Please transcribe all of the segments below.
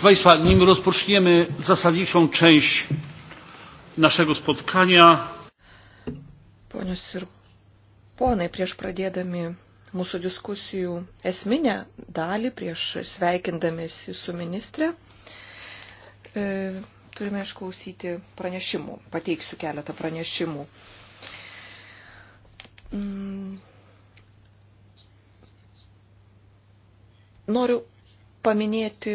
Proszę Państwa, nim rozpoczniemy zasadniczą część naszego spotkania. Ponios ir ponai, prieš pradėdami mūsų diskusijų esminę dalį, prieš sveikindamėsi su ministrė, e, turime išklausyti pranešimų. Pateiksiu keletą pranešimų. Mm. Noriu paminėti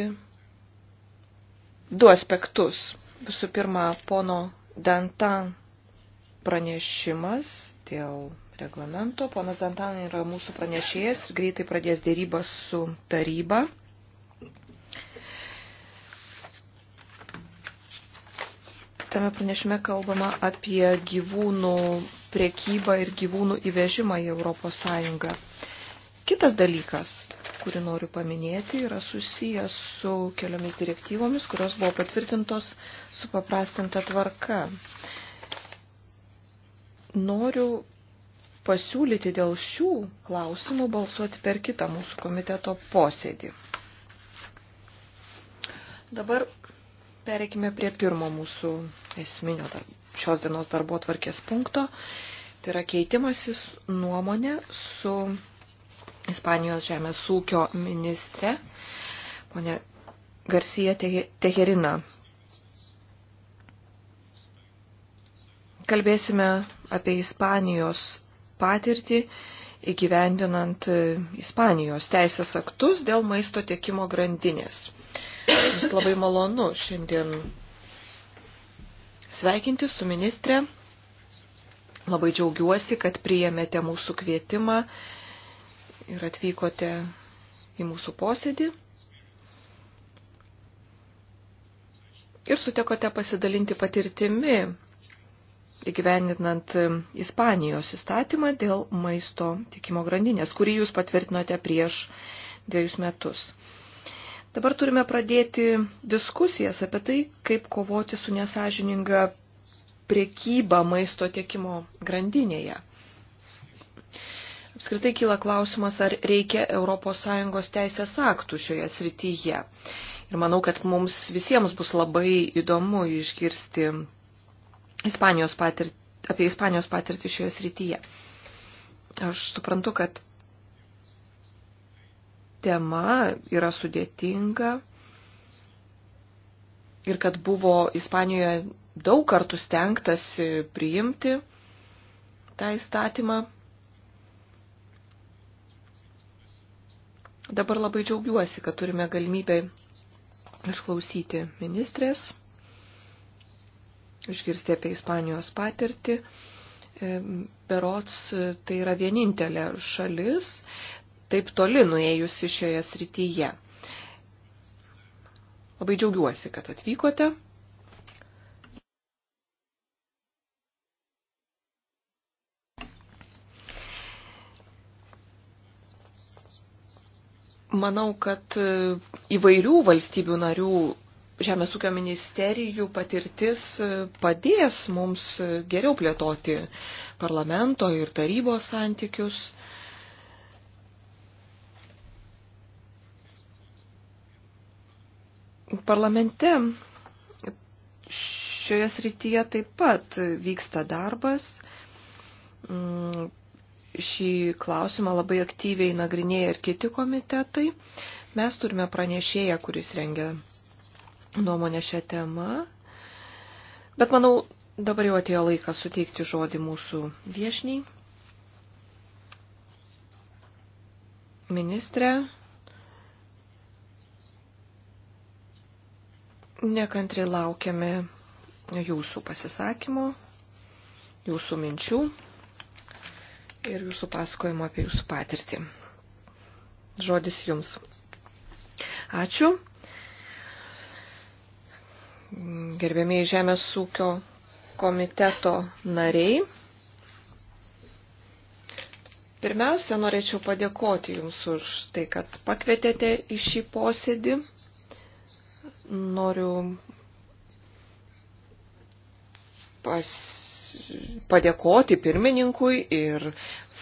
du aspektus. Visų pirma, pono Dantan pranešimas dėl reglamento. Ponas Dantan yra mūsų pranešėjas, greitai pradės dėrybas su taryba. Tame pranešime kalbama apie gyvūnų priekybą ir gyvūnų įvežimą į Europos Sąjungą. Kitas dalykas, kurį noriu paminėti, yra susijęs su keliomis direktyvomis, kurios buvo patvirtintos su paprastinta tvarka. Noriu pasiūlyti dėl šių klausimų balsuoti per kitą mūsų komiteto posėdį. Dabar pereikime prie pirmo mūsų esminio darb, šios dienos darbo tvarkės punkto. Tai yra keitimasis nuomonė su Ispanijos žemės ūkio ministrė, ponė Garcija Teherina. Kalbėsime apie Ispanijos patirtį įgyvendinant e, Ispanijos teisės aktus dėl maisto tiekimo grandinės. Jums labai malonu šiandien sveikinti su ministrė. Labai džiaugiuosi, kad priėmėte mūsų kvietimą ir atvykote į mūsų posėdį ir sutekote pasidalinti patirtimi įgyvendinant Ispanijos įstatymą dėl maisto tikimo grandinės, kurį jūs patvirtinote prieš dviejus metus. Dabar turime pradėti diskusijas apie tai, kaip kovoti su nesažininga priekyba maisto tiekimo grandinėje. Apskritai kyla klausimas, ar reikia ES teisės aktų šioje srityje. Ir manau, kad mums visiems bus labai įdomu išgirsti Ispanijos patirt, apie Ispanijos patirtį šioje srityje. Aš suprantu, kad tema yra sudėtinga ir kad buvo Ispanijoje daug kartų stengtasi priimti tą įstatymą. Dabar labai džiaugiuosi, kad turime galimybę išklausyti ministrės, išgirsti apie Ispanijos patirtį. E, Berots tai yra vienintelė šalis taip toli nuėjusi šioje srityje. Labai džiaugiuosi, kad atvykote. Manau, kad e, įvairių valstybių narių Žemės ūkio ministerijų patirtis e, padės mums e, geriau plėtoti parlamento ir tarybos santykius. Parlamente šioje srityje taip pat vyksta darbas mm, šį klausimą labai aktyviai nagrinėja ir kiti komitetai. Mes turime pranešėją, kuris rengia nuomonę šią temą. Bet manau, dabar jau atėjo laikas suteikti žodį mūsų viešniai. Ministrė, nekantri laukiame jūsų pasisakymo, jūsų minčių ir jūsų pasakojimo apie jūsų patirtį. Žodis jums. Ačiū. Gerbėmiai Žemės ūkio komiteto nariai. Pirmiausia, norėčiau padėkoti Jums už tai, kad pakvietėte į šį posėdį. Noriu pas, padėkoti pirmininkui ir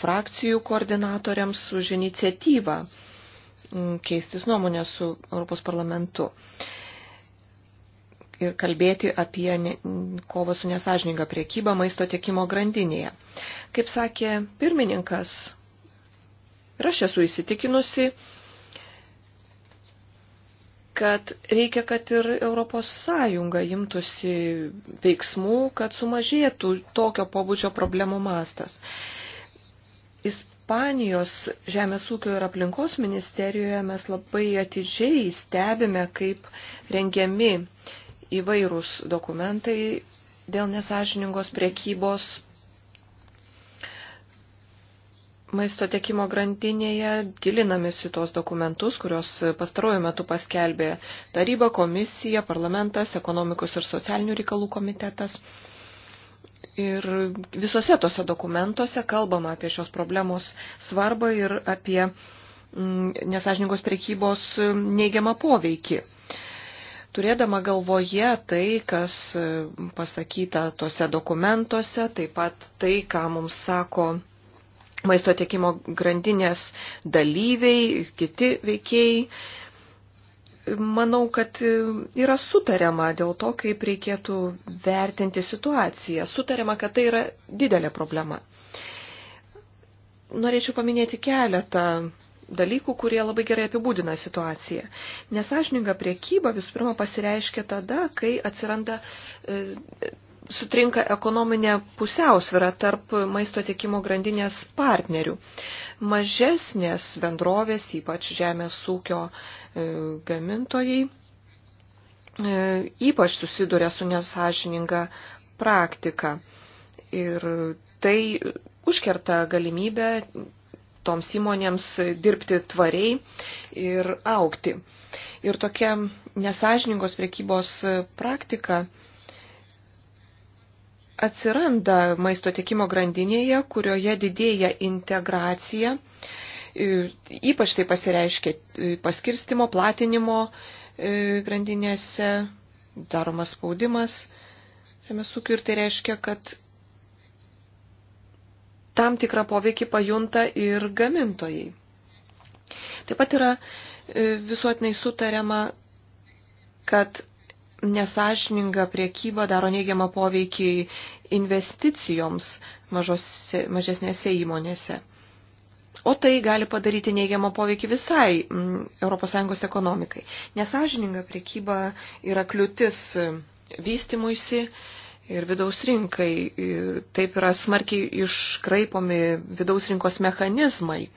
frakcijų koordinatoriams už iniciatyvą mm, keistis nuomonę su Europos parlamentu ir kalbėti apie kovą su nesažininga priekyba maisto tiekimo grandinėje. Kaip sakė pirmininkas, ir aš esu įsitikinusi, kad reikia, kad ir ES imtųsi veiksmų, kad sumažėtų tokio pobūdžio problemų mastas. Ispanijos žemės ūkio ir aplinkos ministerijoje mes labai atidžiai stebime, kaip rengiami įvairūs dokumentai dėl nesažiningos priekybos maisto tiekimo grandinėje gilinamės į tuos dokumentus, kuriuos pastaruoju metu paskelbė taryba, komisija, parlamentas, ekonomikos ir socialinių reikalų komitetas. Ir visose tose dokumentuose kalbama apie šios problemos svarbą ir apie mm, nesažiningos prekybos mm, neigiamą poveikį. Turėdama galvoje tai, kas mm, pasakyta tuose dokumentuose, taip pat tai, ką mums sako maisto tiekimo grandinės dalyviai, kiti veikėjai. Manau, kad yra sutariama dėl to, kaip reikėtų vertinti situaciją. Sutariama, kad tai yra didelė problema. Norėčiau paminėti keletą dalykų, kurie labai gerai apibūdina situaciją. Nesažininga priekyba visų pirma pasireiškia tada, kai atsiranda e, sutrinka ekonominė pusiausvira tarp maisto tiekimo grandinės partnerių. Mažesnės bendrovės, ypač žemės ūkio e, gamintojai, e, ypač susiduria su nesažininga praktika. Ir tai užkerta galimybę toms įmonėms dirbti tvariai ir aukti. Ir tokia nesažiningos priekybos praktika atsiranda maisto tiekimo grandinėje, kurioje didėja integracija, e, ypač tai pasireiškia e, paskirstimo, platinimo e, grandinėse, daromas spaudimas žemės ūkiu ir tai reiškia, kad tam tikrą poveikį pajunta ir gamintojai. Taip pat yra visuotinai sutariama, kad nesažininga priekyba daro neigiamą poveikį investicijoms mažose, mažesnėse įmonėse. O tai gali padaryti neigiamą poveikį visai mm, ES ekonomikai. Nesažininga priekyba yra kliūtis e, vystimuisi ir vidaus rinkai. E, taip yra smarkiai iškraipomi vidaus rinkos mechanizmai.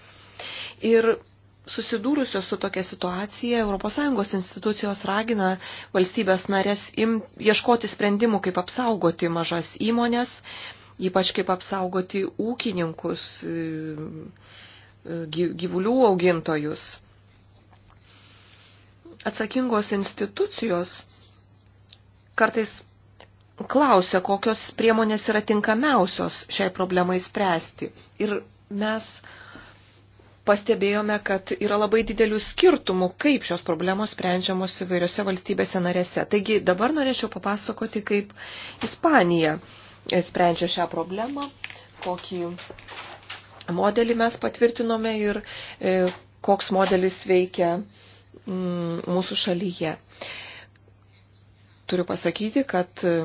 Ir susidūrusios su tokia situacija, ES institucijos ragina valstybės narės im, ieškoti sprendimų, kaip apsaugoti mažas įmonės, ypač kaip apsaugoti ūkininkus, e, e, gyvulių augintojus. Atsakingos institucijos kartais klausia, kokios priemonės yra tinkamiausios šiai problemai spręsti. Ir mes pastebėjome, kad yra labai didelių skirtumų, kaip šios problemos sprendžiamos įvairiose valstybėse narėse. Taigi dabar norėčiau papasakoti, kaip Ispanija sprendžia šią problemą, kokį modelį mes patvirtinome ir e, koks modelis veikia mm, mūsų šalyje. Turiu pasakyti, kad e,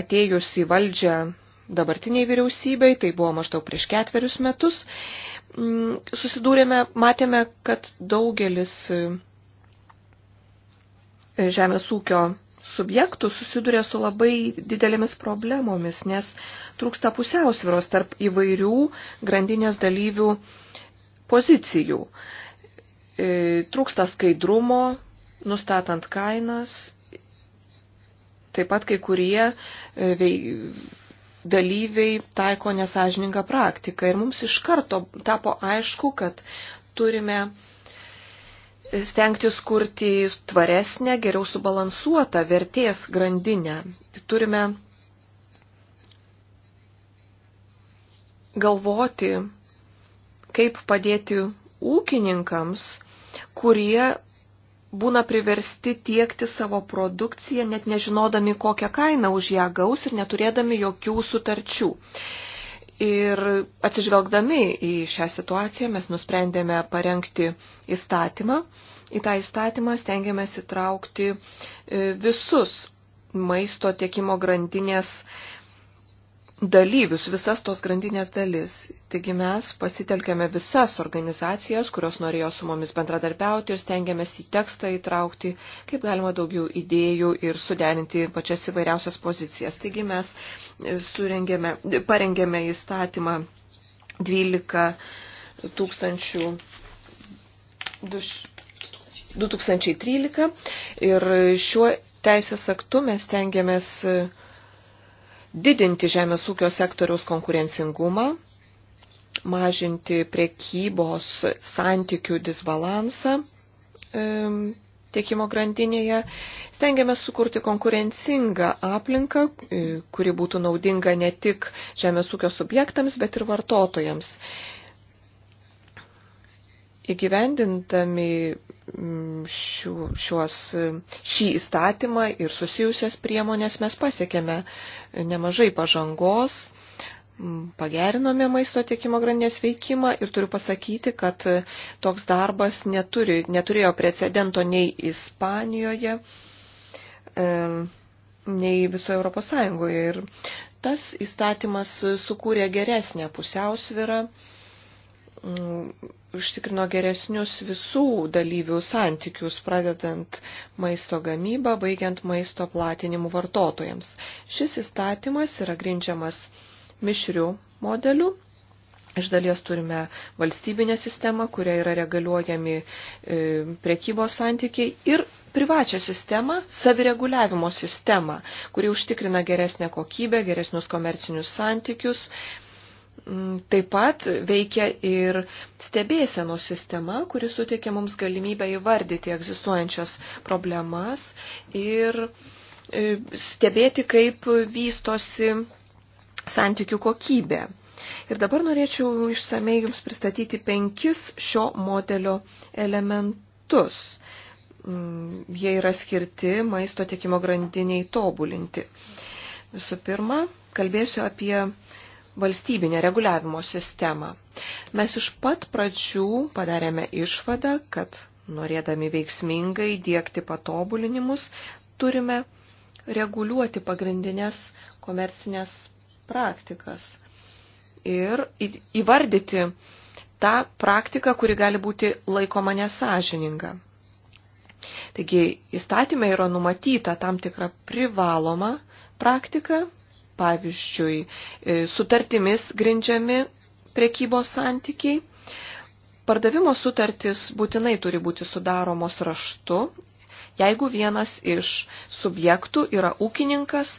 atėjus į valdžią dabartiniai vyriausybei, tai buvo maždaug prieš ketverius metus, Mm, susidūrėme, matėme, kad daugelis e, žemės ūkio subjektų susiduria su labai didelėmis problemomis, nes trūksta pusiausviros tarp įvairių grandinės dalyvių pozicijų. E, trūksta skaidrumo, nustatant kainas, taip pat kai kurie e, dalyviai taiko nesažininką praktiką. Ir mums iš karto tapo aišku, kad turime stengtis kurti tvaresnę, geriau subalansuotą vertės grandinę. Turime galvoti, kaip padėti ūkininkams, kurie būna priversti tiekti savo produkciją, net nežinodami, kokią kainą už ją gaus ir neturėdami jokių sutarčių. Ir atsižvelgdami į šią situaciją mes nusprendėme parengti įstatymą. Į tą įstatymą stengiamės įtraukti e, visus maisto tiekimo grandinės dalyvius, visas tos grandinės dalis. Taigi mes pasitelkėme visas organizacijas, kurios norėjo su mumis bendradarbiauti ir stengiamės į tekstą įtraukti, kaip galima daugiau idėjų ir suderinti pačias įvairiausias pozicijas. Taigi mes e, surengėme, parengėme įstatymą 12 tūkstančių 2013 ir šiuo teisės aktu mes tengiamės didinti žemės ūkio sektoriaus konkurencingumą, mažinti prekybos santykių disbalansą tiekimo grandinėje. Stengiamės sukurti konkurencingą aplinką, e, kuri būtų naudinga ne tik žemės ūkio subjektams, bet ir vartotojams. Įgyvendintami mm, šiu, šiuos, šį įstatymą ir susijusias priemonės mes pasiekėme nemažai pažangos, mm, pagerinome maisto tiekimo grandinės veikimą ir turiu pasakyti, kad toks darbas neturi, neturėjo precedento nei Ispanijoje, e, nei visoje Europos Sąjungoje. Ir tas įstatymas sukūrė geresnę pusiausvirą mm, užtikrino geresnius visų dalyvių santykius, pradedant maisto gamybą, baigiant maisto platinimu vartotojams. Šis įstatymas yra grindžiamas mišrių modelių. Iš dalies turime valstybinę sistemą, kurioje yra reguliuojami e, prekybos santykiai ir privačią sistemą, savireguliavimo sistemą, kuri užtikrina geresnę kokybę, geresnius komercinius santykius, e, Mm, taip pat veikia ir stebėsenų sistema, kuri suteikia mums galimybę įvardyti egzistuojančias problemas ir e, stebėti, kaip vystosi santykių kokybė. Ir dabar norėčiau išsamei Jums pristatyti penkis šio modelio elementus. Mm, jie yra skirti maisto tiekimo grandiniai tobulinti. Visų pirma, kalbėsiu apie valstybinę reguliavimo sistemą. Mes iš pat pradžių padarėme išvadą, kad norėdami veiksmingai dėkti patobulinimus, turime reguliuoti pagrindinės komercinės praktikas ir įvardyti tą praktiką, kuri gali būti laikoma nesažininga. Taigi įstatymė yra numatyta tam tikra privaloma praktika, pavyzdžiui, e, sutartimis grindžiami prekybos santykiai. Pardavimo sutartis būtinai turi būti sudaromos raštu, jeigu vienas iš subjektų yra ūkininkas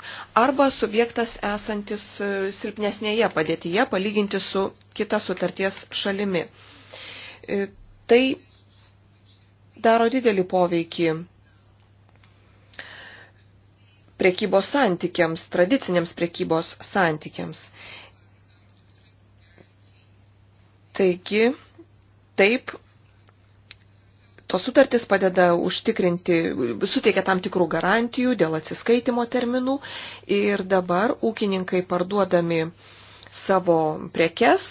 arba subjektas esantis e, silpnesnėje padėtyje palyginti su kita sutarties šalimi. E, tai daro didelį poveikį prekybos santykiams, tradiciniams prekybos santykiams. Taigi, taip, tos sutartys padeda užtikrinti, suteikia tam tikrų garantijų dėl atsiskaitimo terminų ir dabar ūkininkai parduodami savo prekes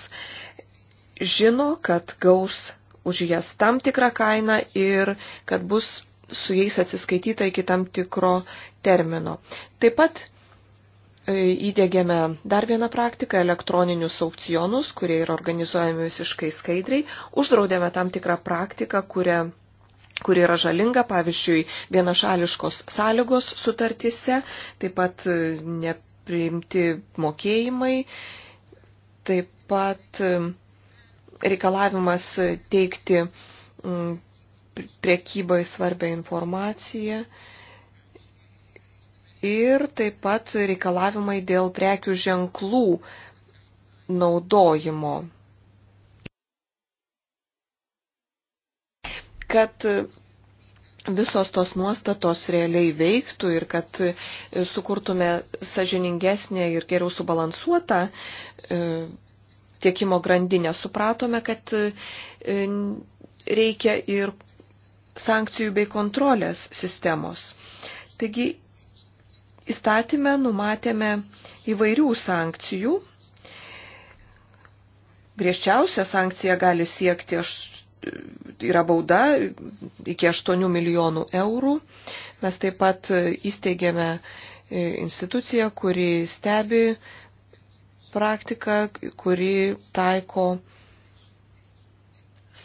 žino, kad gaus už jas tam tikrą kainą ir kad bus su jais atsiskaityta iki tam tikro termino. Taip pat e, įdėgėme dar vieną praktiką - elektroninius aukcionus, kurie yra organizuojami visiškai skaidriai. Uždraudėme tam tikrą praktiką, kurią kuri yra žalinga, pavyzdžiui, vienašališkos sąlygos sutartyse, taip pat e, nepriimti mokėjimai, taip pat e, reikalavimas teikti priekybai svarbę informaciją ir taip pat reikalavimai dėl prekių ženklų naudojimo. Kad visos tos nuostatos realiai veiktų ir kad sukurtume sažiningesnę ir geriau subalansuotą e, tiekimo grandinę, supratome, kad e, reikia ir sankcijų bei kontrolės sistemos. Taigi įstatymę numatėme įvairių sankcijų. Griežčiausia sankcija gali siekti aš, yra bauda iki 8 milijonų eurų. Mes taip pat įsteigėme e, instituciją, kuri stebi praktiką, kuri taiko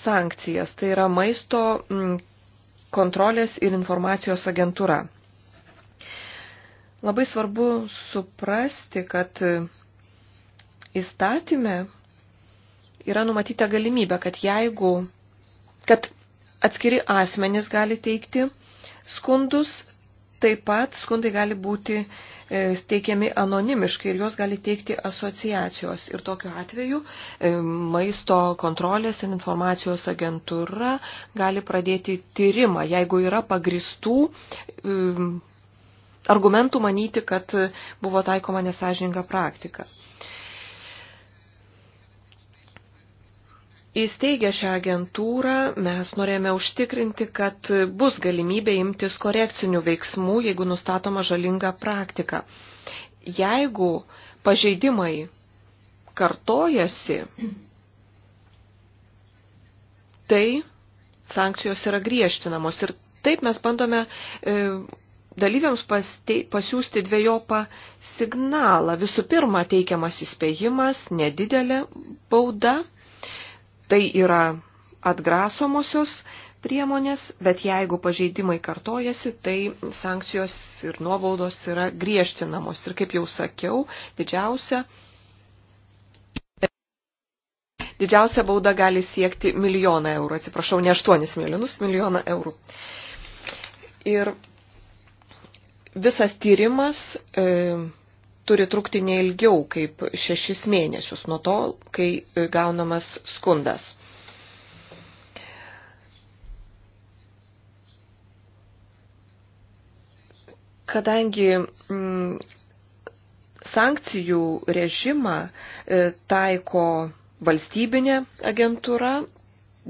sankcijas. Tai yra maisto kontrolės ir informacijos agentūra. Labai svarbu suprasti, kad įstatymė yra numatyta galimybė, kad jeigu, kad atskiri asmenys gali teikti skundus, taip pat skundai gali būti E, teikiami anonimiškai ir juos gali teikti asociacijos. Ir tokiu atveju e, maisto kontrolės ir informacijos agentūra gali pradėti tyrimą, jeigu yra pagristų e, argumentų manyti, kad buvo taikoma nesažininga praktika. Įsteigę šią agentūrą mes norėjome užtikrinti, kad bus galimybė imtis korekcinių veiksmų, jeigu nustatoma žalinga praktika. Jeigu pažeidimai kartojasi, tai sankcijos yra griežtinamos. Ir taip mes bandome e, dalyviams pastei, pasiūsti dviejopą signalą. Visų pirma, teikiamas įspėjimas, nedidelė bauda Tai yra atgrasomosios priemonės, bet jeigu pažeidimai kartojasi, tai sankcijos ir nuobaudos yra griežtinamos. Ir kaip jau sakiau, didžiausia, didžiausia bauda gali siekti milijoną eurų. Atsiprašau, ne 8 milijonus, milijoną eurų. Ir visas tyrimas. E, turi trukti neilgiau kaip šešis mėnesius nuo to, kai e, gaunamas skundas. Kadangi m, mm, sankcijų režimą e, taiko valstybinė agentūra,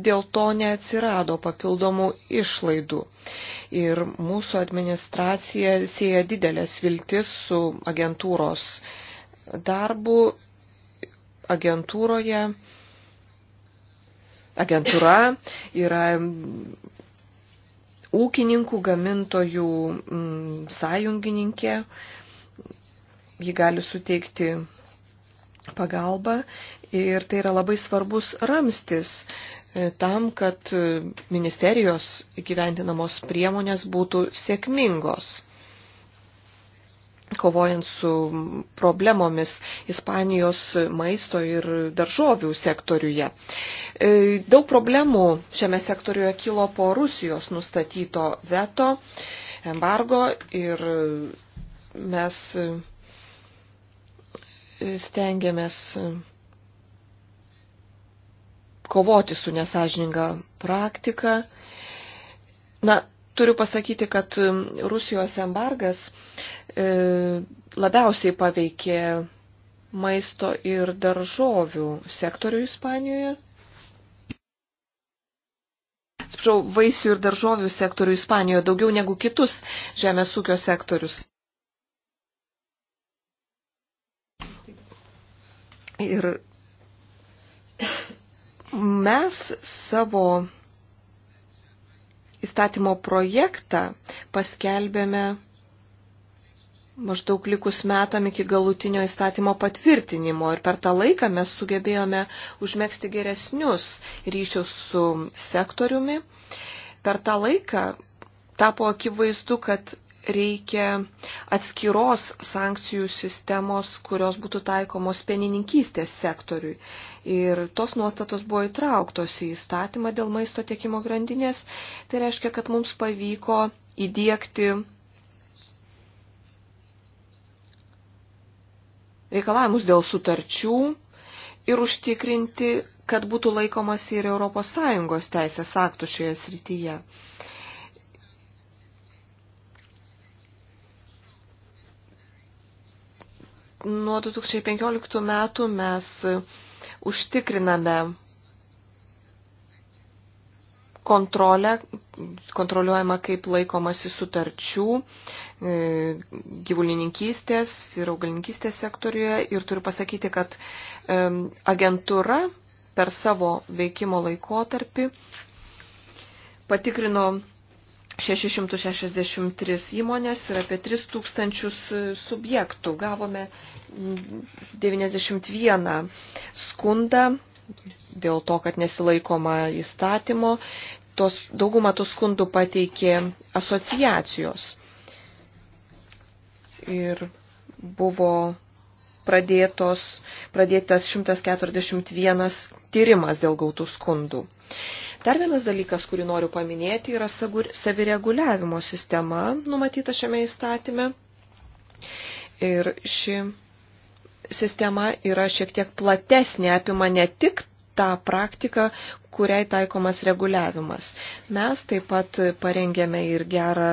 dėl to neatsirado papildomų išlaidų. E, ir mūsų administracija sieja didelės viltis su agentūros darbu agentūroje. Agentūra yra ūkininkų, gamintojų mm, sąjungininkė. Ji gali suteikti pagalbą ir tai yra labai svarbus ramstis E, tam, kad e, ministerijos gyvendinamos priemonės būtų sėkmingos. Kovojant su problemomis Ispanijos maisto ir daržovių sektoriuje. E, daug problemų šiame sektoriuje kilo po Rusijos nustatyto veto, embargo ir mes stengiamės kovoti su nesažininga praktika. Na, turiu pasakyti, kad um, Rusijos embargas e, labiausiai paveikė maisto ir daržovių sektorių Ispanijoje. Atsiprašau, vaisių ir daržovių sektorių Ispanijoje daugiau negu kitus žemės ūkio sektorius. Ir Mes savo įstatymo projektą paskelbėme maždaug likus metam iki galutinio įstatymo patvirtinimo ir per tą laiką mes sugebėjome užmėgsti geresnius ryšius su sektoriumi. Per tą laiką tapo akivaizdu, kad reikia atskiros sankcijų sistemos, kurios būtų taikomos pienininkystės sektoriui. Ir tos nuostatos buvo įtrauktos į įstatymą dėl maisto tiekimo grandinės. Tai reiškia, kad mums pavyko įdėkti reikalavimus dėl sutarčių ir užtikrinti, kad būtų laikomas ir ES teisės aktų šioje srityje. nuo 2015 metų mes užtikriname kontrolę, kontroliuojama kaip laikomasi sutarčių e, gyvulininkystės ir augalininkystės sektoriuje ir turiu pasakyti, kad e, agentūra per savo veikimo laikotarpį patikrino 663 įmonės ir apie 3000 e, subjektų. Gavome 91 skundą dėl to, kad nesilaikoma įstatymo. Tos, daugumą tų skundų pateikė asociacijos. Ir buvo pradėtos, pradėtas 141 tyrimas dėl gautų skundų. Dar vienas dalykas, kurį noriu paminėti, yra savireguliavimo sistema numatyta šiame įstatyme. Ir ši sistema yra šiek tiek platesnė, apima ne tik tą praktiką, kuriai taikomas reguliavimas. Mes taip pat parengėme ir gerą,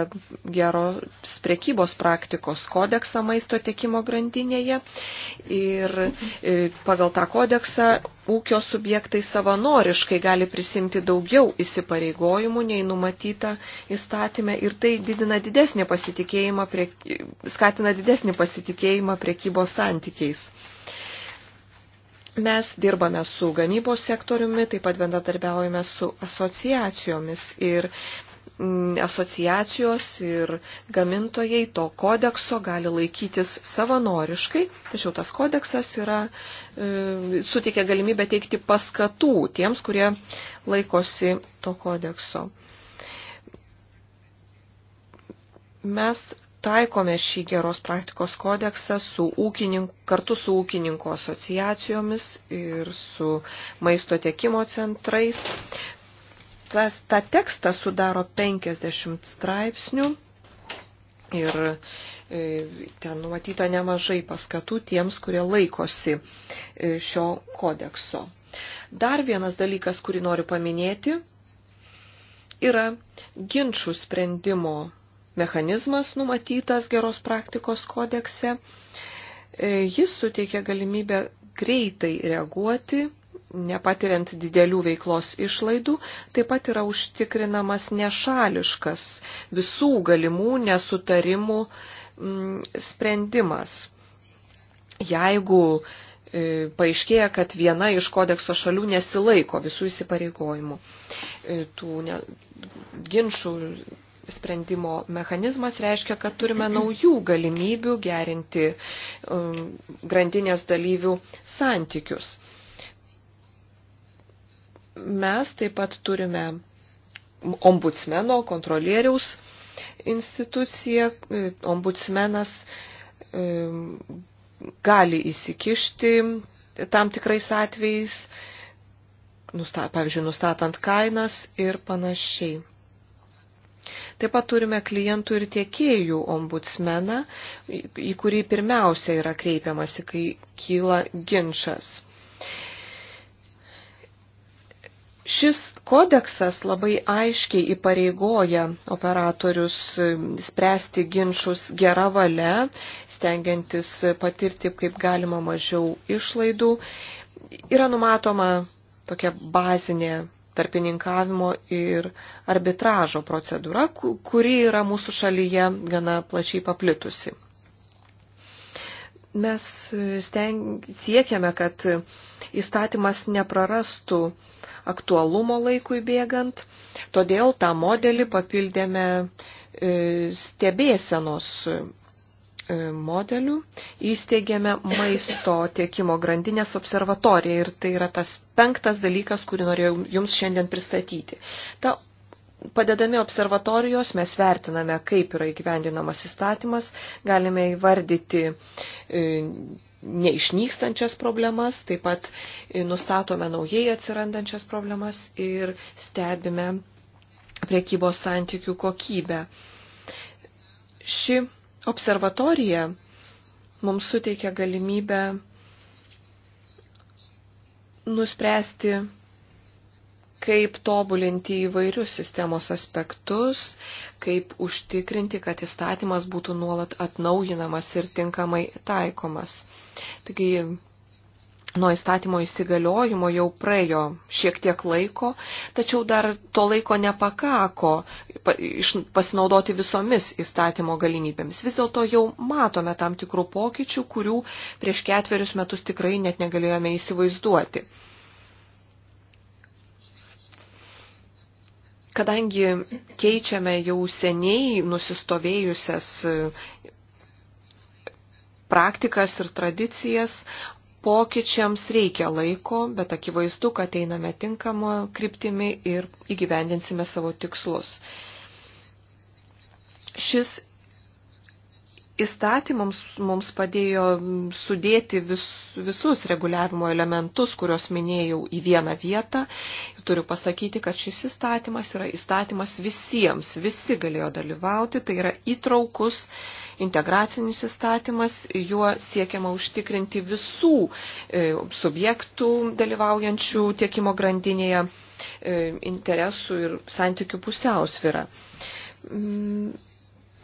geros prekybos praktikos kodeksą maisto tiekimo grandinėje. Ir e, pagal tą kodeksą ūkio subjektai savanoriškai gali prisimti daugiau įsipareigojimų nei numatyta įstatymė ir tai didina didesnį pasitikėjimą, prie, skatina didesnį pasitikėjimą prekybos santykiais. Mes dirbame su gamybos sektoriumi, taip pat bendradarbiaujame su asociacijomis ir mm, asociacijos ir gamintojai to kodekso gali laikytis savanoriškai, tačiau tas kodeksas yra, e, suteikia galimybę teikti paskatų tiems, kurie laikosi to kodekso. Mes taikome šį geros praktikos kodeksą su kartu su ūkininko asociacijomis ir su maisto tiekimo centrais. Tas, ta tekstą sudaro 50 straipsnių ir e, ten numatyta nemažai paskatų tiems, kurie laikosi e, šio kodekso. Dar vienas dalykas, kurį noriu paminėti, yra ginčių sprendimo mechanizmas numatytas geros praktikos kodekse. E, jis suteikia galimybę greitai reaguoti, nepatiriant didelių veiklos išlaidų, taip pat yra užtikrinamas nešališkas visų galimų nesutarimų m, mm, sprendimas. Jeigu e, paaiškėja, kad viena iš kodekso šalių nesilaiko visų įsipareigojimų. E, tų ne, ginčių sprendimo mechanizmas reiškia, kad turime naujų galimybių gerinti um, grandinės dalyvių santykius. Mes taip pat turime ombudsmeno, kontrolieriaus instituciją. Ombudsmenas um, gali įsikišti tam tikrais atvejais, nusta, pavyzdžiui, nustatant kainas ir panašiai. Taip pat turime klientų ir tiekėjų ombudsmeną, į kurį pirmiausia yra kreipiamasi, kai kyla ginčas. Šis kodeksas labai aiškiai įpareigoja operatorius spręsti ginčius gerą valią, stengiantis patirti kaip galima mažiau išlaidų. Yra numatoma tokia bazinė tarpininkavimo ir arbitražo procedūra, kuri yra mūsų šalyje gana plačiai paplitusi. Mes e, steng, siekiame, kad įstatymas neprarastų aktualumo laikui bėgant, todėl tą modelį papildėme e, stebėsenos E, modelių įsteigėme maisto tiekimo grandinės observatoriją ir tai yra tas penktas dalykas, kurį norėjau jums šiandien pristatyti. Ta Padedami observatorijos mes vertiname, kaip yra įgyvendinamas įstatymas, galime įvardyti e, neišnykstančias problemas, taip pat e, nustatome naujai atsirandančias problemas ir stebime priekybos santykių kokybę. Ši observatorija mums suteikia galimybę nuspręsti, kaip tobulinti įvairius sistemos aspektus, kaip užtikrinti, kad įstatymas būtų nuolat atnaujinamas ir tinkamai taikomas. Taigi Nuo įstatymo įsigaliojimo jau praėjo šiek tiek laiko, tačiau dar to laiko nepakako pasinaudoti visomis įstatymo galimybėmis. Vis dėlto jau matome tam tikrų pokyčių, kurių prieš ketverius metus tikrai net negalėjome įsivaizduoti. Kadangi keičiame jau seniai nusistovėjusias praktikas ir tradicijas, Pokyčiams reikia laiko, bet akivaizdu, kad einame tinkamą kryptimį ir įgyvendinsime savo tikslus. Šis įstatymams mums padėjo sudėti vis, visus reguliavimo elementus, kuriuos minėjau į vieną vietą. Turiu pasakyti, kad šis įstatymas yra įstatymas visiems, visi galėjo dalyvauti, tai yra įtraukus uh, integracinis įstatymas, juo siekiama užtikrinti visų e, subjektų dalyvaujančių tiekimo grandinėje e, interesų ir santykių pusiausvyrą.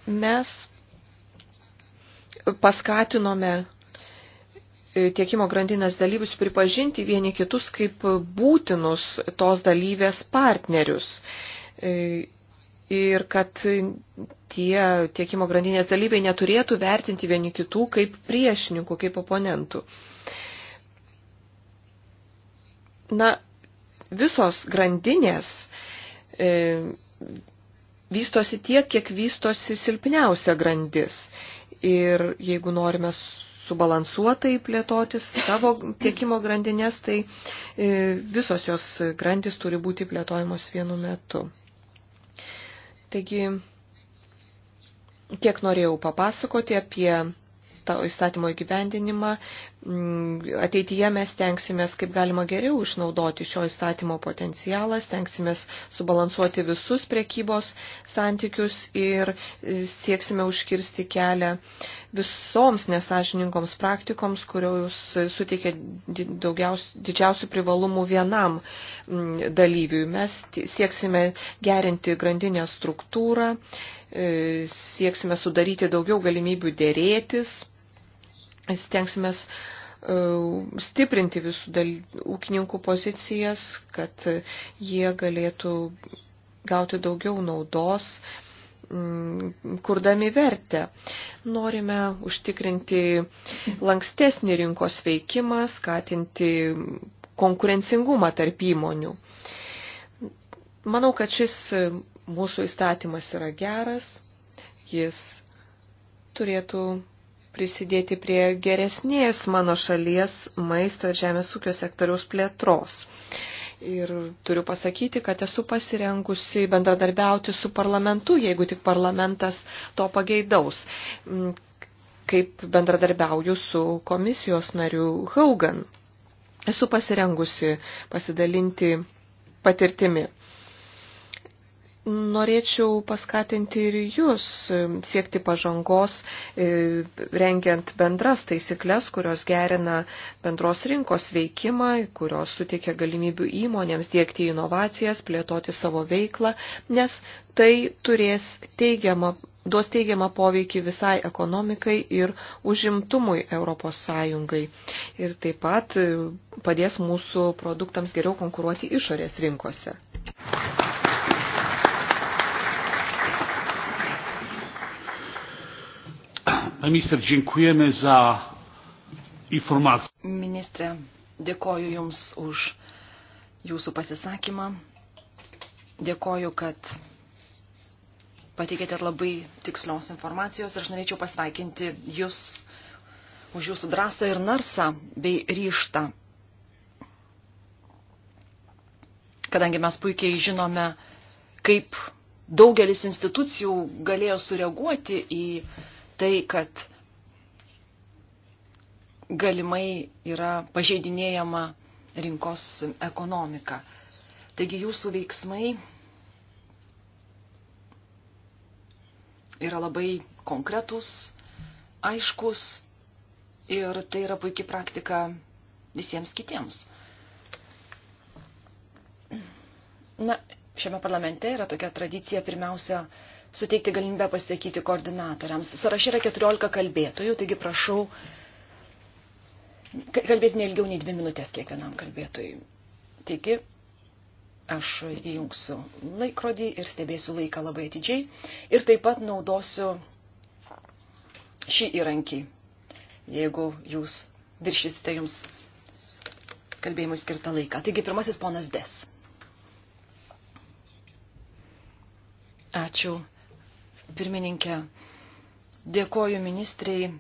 Mes paskatinome e, tiekimo grandinės dalyvius pripažinti vieni kitus kaip būtinus tos dalyvės partnerius ir kad tie tiekimo grandinės dalyviai neturėtų vertinti vieni kitų kaip priešininkų, kaip oponentų. Na, visos grandinės e, vystosi tiek, kiek vystosi silpniausia grandis. Ir jeigu norime subalansuotai plėtotis savo tiekimo grandinės, tai e, visos jos grandis turi būti plėtojamos vienu metu. Taigi, tiek norėjau papasakoti apie to įstatymo įgyvendinimą. Mm, ateityje mes tenksimės, kaip galima geriau išnaudoti šio įstatymo potencialą, tenksimės subalansuoti visus priekybos santykius ir e, sieksime užkirsti kelią visoms nesažininkoms praktikoms, kurios suteikia didžiausių privalumų vienam mm, dalyviui. Mes sieksime gerinti grandinę struktūrą, e, sieksime sudaryti daugiau galimybių dėrėtis stengsime stiprinti visų dal... ūkininkų pozicijas, kad jie galėtų gauti daugiau naudos, mm, kurdami vertę. Norime užtikrinti lankstesnį rinkos veikimą, skatinti konkurencingumą tarp įmonių. Manau, kad šis mūsų įstatymas yra geras, jis turėtų prisidėti prie geresnės mano šalies maisto ir žemės ūkio sektoriaus plėtros. Ir turiu pasakyti, kad esu pasirengusi bendradarbiauti su parlamentu, jeigu tik parlamentas to pageidaus, mm, kaip bendradarbiauju su komisijos nariu Haugan. Esu pasirengusi pasidalinti patirtimi norėčiau paskatinti ir jūs siekti pažangos, e, rengiant bendras taisyklės, kurios gerina bendros rinkos veikimą, kurios suteikia galimybių įmonėms dėkti inovacijas, plėtoti savo veiklą, nes tai turės teigiamą duos teigiamą poveikį visai ekonomikai ir užimtumui ES. Ir taip pat e, padės mūsų produktams geriau konkuruoti išorės rinkose. Pani minister, dziękujemy za informaciją. Ministrė, dėkoju Jums už Jūsų pasisakymą. Dėkoju, kad pateikėte labai tikslios informacijos ir aš norėčiau pasveikinti Jūs už Jūsų drąsą ir narsą bei ryštą. Kadangi mes puikiai žinome, kaip daugelis institucijų galėjo sureaguoti į tai, kad galimai yra pažeidinėjama rinkos ekonomika. Taigi jūsų veiksmai yra labai konkretus, aiškus ir tai yra puikia praktika visiems kitiems. Na, šiame parlamente yra tokia tradicija pirmiausia suteikti galimybę pasisakyti koordinatoriams. Sarašė yra 14 kalbėtojų, taigi prašau kalbėti neilgiau nei dvi minutės kiekvienam kalbėtojui. Taigi, aš įjungsiu laikrodį ir stebėsiu laiką labai atidžiai ir taip pat naudosiu šį įrankį, jeigu jūs viršysite jums kalbėjimui skirtą laiką. Taigi, pirmasis ponas Des. Ačiū. Pirmininkė, dėkoju ministrei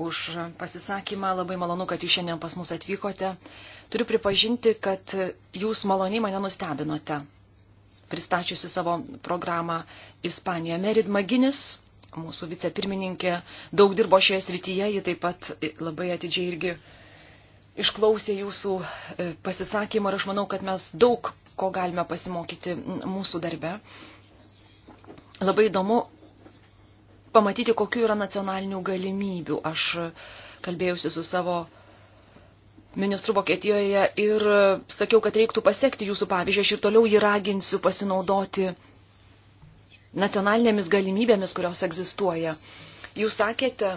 už pasisakymą. Labai malonu, kad jūs šiandien pas mus atvykote. Turiu pripažinti, kad jūs maloniai mane nustebinote, pristačiusi savo programą Ispanija. Merid Maginis, mūsų vicepirmininkė, daug dirbo šioje srityje, ji taip pat labai atidžiai irgi išklausė jūsų e, pasisakymą ir aš manau, kad mes daug ko galime pasimokyti mūsų darbe labai įdomu pamatyti, kokiu yra nacionalinių galimybių. Aš kalbėjausi su savo ministru Vokietijoje ir sakiau, kad reiktų pasiekti jūsų pavyzdžių. Aš ir toliau jį raginsiu pasinaudoti nacionalinėmis galimybėmis, kurios egzistuoja. Jūs sakėte,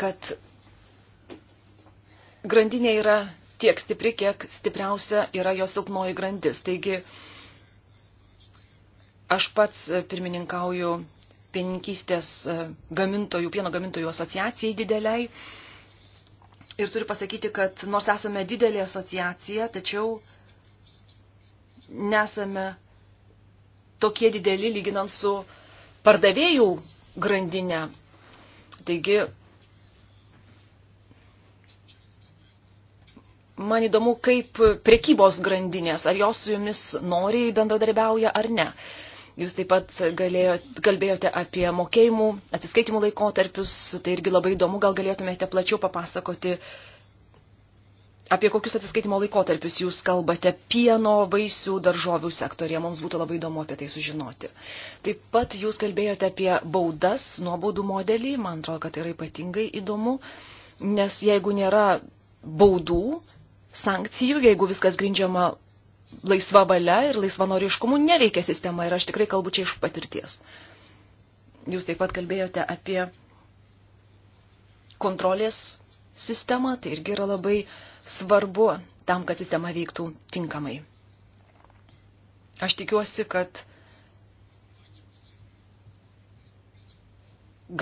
kad grandinė yra tiek stipri, kiek stipriausia yra jos silpnoji grandis. Taigi, Aš pats e, pirmininkauju pieninkystės e, gamintojų, pieno gamintojų asociacijai dideliai. Ir turiu pasakyti, kad nors esame didelė asociacija, tačiau nesame tokie dideli lyginant su pardavėjų grandinė. Taigi, man įdomu, kaip prekybos grandinės, ar jos su jumis noriai bendradarbiauja ar ne. Uh, Jūs taip pat galėjote, kalbėjote apie mokėjimų, atsiskaitimų laikotarpius, tai irgi labai įdomu, gal galėtumėte plačiau papasakoti, apie kokius atsiskaitimo laikotarpius jūs kalbate pieno, vaisių, daržovių sektorėje, mums būtų labai įdomu apie tai sužinoti. Taip pat jūs kalbėjote apie baudas, nuobaudų modelį, man atrodo, kad tai yra ypatingai įdomu, nes jeigu nėra baudų, sankcijų, jeigu viskas grindžiama laisva valia ir laisvanoriškumu neveikia sistema ir aš tikrai kalbu čia iš patirties. Jūs taip pat kalbėjote apie kontrolės sistemą, tai irgi yra labai svarbu tam, kad sistema veiktų tinkamai. Aš tikiuosi, kad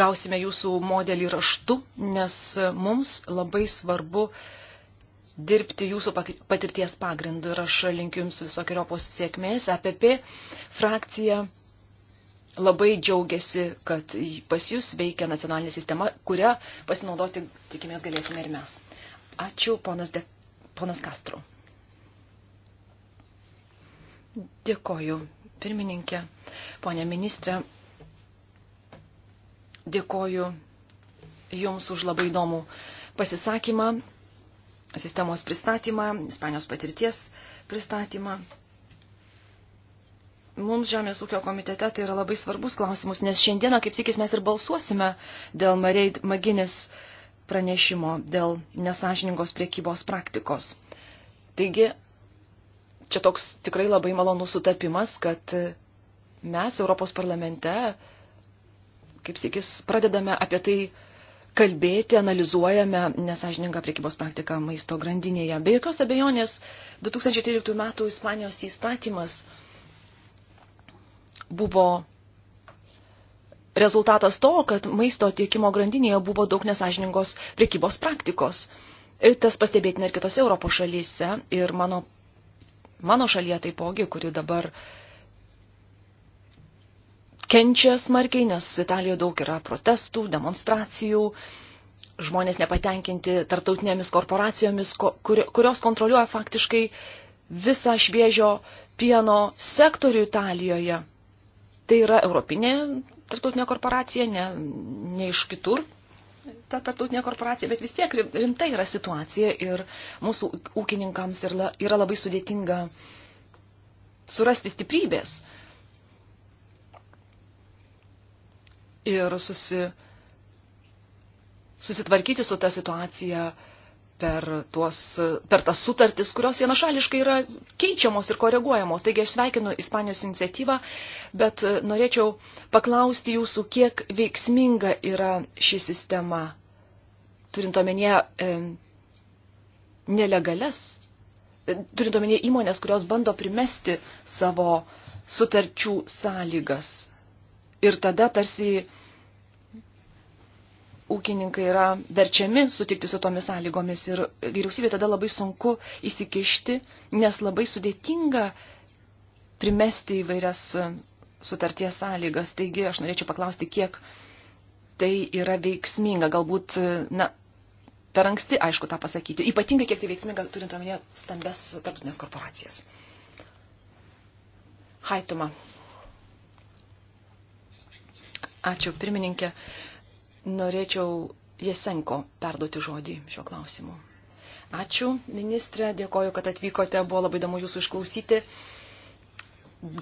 gausime jūsų modelį raštu, nes mums labai svarbu uh, dirbti jūsų patirties pagrindu ir aš linkiu jums visokiojopos sėkmės. APP e frakcija labai džiaugiasi, kad pas jūs veikia nacionalinė sistema, kurią pasinaudoti tikimės galėsime ir mes. Ačiū, ponas, De... ponas Kastro. Dėkoju, pirmininkė, ponė ministrė. Dėkoju Jums už labai įdomų pasisakymą sistemos pristatymą, Ispanijos patirties pristatymą. Mums Žemės ūkio komitete tai yra labai svarbus klausimus, nes šiandieną, kaip sikis, mes ir balsuosime dėl Mareid Maginis pranešimo dėl nesažiningos priekybos praktikos. Taigi, čia toks tikrai labai malonus sutapimas, kad mes Europos parlamente, kaip sikis, pradedame apie tai kalbėti, analizuojame nesažininką priekybos praktiką maisto grandinėje. Be jokios abejonės 2013 metų Ispanijos įstatymas buvo rezultatas to, kad maisto tiekimo grandinėje buvo daug nesažiningos priekybos praktikos. Ir tas pastebėtina ir kitose Europos šalyse ir mano, mano šalyje taipogi, kuri dabar uh, kenčia smarkiai, nes Italijoje daug yra protestų, demonstracijų, žmonės nepatenkinti tartautinėmis korporacijomis, kurios kontroliuoja faktiškai visą šviežio pieno sektorių Italijoje. Tai yra europinė tartautinė korporacija, ne, ne iš kitur ta tarptautinė korporacija, bet vis tiek rimtai yra situacija ir mūsų ūkininkams yra labai sudėtinga surasti stiprybės ir susi, susitvarkyti su ta situacija per, tuos, per tas sutartis, kurios vienašališkai yra keičiamos ir koreguojamos. Taigi aš sveikinu Ispanijos iniciatyvą, bet norėčiau paklausti jūsų, kiek veiksminga yra ši sistema, turint omenyje e, nelegales, e, turint omenyje įmonės, kurios bando primesti savo sutarčių sąlygas. Ir tada tarsi ūkininkai yra verčiami sutikti su tomis sąlygomis ir vyriausybė tada labai sunku įsikišti, nes labai sudėtinga primesti įvairias sutarties sąlygas. Taigi aš norėčiau paklausti, kiek tai yra veiksminga. Galbūt, na, per anksti, aišku, tą pasakyti. Ypatingai, kiek tai veiksminga, turint omenyje stambes tarptautinės korporacijas. Haituma. Ačiū, pirmininkė. Uh, Norėčiau Jesenko perduoti žodį šio klausimu. Ačiū, ministrė, dėkoju, kad atvykote, buvo labai įdomu jūsų išklausyti.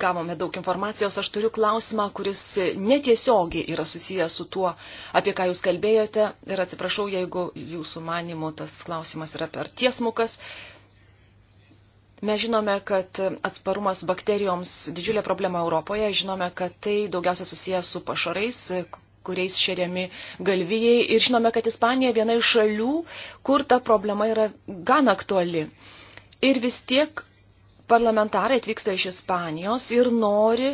Gavome daug informacijos, aš turiu klausimą, kuris netiesiogiai yra susijęs su tuo, apie ką jūs kalbėjote ir atsiprašau, jeigu jūsų manimo tas klausimas yra per tiesmukas. Mes žinome, kad atsparumas bakterijoms didžiulė problema Europoje, žinome, kad tai daugiausia susijęs su pašarais, kuriais šeriami galvijai. Ir žinome, kad Ispanija viena iš šalių, kur ta problema yra gan aktuali. Ir vis tiek parlamentarai atvyksta iš Ispanijos ir nori,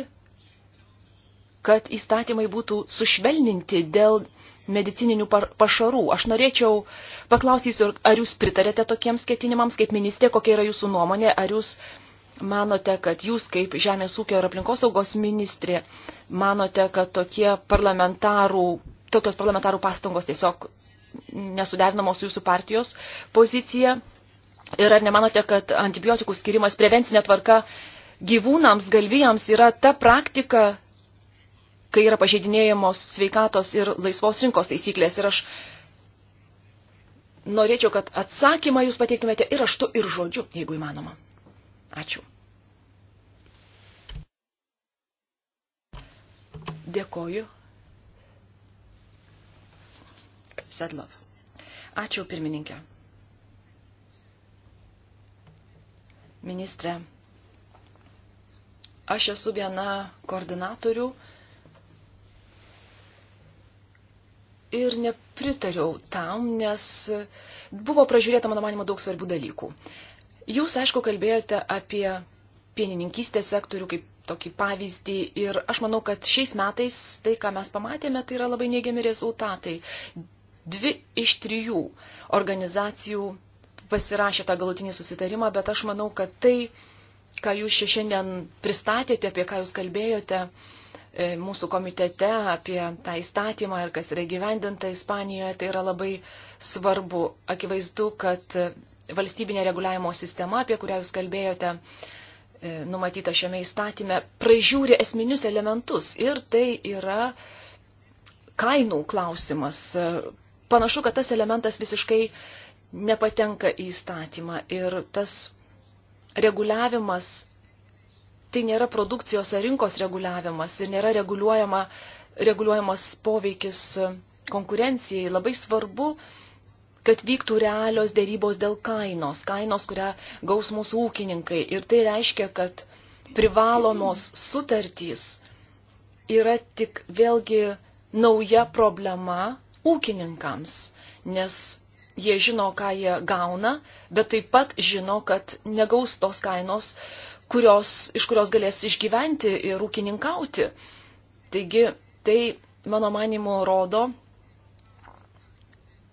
kad įstatymai būtų sušvelninti dėl medicininių pašarų. Aš norėčiau paklausysiu, ar jūs pritarėte tokiems ketinimams kaip ministrė, kokia yra jūsų nuomonė, ar jūs manote, kad jūs kaip Žemės ūkio ir aplinkosaugos ministrė manote, kad tokie parlamentarų, tokios parlamentarų pastangos tiesiog nesuderinamos su jūsų partijos pozicija? Ir ar nemanote, kad antibiotikų skirimas prevencinė tvarka gyvūnams, galvijams yra ta praktika, kai yra pažeidinėjamos sveikatos ir laisvos rinkos taisyklės? Ir aš norėčiau, kad atsakymą jūs pateiktumėte ir raštu, ir žodžiu, jeigu įmanoma. Ačiū. Dėkoju. Sedlov. Ačiū pirmininkė. Ministrė, aš esu viena koordinatorių ir nepritariau tam, nes buvo pražiūrėta, mano manimo, daug svarbių dalykų. Uh, Jūs, aišku, kalbėjote apie pienininkystės sektorių kaip tokį pavyzdį ir aš manau, kad šiais metais tai, ką mes pamatėme, tai yra labai neigiami rezultatai. Dvi iš trijų organizacijų pasirašė tą galutinį susitarimą, bet aš manau, kad tai, ką jūs šiandien pristatėte, apie ką jūs kalbėjote e, mūsų komitete, apie tą įstatymą ir kas yra gyvendinta Ispanijoje, tai yra labai svarbu. Akivaizdu, kad valstybinė reguliavimo sistema, apie kurią jūs kalbėjote, e, numatyta šiame įstatyme, pražiūri esminius elementus ir tai yra kainų klausimas. E, panašu, kad tas elementas visiškai nepatenka į įstatymą ir tas reguliavimas, tai nėra produkcijos ar rinkos reguliavimas ir nėra reguliuojama, reguliuojamas poveikis e, konkurencijai. Labai svarbu, kad vyktų realios dėrybos dėl kainos, kainos, kurią gaus mūsų ūkininkai. Ir tai reiškia, kad privalomos sutartys yra tik vėlgi nauja problema ūkininkams, nes jie žino, ką jie gauna, bet taip pat žino, kad negaus tos kainos, kurios, iš kurios galės išgyventi ir ūkininkauti. Taigi tai, mano manimo, rodo,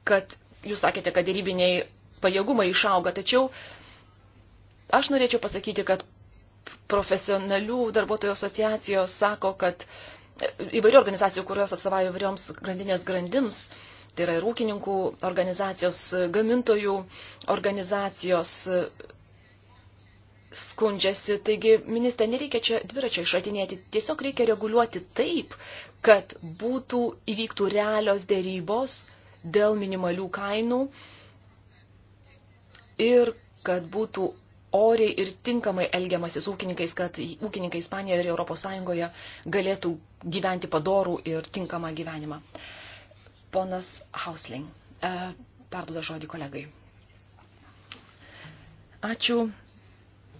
kad jūs sakėte, kad dėrybiniai pajėgumai išauga, tačiau aš norėčiau pasakyti, kad profesionalių darbuotojų asociacijos sako, kad įvairių organizacijų, kurios atstovauja įvairioms grandinės grandims, tai yra ir ūkininkų organizacijos, gamintojų organizacijos skundžiasi. Taigi, ministrė, nereikia čia dviračio išratinėti, tiesiog reikia reguliuoti taip, kad būtų įvyktų realios dėrybos dėl minimalių kainų ir kad būtų oriai ir tinkamai elgiamasis ūkininkais, kad ūkininkai Ispanijoje ir ES galėtų gyventi padorų ir tinkamą gyvenimą. Ponas Hausling, e, perduoda žodį kolegai. Ačiū,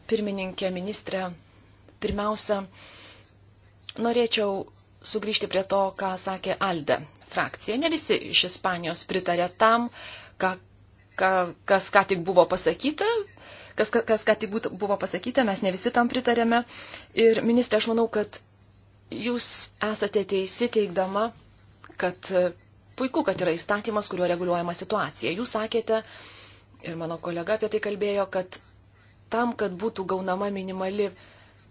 pirmininkė, ministrė. Pirmiausia, norėčiau sugrįžti prie to, ką sakė Alde frakcija. Ne visi iš Ispanijos pritarė tam, ką, ką, kas ką tik buvo pasakyta. Kas, kas ką tik buvo pasakyta, mes ne visi tam pritarėme. Ir ministrė, aš manau, kad jūs esate teisi teikdama, kad e, puiku, kad yra įstatymas, kuriuo reguliuojama situacija. Jūs sakėte, ir mano kolega apie tai kalbėjo, kad tam, kad būtų gaunama minimali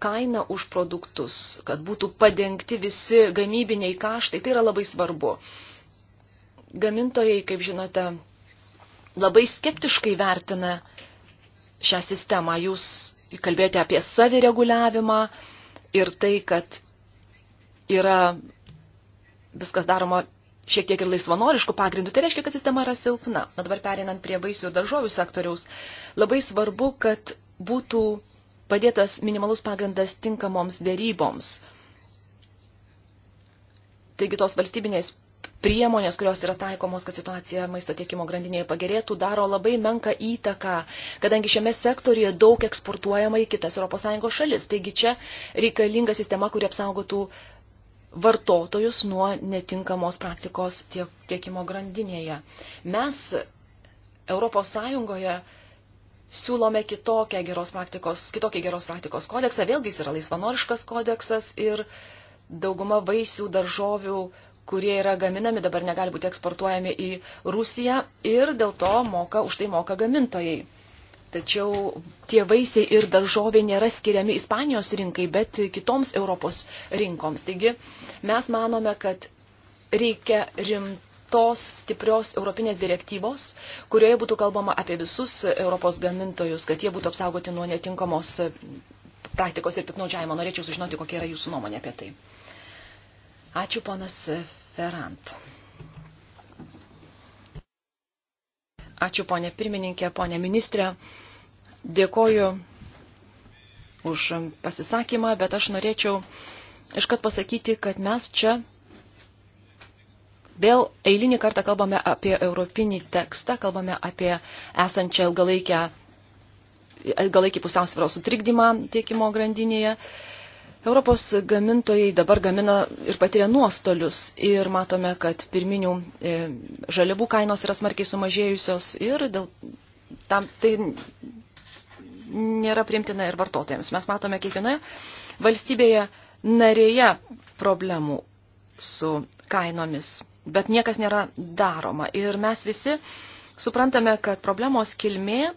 kainą už produktus, kad būtų padengti visi gamybiniai kaštai, tai yra labai svarbu. Gamintojai, kaip žinote, labai skeptiškai vertina šią sistemą. Jūs kalbėjote apie savireguliavimą ir tai, kad yra viskas daroma šiek tiek ir laisvanoriškų pagrindų. Tai reiškia, kad sistema yra silpna. Na dabar perinant prie vaisių ir daržovių sektoriaus, labai svarbu, kad būtų padėtas minimalus pagrindas tinkamoms dėryboms. Taigi tos valstybinės priemonės, kurios yra taikomos, kad situacija maisto tiekimo grandinėje pagerėtų, daro labai menką įtaką, kadangi šiame sektorije daug eksportuojama į kitas ES šalis. Taigi čia reikalinga sistema, kuri apsaugotų vartotojus nuo netinkamos praktikos tiek, tiekimo grandinėje. Mes ES siūlome kitokią geros praktikos, kitokį geros praktikos kodeksą, vėlgi jis yra laisvanoriškas kodeksas ir dauguma vaisių, daržovių, kurie yra gaminami, dabar negali būti eksportuojami į Rusiją ir dėl to moka, už tai moka gamintojai. Tačiau tie vaisiai ir daržoviai nėra skiriami Ispanijos rinkai, bet kitoms Europos rinkoms. Taigi mes manome, kad reikia rimtai tos stiprios europinės direktyvos, kurioje būtų kalbama apie visus Europos gamintojus, kad jie būtų apsaugoti nuo netinkamos e, praktikos ir piknaudžiavimo. Norėčiau sužinoti, kokia yra jūsų nuomonė apie tai. Ačiū, ponas Ferrant. Ačiū, ponė pirmininkė, ponė ministrė. Dėkoju už pasisakymą, bet aš norėčiau iškart pasakyti, kad mes čia Vėl eilinį kartą kalbame apie europinį tekstą, kalbame apie esančią ilgalaikę, ilgalaikį pusiausvėros sutrikdymą tiekimo grandinėje. Europos gamintojai dabar gamina ir patiria nuostolius ir matome, kad pirminių e, žaliavų kainos yra smarkiai sumažėjusios ir dėl tam tai nėra primtina ir vartotojams. Mes matome kiekvienoje valstybėje narėje problemų su kainomis bet niekas nėra daroma. Ir mes visi suprantame, kad problemos kilmė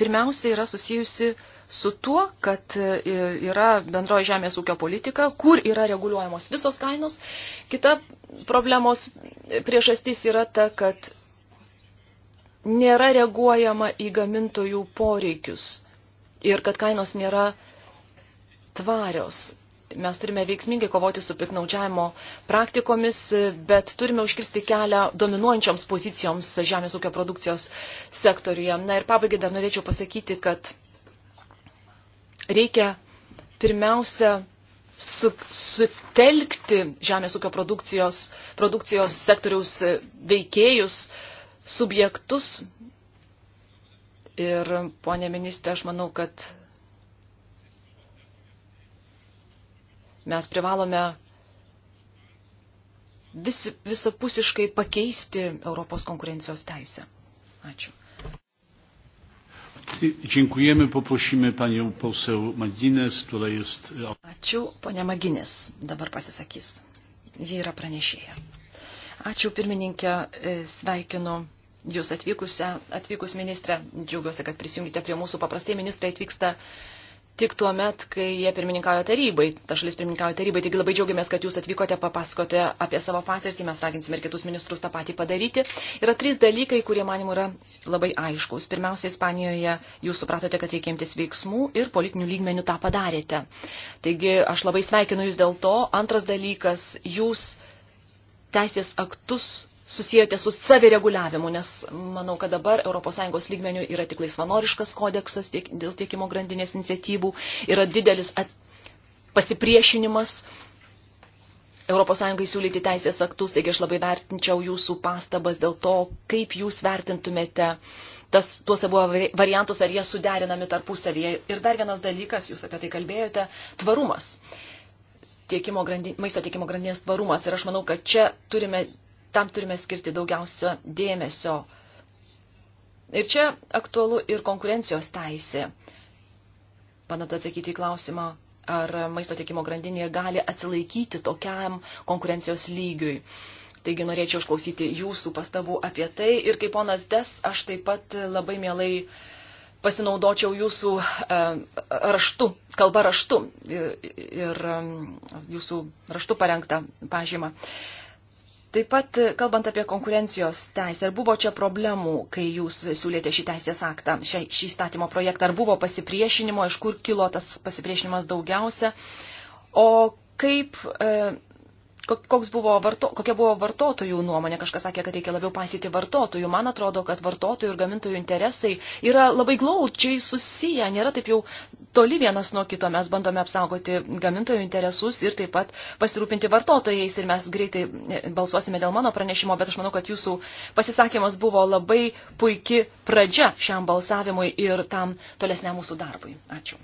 pirmiausia yra susijusi su tuo, kad e, yra bendroji žemės ūkio politika, kur yra reguliuojamos visos kainos. Kita problemos e, priežastis yra ta, kad nėra reaguojama į gamintojų poreikius ir kad kainos nėra tvarios. Mes turime veiksmingai kovoti su piknaudžiavimo praktikomis, bet turime užkirsti kelią dominuojančioms pozicijoms žemės ūkio produkcijos sektoriuje. Na ir pabaigai dar norėčiau pasakyti, kad reikia pirmiausia su, sutelkti žemės ūkio produkcijos, produkcijos sektoriaus veikėjus, subjektus. Ir, ponė ministrė, aš manau, kad Mes privalome vis, visapusiškai pakeisti Europos konkurencijos teisę. Ačiū. Dziękujemy, poprosimy panią poseł Magines, która jest... Ačiū, ponia Magines dabar pasisakys. Ji yra pranešėja. Ačiū, pirmininkė, e, sveikinu Jūs atvykus ministrę. Džiaugiuosi, kad prisijungite prie mūsų. Paprastai ministrai atvyksta uh, tik tuo met, kai jie pirmininkauja tarybai, ta šalis pirmininkauja tarybai. Taigi labai džiaugiamės, kad jūs atvykote papasakote apie savo patirtį, mes raginsime ir kitus ministrus tą patį padaryti. Yra trys dalykai, kurie manimų yra labai aiškus. Pirmiausia, Ispanijoje jūs supratote, kad reikia imtis veiksmų ir politinių lygmenių tą padarėte. Taigi aš labai sveikinu jūs dėl to. Antras dalykas, jūs teisės aktus susijęte su savireguliavimu, nes manau, kad dabar ES lygmenių yra tik laisvanoriškas kodeksas tiek, dėl tiekimo grandinės iniciatyvų, yra didelis at, pasipriešinimas ES siūlyti teisės aktus, taigi aš labai vertinčiau jūsų pastabas dėl to, kaip jūs vertintumėte tas, tuos abu variantus, ar jie suderinami tarpusavyje. Ir dar vienas dalykas, jūs apie tai kalbėjote, tvarumas. Tiekimo grandin, maisto tiekimo grandinės tvarumas. Ir aš manau, kad čia turime tam turime skirti daugiausia dėmesio. Ir čia aktualu ir konkurencijos teisė. Bandant atsakyti į klausimą, ar maisto tiekimo grandinėje gali atsilaikyti tokiam konkurencijos lygiui. Taigi norėčiau išklausyti jūsų pastabų apie tai ir kaip ponas Des, aš taip pat labai mielai pasinaudočiau jūsų e, raštu, kalba raštu e, ir e, jūsų raštu parengtą pažymą. Taip pat, e, kalbant apie konkurencijos teisę, ar buvo čia problemų, kai jūs siūlėte šį teisės aktą, šį, šį statymo projektą, ar buvo pasipriešinimo, iš kur kilo tas pasipriešinimas daugiausia, o kaip e, koks buvo varto, kokia buvo vartotojų nuomonė. Kažkas sakė, kad reikia labiau pasyti vartotojų. Man atrodo, kad vartotojų ir gamintojų interesai yra labai glaučiai susiję, nėra taip jau toli vienas nuo kito. Mes bandome apsaugoti gamintojų interesus ir taip pat pasirūpinti vartotojais. Ir mes greitai e, balsuosime dėl mano pranešimo, bet aš manau, kad jūsų pasisakymas buvo labai puikia pradžia šiam balsavimui ir tam tolesniam mūsų darbui. Ačiū.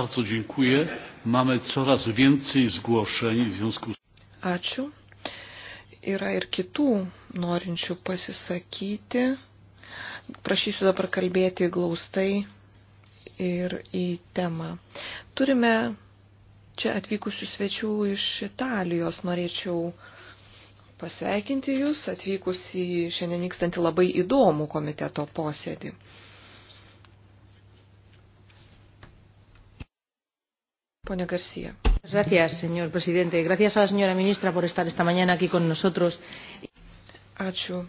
Bardzo dziękuję. Mamy coraz więcej zgłoszeń w związku z. Ačiū. Yra ir kitų norinčių pasisakyti. Prašysiu dabar kalbėti glaustai ir į temą. Turime čia atvykusių svečių iš Italijos. Norėčiau pasveikinti Jūs atvykus į šiandien vykstantį labai įdomų komiteto posėdį. Pone Garcia. Gracias, señor presidente. Gracias a la señora ministra por estar esta mañana aquí con nosotros. Ačiū.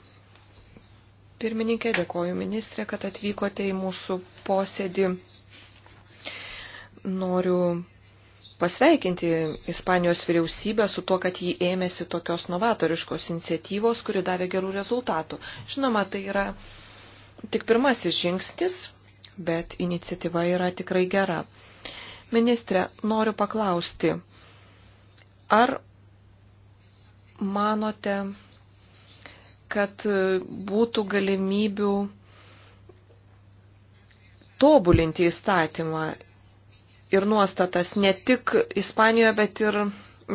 Pirmininkė, dėkoju ministrė, kad atvykote į mūsų posėdį. Noriu pasveikinti Ispanijos vyriausybę su tuo, kad jį ėmėsi tokios novatoriškos iniciatyvos, kuri davė gerų rezultatų. Žinoma, tai yra tik pirmasis žingsnis, bet iniciatyva yra tikrai gera. Ministre, noriu paklausti, ar manote, kad būtų galimybių tobulinti įstatymą ir nuostatas ne tik Ispanijoje, bet ir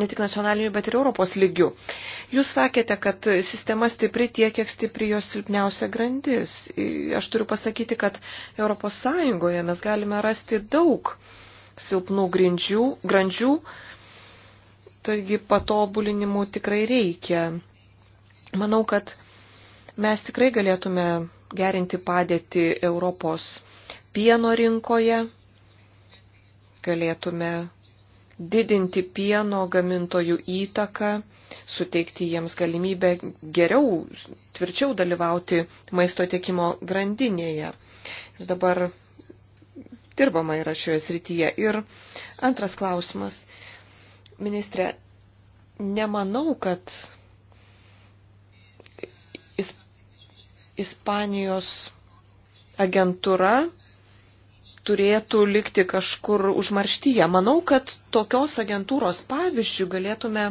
ne tik nacionaliniu, bet ir Europos lygiu. Jūs sakėte, kad sistema stipri tiek, kiek stipri jos silpniausia grandis. Aš turiu pasakyti, kad Europos Sąjungoje mes galime rasti daug silpnų grindžių, grandžių, taigi patobulinimų tikrai reikia. Manau, kad mes tikrai galėtume gerinti padėtį Europos pieno rinkoje, galėtume didinti pieno gamintojų įtaką, suteikti jiems galimybę geriau, tvirčiau dalyvauti maisto tiekimo grandinėje. Ir dabar dirbama yra šioje srityje. Ir antras klausimas, ministrė, nemanau, kad Ispanijos agentūra turėtų likti kažkur užmarštyje. Manau, kad tokios agentūros pavyzdžių galėtume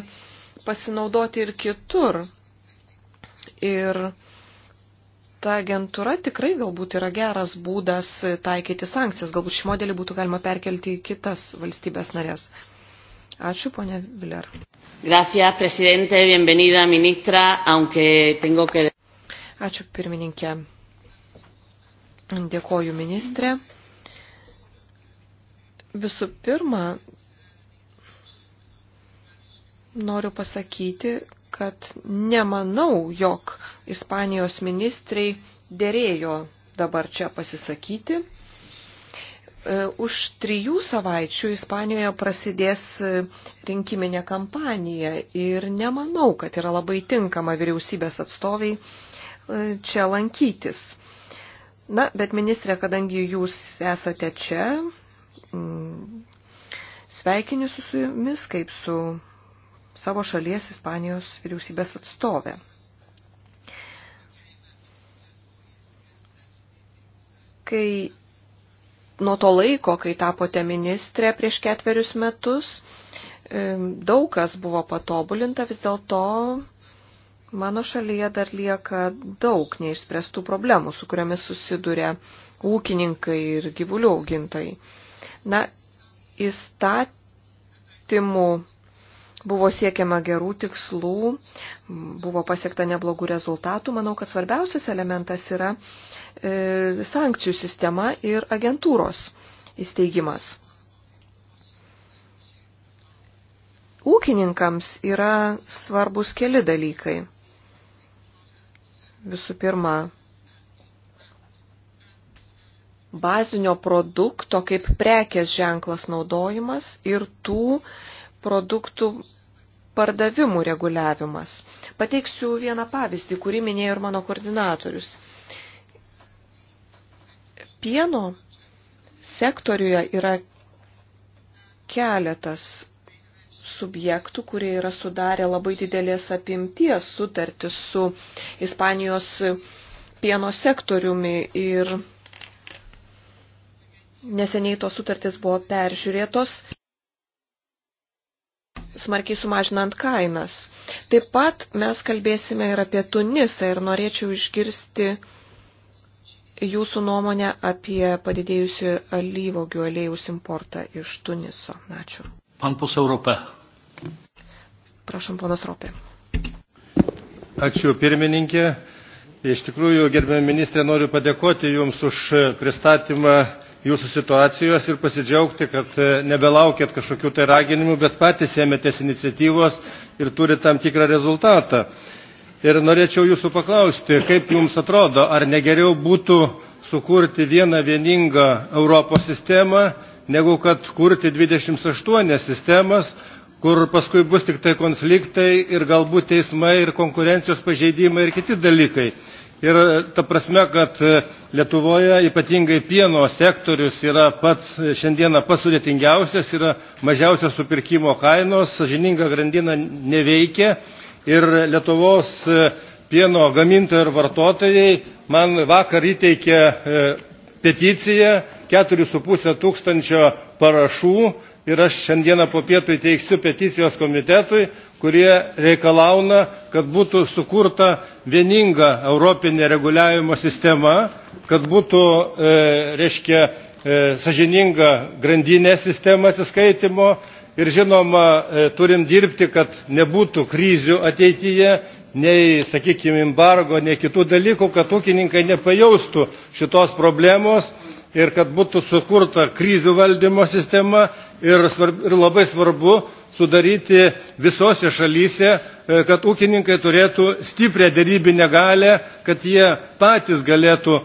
pasinaudoti ir kitur. Ir ta agentūra tikrai galbūt yra geras būdas taikyti sankcijas. Galbūt šį modelį būtų galima perkelti į kitas valstybės narės. Ačiū, ponia Viler. Gracias, presidente, bienvenida, ministra, aunque tengo que... Ačiū, pirmininkė. Dėkoju, ministrė. Visų pirma, noriu pasakyti, kad nemanau, jog Ispanijos ministrai dėrėjo dabar čia pasisakyti. E, už trijų savaičių Ispanijoje prasidės e, rinkiminė kampanija ir nemanau, kad yra labai tinkama vyriausybės atstoviai e, čia lankytis. Na, bet ministrė, kadangi jūs esate čia, sveikiniu su jumis kaip su savo šalies Ispanijos vyriausybės atstovė. Kai nuo to laiko, kai tapote ministrė prieš ketverius metus, daug kas buvo patobulinta, vis dėlto mano šalyje dar lieka daug neišspręstų problemų, su kuriamis susiduria ūkininkai ir gyvulių augintojai. Na, įstatymų Buvo siekiama gerų tikslų, buvo pasiekta neblogų rezultatų. Manau, kad svarbiausias elementas yra e, sankcijų sistema ir agentūros įsteigimas. Ūkininkams yra svarbus keli dalykai. Visų pirma, bazinio produkto kaip prekės ženklas naudojimas ir tų produktų pardavimų reguliavimas. Pateiksiu vieną pavyzdį, kurį minėjo ir mano koordinatorius. Pieno sektoriuje yra keletas subjektų, kurie yra sudarę labai didelės apimties sutartis su Ispanijos pieno sektoriumi ir neseniai tos sutartis buvo peržiūrėtos smarkiai sumažinant kainas. Taip pat mes kalbėsime ir apie Tunisą ir norėčiau išgirsti jūsų nuomonę apie padidėjusių alyvogių aliejus importą iš Tuniso. Ačiū. Pan pus Europė. Prašom, ponas Ropė. Ačiū pirmininkė. Iš tikrųjų, gerbėme ministrė, noriu padėkoti Jums už pristatymą jūsų situacijos ir pasidžiaugti, kad e, nebelaukėt kažkokių tai raginimų, bet patys ėmėtės iniciatyvos ir turi tam tikrą rezultatą. Ir norėčiau jūsų paklausti, kaip jums atrodo, ar negeriau būtų sukurti vieną vieningą Europos sistemą, negu kad kurti 28 sistemas, kur paskui bus tik tai konfliktai ir galbūt teismai ir konkurencijos pažeidimai ir kiti dalykai. Ir e, ta prasme, kad e, Lietuvoje ypatingai pieno sektorius yra pats e, šiandieną pasudėtingiausias, yra mažiausios supirkimo kainos, sažininga grandina neveikia ir Lietuvos pieno gamintojai ir vartotojai man vakar įteikė peticiją 4,5 tūkstančio parašų ir aš šiandieną po pietų įteiksiu peticijos komitetui, kurie reikalauna, kad būtų sukurta vieninga europinė reguliavimo sistema, kad būtų, e, reiškia, e, sažininga grandinė sistema atsiskaitimo ir žinoma, e, turim dirbti, kad nebūtų krizių ateityje, nei, sakykime, embargo, nei kitų dalykų, kad ūkininkai nepajaustų šitos problemos ir kad būtų sukurta krizių valdymo sistema ir, svarb, ir labai svarbu sudaryti visose šalyse, e, kad ūkininkai turėtų stiprią dėrybinę galę, kad jie patys galėtų e,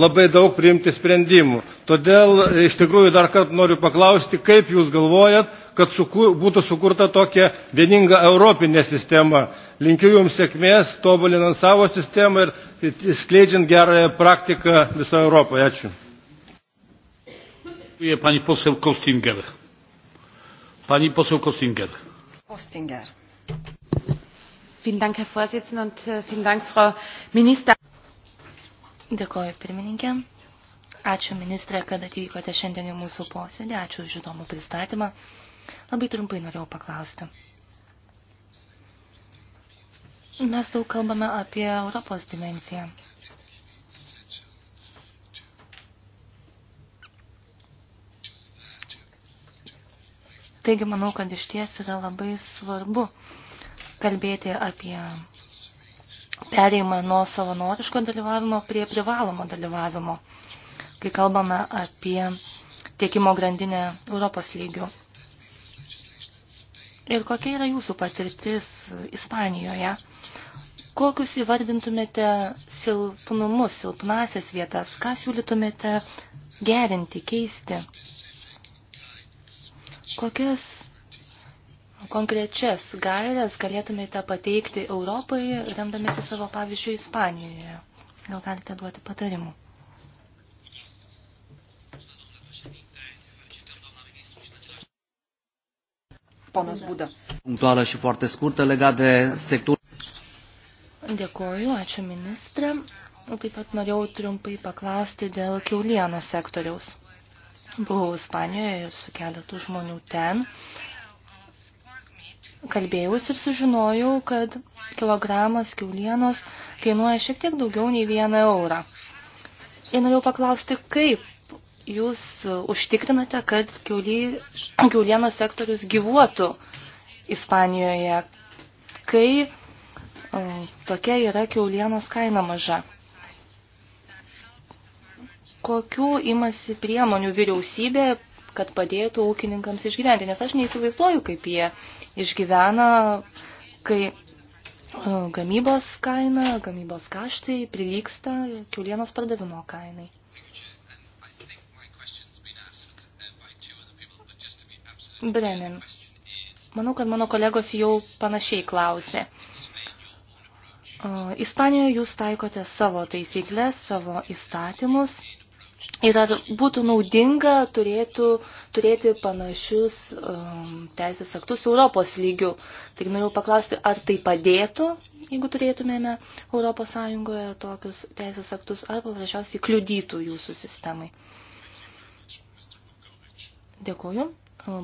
labai daug priimti sprendimų. Todėl e, iš tikrųjų dar kartą noriu paklausti, kaip Jūs galvojat, kad suku, būtų sukurta tokia vieninga europinė sistema. Linkiu Jums sėkmės, tobulinant savo sistemą ir skleidžiant gerąją praktiką visoje Europoje. Ačiū. Pani poseł Kostinger. Pani poseł Kostinger. Kostinger. Vielen Dank, Herr Vorsitzender, und äh, vielen Dank, Frau Minister. Dėkoju pirmininkė. Ačiū ministrė, kad atvykote šiandien į mūsų posėdį. Ačiū už įdomų pristatymą. Labai trumpai norėjau paklausti. Mes daug kalbame apie Europos dimensiją. Taigi manau, kad iš ties yra labai svarbu kalbėti apie perėjimą nuo savanoriško dalyvavimo prie privalomo dalyvavimo, kai kalbame apie tiekimo grandinę Europos lygių. Ir kokia yra jūsų patirtis Ispanijoje? Kokius įvardintumėte silpnumus, silpnasias vietas, ką siūlytumėte gerinti, keisti? Kokias konkrečias gairias galėtumėte pateikti Europai, remdamėsi savo pavyzdžių Ispanijoje? Gal galite duoti patarimų? Ponas Būda. Punktuală și foarte scurtă legat de sector. Dėkuoju, ačiū ministrė. Taip pat norėjau trumpai paklausti dėl kiaulienos sektoriaus. Buvau Ispanijoje ir su keletu žmonių ten. Kalbėjus ir sužinojau, kad kilogramas kiaulienos kainuoja šiek tiek daugiau nei vieną eurą. Ir norėjau paklausti, kaip jūs užtikrinate, kad kiaulį, kiaulienos sektorius gyvuotų Ispanijoje, kai o, um, tokia yra kiaulienos kaina maža kokių imasi priemonių vyriausybė, kad padėtų ūkininkams išgyventi. Nes aš neįsivaizduoju, kaip jie išgyvena, kai e, gamybos kaina, gamybos kaštai prilyksta kiaulienos pardavimo kainai. Brenin. Manau, kad mano kolegos jau panašiai klausė. E, Ispanijoje jūs taikote savo taisyklės, savo įstatymus. Ir ar būtų naudinga turėtų, turėti panašius um, teisės aktus Europos lygių? Tik noriu paklausti, ar tai padėtų, jeigu turėtumėme Europos Sąjungoje tokius teisės aktus, ar paprasčiausiai kliudytų jūsų sistemai? Dėkuoju.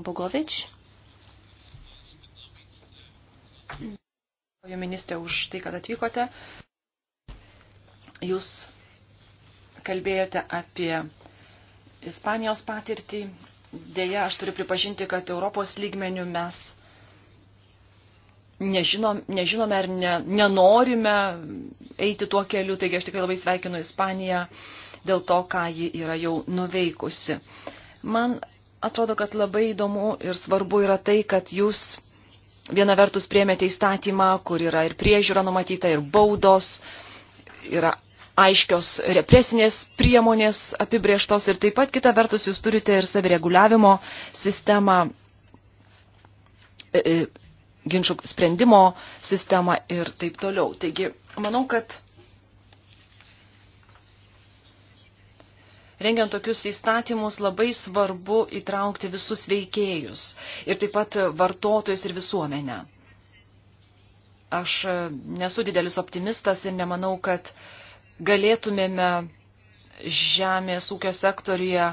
Bogovič. Dėkuoju ministrė už tai, kad atvykote. Jūs kalbėjote apie Ispanijos patirtį. Deja, aš turiu pripažinti, kad Europos lygmenių mes nežinom, nežinome ar ne, nenorime eiti tuo keliu, taigi aš tikrai labai sveikinu Ispaniją dėl to, ką ji yra jau nuveikusi. Man atrodo, kad labai įdomu ir svarbu yra tai, kad jūs viena vertus priemėte įstatymą, kur yra ir priežiūra numatyta, ir baudos, yra aiškios represinės priemonės apibrieštos ir taip pat kita vertus jūs turite ir savireguliavimo sistemą, e, e, ginčių sprendimo sistemą ir taip toliau. Taigi, manau, kad rengiant tokius įstatymus labai svarbu įtraukti visus veikėjus ir taip pat vartotojus ir visuomenę. Aš e, nesu didelis optimistas ir nemanau, kad uh, galėtumėme žemės ūkio sektorija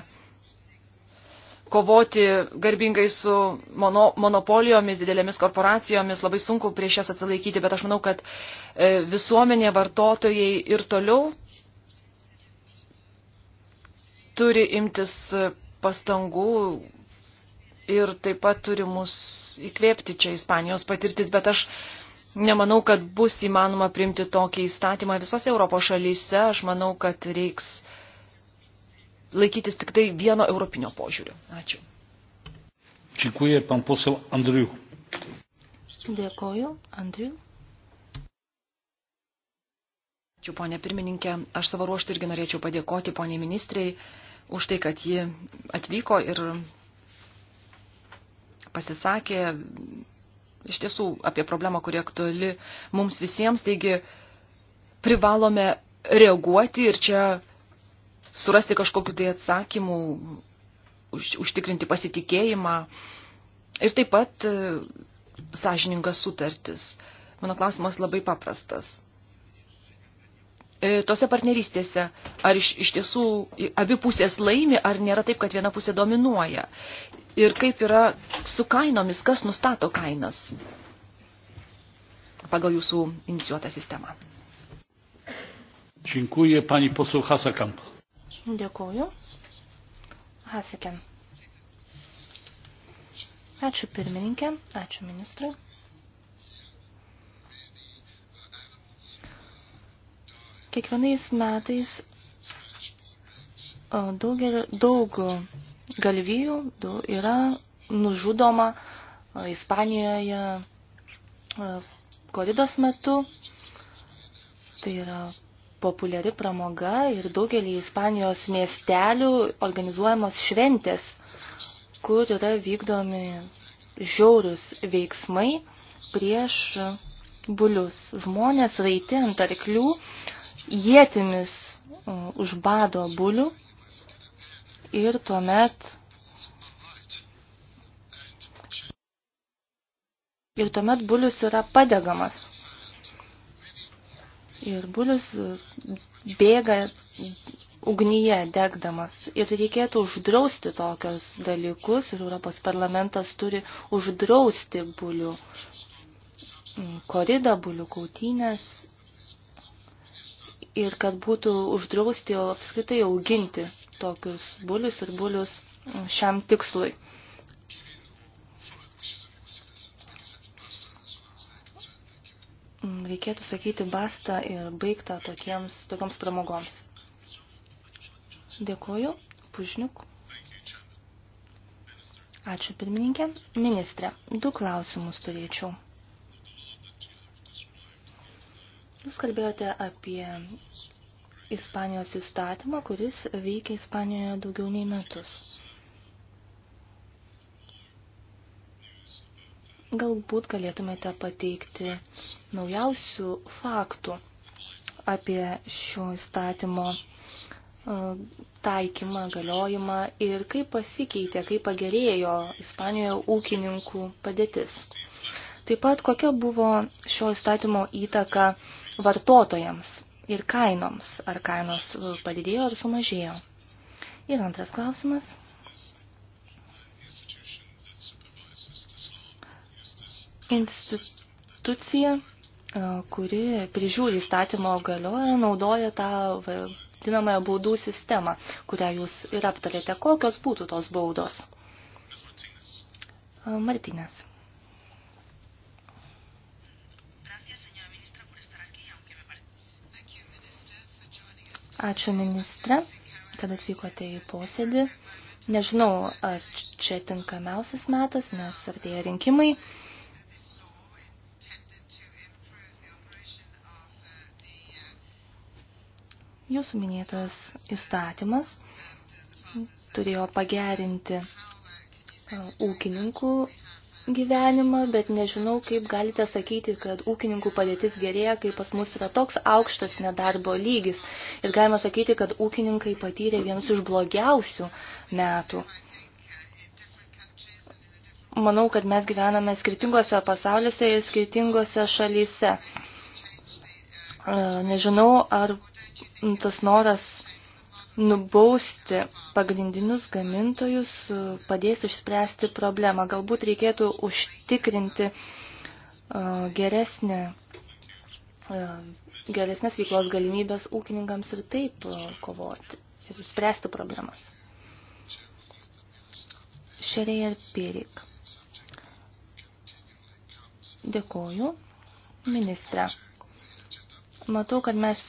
kovoti garbingai su mono, monopolijomis, didelėmis korporacijomis, labai sunku prieš jas atsilaikyti, bet aš manau, kad e, visuomenė, vartotojai ir toliau turi imtis pastangų ir taip pat turi mus įkvėpti čia Ispanijos patirtis, bet aš uh, Nemanau, kad bus įmanoma priimti tokį įstatymą visose Europos šalyse. Aš manau, kad reiks laikytis tik tai vieno europinio požiūrio. Ačiū. Čikuje, pan posel Andriu. Dėkoju, Andriu. Ačiū, ponė pirmininkė. Aš savo ruoštų irgi norėčiau padėkoti ponė ministrei už tai, kad ji atvyko ir pasisakė iš tiesų apie problemą, kuri aktuali mums visiems, taigi privalome reaguoti ir čia surasti kažkokiu tai atsakymu, už, užtikrinti pasitikėjimą ir taip pat e, sąžiningas sutartis. Mano klausimas labai paprastas. E, tose partnerystėse, ar iš, iš tiesų abi pusės laimi, ar nėra taip, kad viena pusė dominuoja. Ir kaip yra su kainomis, kas nustato kainas pagal jūsų inicijuotą sistemą. Dziękuję pani poseł Hasekamp. Dėkuoju. Hasekam. Ačiū pirmininkė, ačiū ministrui. Kiekvienais metais daugelį, daug galvijų daug yra nužudoma Ispanijoje koridos metu. Tai yra populiari pramoga ir daugelį Ispanijos miestelių organizuojamos šventės, kur yra vykdomi žiaurius veiksmai prieš bulius. Žmonės raiti ant arklių jėtimis už bado bulių ir tuomet ir tuomet bulius yra padegamas. Ir bulius bėga ugnyje degdamas. Ir reikėtų uždrausti tokios dalykus ir Europos parlamentas turi uždrausti bulių koridą, bulių kautynės ir kad būtų uždrausti, o apskritai auginti tokius bulius ir bulius mm, šiam tikslui. Mm, reikėtų sakyti basta ir baigta tokiems, tokioms pramogoms. Dėkuoju, Pužniuk. Ačiū pirmininkė. Ministrė, du klausimus turėčiau. Jūs kalbėjote apie Ispanijos įstatymą, kuris veikia Ispanijoje daugiau nei metus. Galbūt galėtumėte pateikti naujausių faktų apie šio įstatymo e, taikymą, galiojimą ir kaip pasikeitė, kaip pagerėjo Ispanijoje ūkininkų padėtis. Taip pat kokia buvo šio įstatymo įtaka vartotojams ir kainoms, ar kainos e, padidėjo ar sumažėjo. Ir antras klausimas. Institucija, e, kuri prižiūri įstatymo galioja, naudoja tą vadinamąją baudų sistemą, kurią jūs ir aptarėte. Kokios būtų tos baudos? E, Martinės. Ačiū ministre, kad atvykote į posėdį. Nežinau, ar čia tinkamiausias metas, nes artėja rinkimai. Jūsų minėtas įstatymas turėjo pagerinti ūkininkų gyvenimą, bet nežinau, kaip galite sakyti, kad ūkininkų padėtis gerėja, kai pas mus yra toks aukštas nedarbo lygis. Ir galima sakyti, kad ūkininkai patyrė vienus iš blogiausių metų. Manau, kad mes gyvename skirtingose pasauliuose ir skirtingose šalyse. E, nežinau, ar tas noras nubausti pagrindinius gamintojus padės išspręsti problemą. Galbūt reikėtų užtikrinti e, geresnę, e, geresnės veiklos galimybės ūkininkams ir taip e, kovoti ir spręsti problemas. Šerėja ir Pirik. Dėkoju, ministre. Matau, kad mes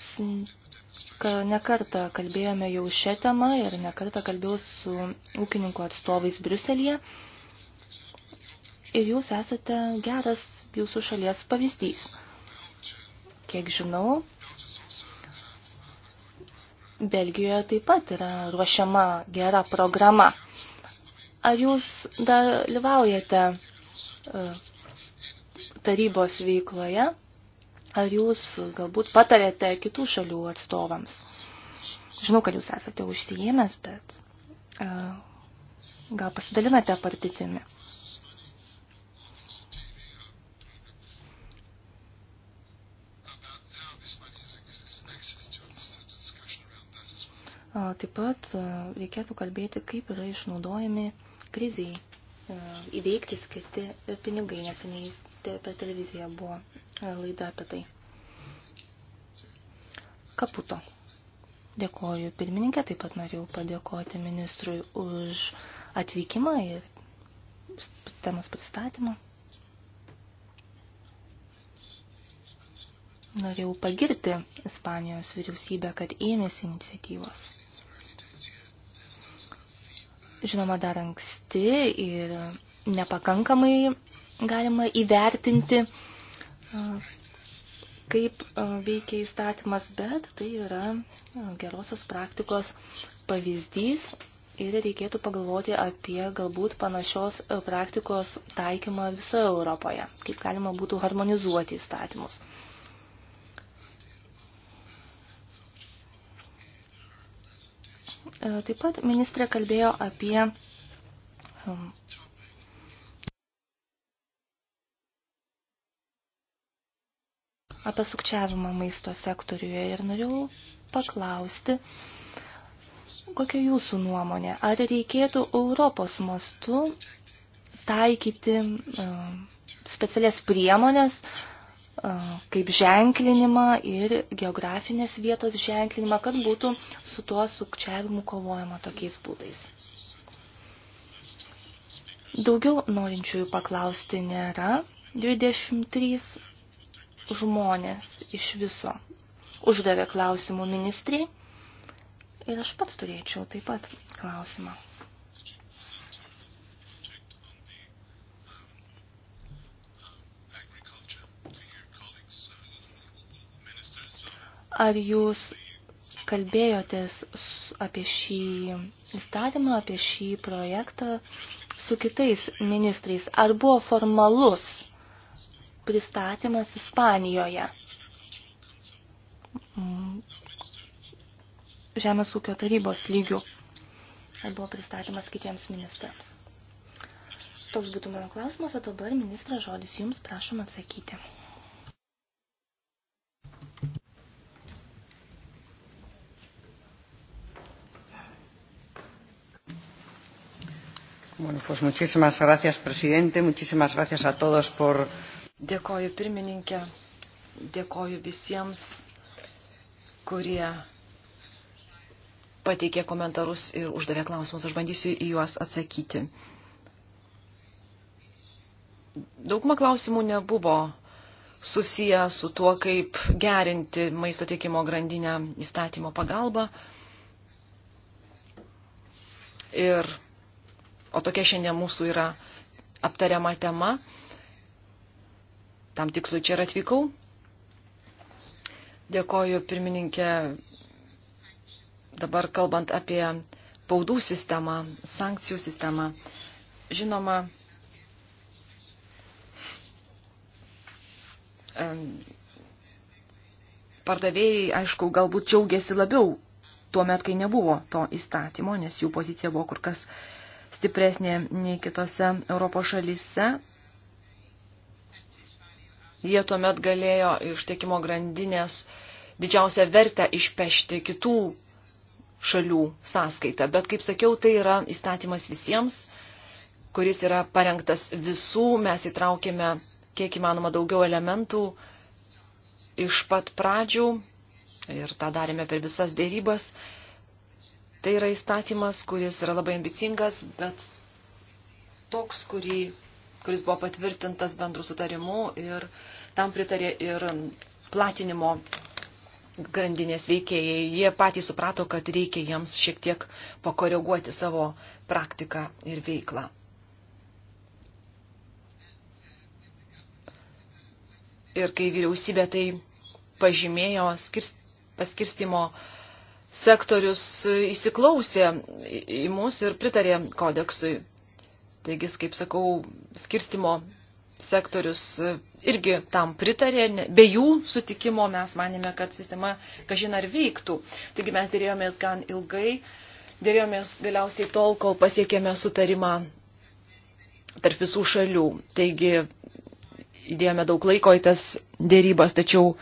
nekartą kalbėjome jau šią temą ir nekartą kalbėjau su ūkininkų atstovais Briuselėje. Ir jūs esate geras jūsų šalies pavyzdys. Kiek žinau, Belgijoje taip pat yra ruošiama gera programa. Ar jūs dalyvaujate e, tarybos veikloje? Ar jūs galbūt patarėte kitų šalių atstovams? Žinau, kad jūs esate užsijėmęs, bet uh, gal pasidalinate partitimi. Uh, taip pat uh, reikėtų kalbėti, kaip yra išnaudojami kriziai e, įveikti skirti pinigai, neseniai per televiziją buvo e, laida apie tai. Kaputo. Dėkoju pirmininkė, taip pat norėjau padėkoti ministrui už atvykimą ir temos pristatymą. Norėjau pagirti Ispanijos vyriausybę, kad ėmėsi iniciatyvos. Žinoma, dar anksti ir nepakankamai galima įvertinti, kaip veikia įstatymas, bet tai yra gerosios praktikos pavyzdys ir reikėtų pagalvoti apie galbūt panašios praktikos taikymą visoje Europoje, kaip galima būtų harmonizuoti įstatymus. Taip pat ministrė kalbėjo apie apie sukčiavimą maisto sektoriuje ir norėjau paklausti, kokia jūsų nuomonė, ar reikėtų Europos mastu taikyti uh, specialias priemonės, uh, kaip ženklinimą ir geografinės vietos ženklinimą, kad būtų su tuo sukčiavimu kovojama tokiais būdais. Daugiau norinčiųjų paklausti nėra. 23 žmonės iš viso uždavė klausimų ministrį ir aš pats turėčiau taip pat klausimą. Ar jūs kalbėjotės apie šį įstatymą, apie šį projektą su kitais ministrais? Ar buvo formalus pristatymas Ispanijoje. Mm. Žemės ūkio tarybos lygių buvo pristatymas kitiems ministrams. Toks būtų mano klausimas, o dabar ministras žodis jums prašom atsakyti. Bueno, pues muchísimas gracias, presidente. Muchísimas gracias a todos por Dėkoju pirmininkė, dėkoju visiems, kurie pateikė komentarus ir uždavė klausimus. Aš bandysiu į juos atsakyti. Dauguma klausimų nebuvo susiję su tuo, kaip gerinti maisto tiekimo grandinę įstatymo pagalbą. Ir, o tokia šiandien mūsų yra aptariama tema tam tikslui čia ir atvykau. Dėkoju pirmininkė. Dabar kalbant apie baudų sistemą, sankcijų sistemą. Žinoma, pardavėjai, aišku, galbūt džiaugiasi labiau tuo met, kai nebuvo to įstatymo, nes jų pozicija buvo kur kas stipresnė nei kitose Europos šalyse, jie tuomet galėjo iš tiekimo grandinės didžiausią vertę išpešti kitų šalių sąskaitą. Bet, kaip sakiau, tai yra įstatymas visiems, kuris yra parengtas visų, mes įtraukėme kiek įmanoma daugiau elementų iš pat pradžių ir tą darėme per visas dėrybas. Tai yra įstatymas, kuris yra labai ambicingas, bet toks, kurį kuris buvo patvirtintas bendrų sutarimų ir tam pritarė ir platinimo grandinės veikėjai. Jie patys suprato, kad reikia jiems šiek tiek pakoreguoti savo praktiką ir veiklą. Ir kai vyriausybė tai pažymėjo paskirstimo sektorius įsiklausė į mus ir pritarė kodeksui. Taigi, kaip sakau, skirstimo sektorius e, irgi tam pritarė, be jų sutikimo mes manėme, kad sistema kažin ar veiktų. Taigi mes dėrėjomės gan ilgai, dėrėjomės galiausiai tol, kol pasiekėme sutarimą tarp visų šalių. Taigi įdėjome daug laiko į tas dėrybas, tačiau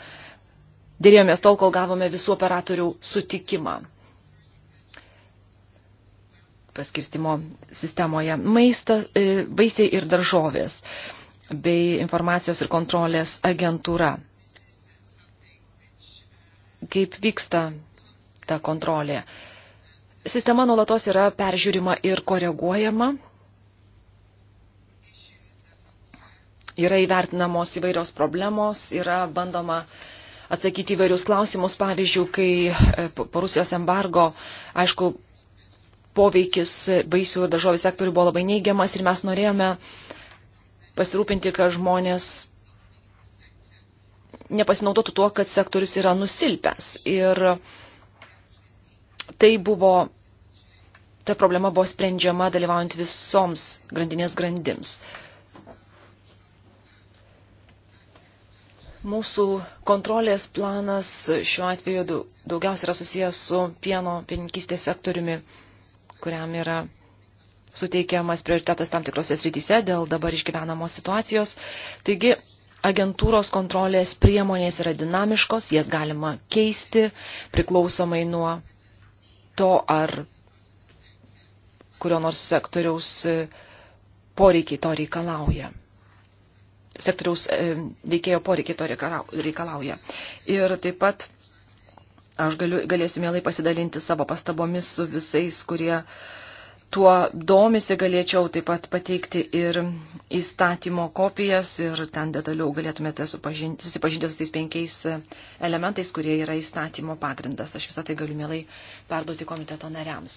dėrėjomės tol, kol gavome visų operatorių sutikimą paskirstimo sistemoje maistą, e, vaisiai ir daržovės bei informacijos ir kontrolės agentūra. Kaip vyksta ta kontrolė? Sistema nuolatos yra peržiūrima ir koreguojama. Yra įvertinamos įvairios problemos, yra bandoma atsakyti įvairius klausimus, pavyzdžiui, kai e, po Rusijos embargo, aišku, poveikis vaisių ir daržovės sektoriui buvo labai neigiamas ir mes norėjome pasirūpinti, kad žmonės nepasinaudotų tuo, kad sektorius yra nusilpęs. Ir tai buvo, ta problema buvo sprendžiama dalyvaujant visoms grandinės grandims. Mūsų kontrolės planas šiuo atveju daugiausia yra susijęs su pieno pieninkystės sektoriumi kuriam yra suteikiamas prioritetas tam tikrose srityse dėl dabar išgyvenamos situacijos. Taigi, agentūros kontrolės priemonės yra dinamiškos, jas galima keisti priklausomai nuo to, ar kurio nors sektoriaus e, poreikiai to reikalauja. Sektoriaus e, veikėjo poreikiai to reikalauja. Ir taip pat Aš galiu, galėsiu mielai pasidalinti savo pastabomis su visais, kurie tuo domisi, galėčiau taip pat pateikti ir įstatymo kopijas ir ten detaliau galėtumėte susipažinti su tais penkiais e, elementais, kurie yra įstatymo pagrindas. Aš visą tai galiu mielai perduoti komiteto nariams.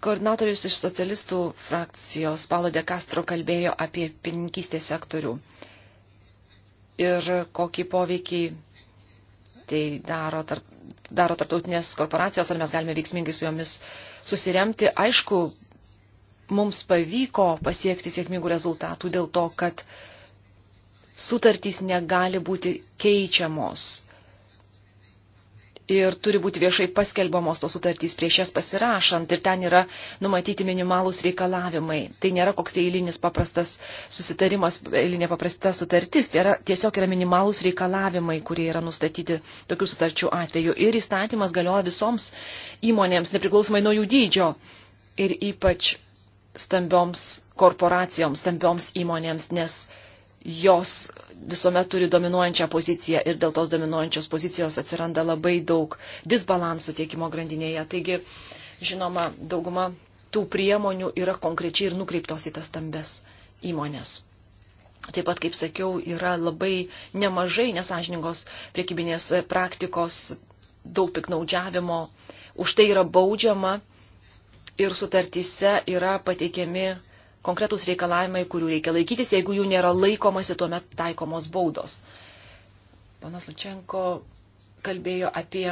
Koordinatorius iš socialistų frakcijos Paulo de Castro kalbėjo apie pininkystės sektorių ir kokį poveikį tai daro, tarp, daro tarptautinės korporacijos, ar mes galime veiksmingai su jomis susiremti. Aišku, mums pavyko pasiekti sėkmingų rezultatų dėl to, kad sutartys negali būti keičiamos ir turi būti viešai paskelbamos tos sutartys prieš jas pasirašant ir ten yra numatyti minimalūs reikalavimai. Tai nėra koks tai eilinis paprastas susitarimas, eilinė paprasta sutartis, tai yra, tiesiog yra minimalūs reikalavimai, kurie yra nustatyti tokių sutarčių atveju. Ir įstatymas galioja visoms įmonėms, nepriklausomai nuo jų dydžio ir ypač stambioms korporacijoms, stambioms įmonėms, nes jos visuomet turi dominuojančią poziciją ir dėl tos dominuojančios pozicijos atsiranda labai daug disbalansų tiekimo grandinėje. Taigi, žinoma, dauguma tų priemonių yra konkrečiai ir nukreiptos į tas stambes įmonės. Taip pat, kaip sakiau, yra labai nemažai nesažiningos priekybinės praktikos, daug piknaudžiavimo, už tai yra baudžiama ir sutartyse yra pateikiami konkretūs reikalavimai, kurių reikia laikytis, jeigu jų nėra laikomasi, tuomet taikomos baudos. Panas Lučenko kalbėjo apie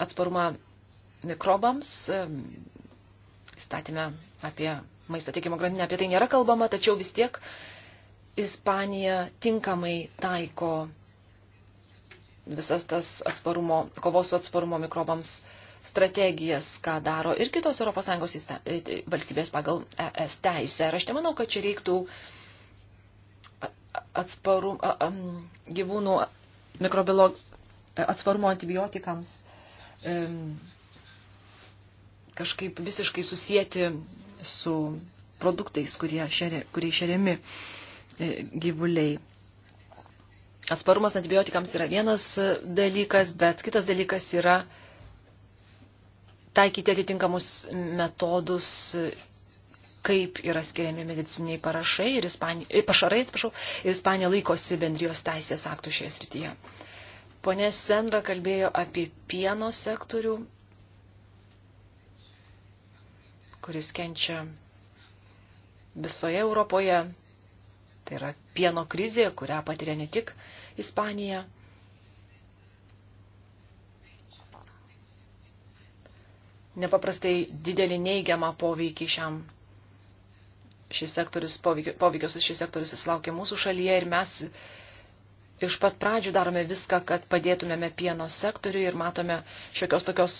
atsparumą mikrobams, statėme apie maisto tiekimo grandinę, apie tai nėra kalbama, tačiau vis tiek Ispanija tinkamai taiko visas tas atsparumo, kovos su atsparumo mikrobams strategijas, ką daro ir kitos ES e, e, valstybės pagal ES teisę. Ir aš nemanau, kad čia reiktų atsparum, a, a, gyvūnų mikrobiolog, e, atsparumo antibiotikams e, kažkaip visiškai susijęti su produktais, kurie šeria, kurie šeriami gyvuliai. Atsparumas antibiotikams yra vienas dalykas, bet kitas dalykas yra taikyti atitinkamus metodus, kaip yra skiriami mediciniai parašai ir Ispanija, e, pašarai, atsiprašau, ir Ispanija laikosi bendrijos teisės aktų šioje srityje. Pone Sendra kalbėjo apie pieno sektorių, kuris kenčia visoje Europoje. Tai yra pieno krizė, kurią patiria ne tik Ispanija. nepaprastai didelį neigiamą poveikį šiam. Šis sektorius, poveikio, poveikios šis sektorius įslaukia mūsų šalyje ir mes iš pat pradžių darome viską, kad padėtumėme pieno sektoriui ir matome šiokios tokios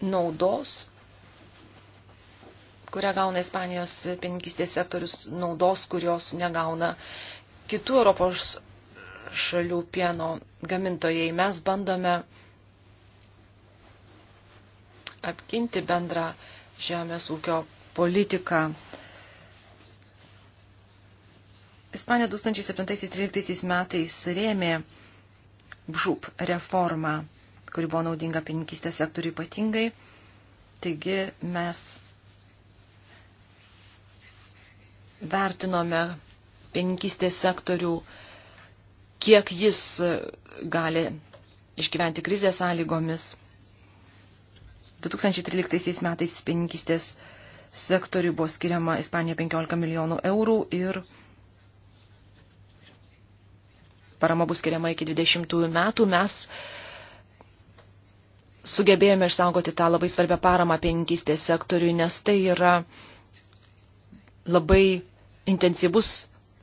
naudos, kurią gauna Ispanijos pieninkystės sektorius, naudos, kurios negauna kitų Europos šalių pieno gamintojai. Mes bandome apginti bendrą žemės ūkio politiką. Ispanija 2007-2013 metais rėmė BŽUP reformą, kuri buvo naudinga pininkistės sektoriui ypatingai. Taigi mes vertinome pininkistės sektorių, kiek jis gali išgyventi krizės sąlygomis 2013 metais pieninkistės sektoriui buvo skiriama Ispanija 15 milijonų eurų ir parama bus skiriama iki 20 metų. Mes sugebėjome išsaugoti tą labai svarbią paramą pieninkistės sektoriui, nes tai yra labai intensyvus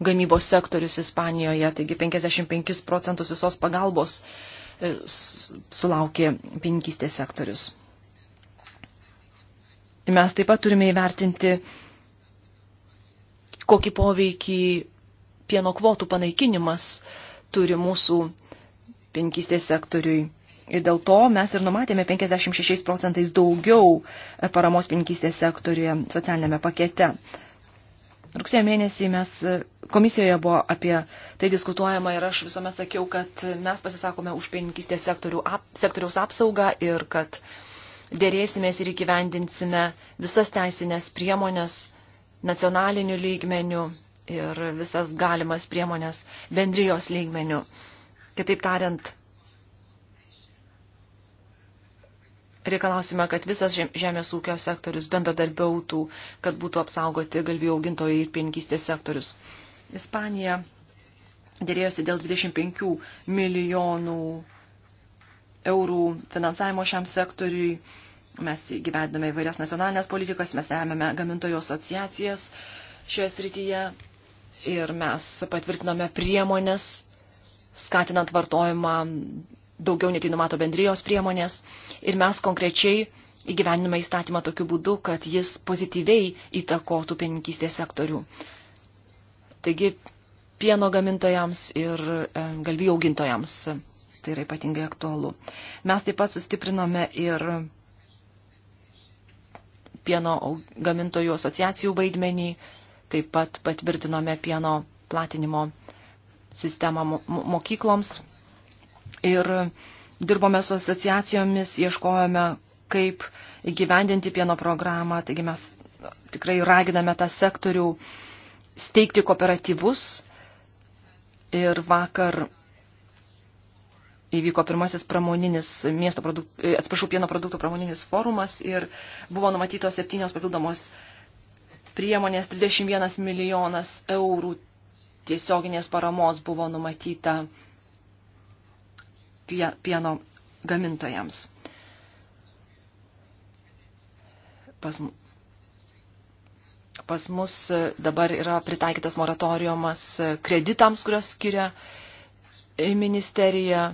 gamybos sektorius Ispanijoje, taigi 55 procentus visos pagalbos e, sulaukė pieninkystės sektorius mes taip pat turime įvertinti, kokį poveikį pieno kvotų panaikinimas turi mūsų pinkystės sektoriui. Ir dėl to mes ir numatėme 56 procentais daugiau e, paramos pinkystės sektoriuje socialinėme pakete. Rugsėjo mėnesį mes e, komisijoje buvo apie tai diskutuojama ir aš visuomet sakiau, kad mes pasisakome už pinkystės sektoriaus apsaugą ir kad uh, dėrėsimės ir įgyvendinsime visas teisinės priemonės nacionalinių lygmenių ir visas galimas priemonės bendrijos lygmenių. Kitaip tariant, reikalausime, kad visas žemės ūkio sektorius bendradarbiautų, kad būtų apsaugoti galvijų augintojai ir pieninkystės sektorius. Ispanija dėrėjosi dėl 25 milijonų eurų finansavimo šiam sektoriui. Mes gyvendame įvairias nacionalinės politikas, mes remiame gamintojų asociacijas šioje srityje ir mes patvirtiname priemonės, skatinant vartojimą daugiau nei tai numato bendrijos priemonės. Ir mes konkrečiai įgyvenime įstatymą tokiu būdu, kad jis pozityviai įtakotų pieninkystės sektorių. Taigi pieno gamintojams ir e, galvijų augintojams tai yra ypatingai aktualu. Mes taip pat sustiprinome ir pieno gamintojų asociacijų vaidmenį, taip pat patvirtinome pieno platinimo sistemą mokykloms ir dirbome su asociacijomis, ieškojome, kaip įgyvendinti pieno programą, taigi mes tikrai raginame tą sektorių steigti kooperatyvus ir vakar įvyko pirmasis pramoninis miesto produktų, e, atsiprašau, pieno produktų pramoninis forumas ir buvo numatytos septynios papildomos priemonės, 31 milijonas eurų tiesioginės paramos buvo numatyta pieno gamintojams. Pas, pas mus dabar yra pritaikytas moratoriumas kreditams, kurios skiria ministerija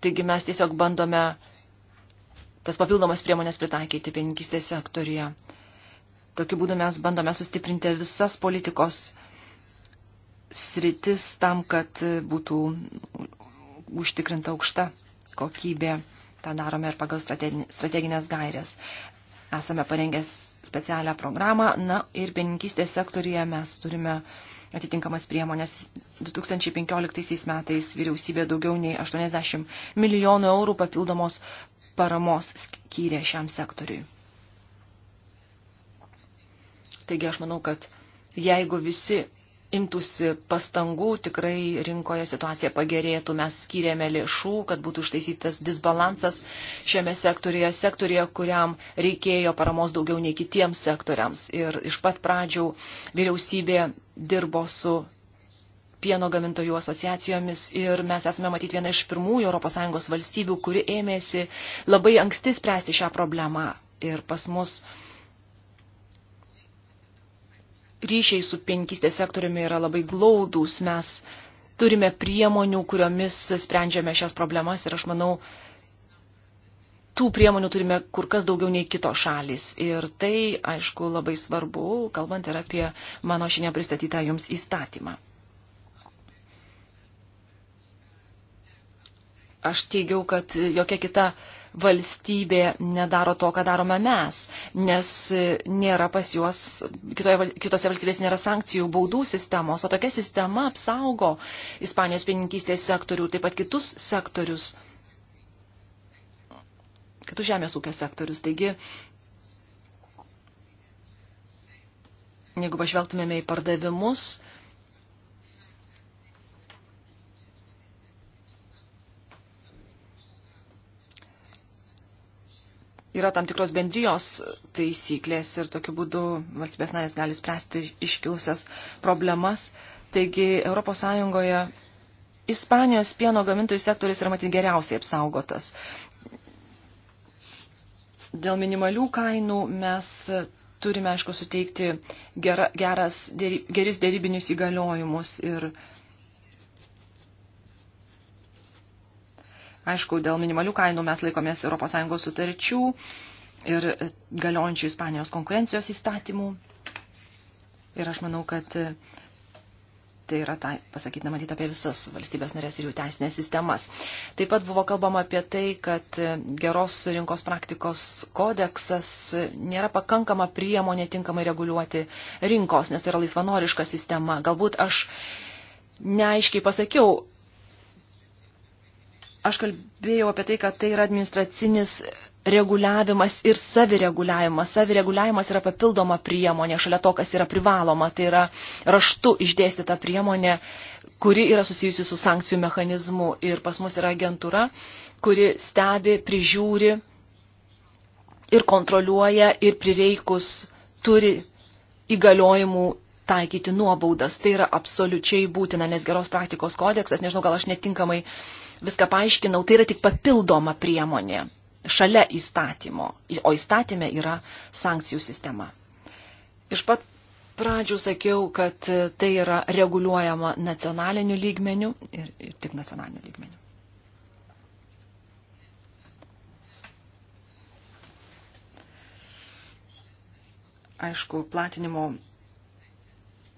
Taigi mes tiesiog bandome tas papildomas priemonės pritaikyti pieninkistės sektorija. Tokiu būdu mes bandome sustiprinti visas politikos sritis tam, kad būtų užtikrinta aukšta kokybė. Ta darome ir pagal strateginės gairės. Esame parengęs specialią programą, na ir pieninkistės sektorija mes turime uh, atitinkamas priemonės. 2015 metais vyriausybė daugiau nei 80 milijonų eurų papildomos paramos skyrė šiam sektoriui. Taigi aš manau, kad jeigu visi imtųsi pastangų, tikrai rinkoje situacija pagerėtų. Mes skiriame lėšų, kad būtų ištaisytas disbalansas šiame sektorėje, sektorėje, kuriam reikėjo paramos daugiau nei kitiems sektoriams. Ir iš pat pradžių vyriausybė dirbo su pieno gamintojų asociacijomis ir mes esame matyti viena iš pirmųjų ES valstybių, kuri ėmėsi labai anksti spręsti šią problemą. Ir pas mus ryšiai su penkistės sektoriumi yra labai glaudūs. Mes turime priemonių, kuriomis sprendžiame šias problemas ir aš manau, tų priemonių turime kur kas daugiau nei kitos šalis. Ir tai, aišku, labai svarbu, kalbant ir apie mano šiandien pristatytą jums įstatymą. Aš teigiau, kad jokia kita valstybė nedaro to, ką darome mes, nes nėra pas juos, kitoje, kitose valstybėse nėra sankcijų baudų sistemos, o tokia sistema apsaugo Ispanijos pieninkystės sektorių, taip pat kitus sektorius, kitus žemės ūkio sektorius. Taigi, jeigu pažvelgtumėme į pardavimus, yra tam tikros bendrijos taisyklės ir tokiu būdu valstybės narės gali spręsti iškilusias problemas. Taigi ES Ispanijos pieno gamintojų sektorius yra matyt geriausiai apsaugotas. Dėl minimalių kainų mes turime, aišku, suteikti gera, geras, dėry, geris dėrybinius įgaliojimus ir Aišku, dėl minimalių kainų mes laikomės ES sutarčių ir galiojančių Ispanijos konkurencijos įstatymų. Ir aš manau, kad tai yra tai, pasakyti nematyti apie visas valstybės narės ir jų teisinės sistemas. Taip pat buvo kalbama apie tai, kad geros rinkos praktikos kodeksas nėra pakankama priemonė tinkamai reguliuoti rinkos, nes tai yra laisvanoriška sistema. Galbūt aš neaiškiai pasakiau, Aš kalbėjau apie tai, kad tai yra administracinis reguliavimas ir savireguliavimas. Savireguliavimas yra papildoma priemonė, šalia to, kas yra privaloma. Tai yra raštu išdėstyta priemonė, kuri yra susijusi su sankcijų mechanizmu. Ir pas mus yra agentūra, kuri stebi, prižiūri ir kontroliuoja ir prireikus turi įgaliojimų taikyti nuobaudas. Tai yra absoliučiai būtina, nes geros praktikos kodeksas, nežinau, gal aš netinkamai viską paaiškinau, tai yra tik papildoma priemonė šalia įstatymo, o įstatymė yra sankcijų sistema. Iš pat pradžių sakiau, kad tai yra reguliuojama nacionaliniu lygmeniu ir, ir tik nacionaliniu lygmeniu. Aišku, platinimo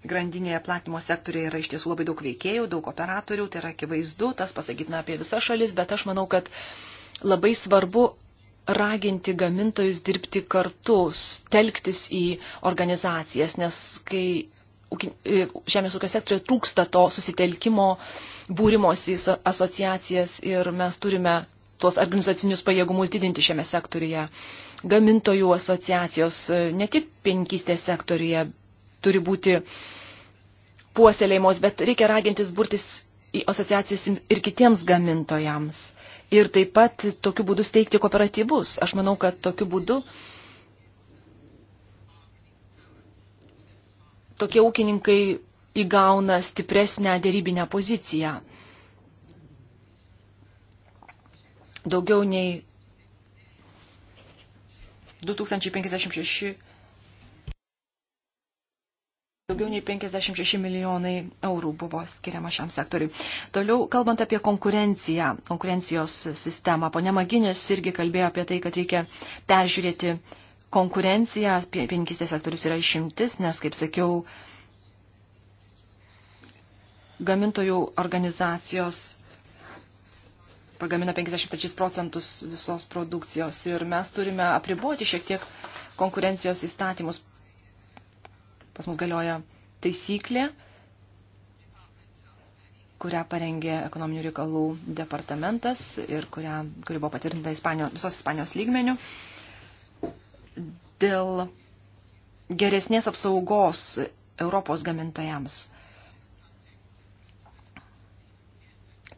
grandinėje platinimo sektorėje yra iš tiesų labai daug veikėjų, daug operatorių, tai yra akivaizdu, tas pasakytina apie visas šalis, bet aš manau, kad labai svarbu raginti gamintojus dirbti kartu, telktis į organizacijas, nes kai e, žemės ūkio sektoriuje trūksta to susitelkimo, būrimos į asociacijas ir mes turime tuos organizacinius pajėgumus didinti šiame sektoriuje. Gamintojų asociacijos e, ne tik penkystės sektoriuje, turi būti puoselėjimos, bet reikia ragintis burtis į asociacijas ir kitiems gamintojams. Ir taip pat tokiu būdu steigti kooperatyvus. Aš manau, kad tokiu būdu tokie ūkininkai įgauna stipresnę dėrybinę poziciją. Daugiau nei 2056 Daugiau nei 56 milijonai eurų buvo skiriama šiam sektoriui. Toliau, kalbant apie konkurenciją, konkurencijos sistemą, ponė Maginės irgi kalbėjo apie tai, kad reikia peržiūrėti konkurenciją, pieninkistės sektorius yra išimtis, nes, kaip sakiau, gamintojų organizacijos pagamina 53 procentus visos produkcijos ir mes turime apriboti šiek tiek konkurencijos įstatymus Pas mus galioja taisyklė, kurią parengė ekonominių reikalų departamentas ir kurią, kuri buvo patvirtinta Ispanijos, visos Ispanijos lygmenių dėl geresnės apsaugos Europos gamintojams.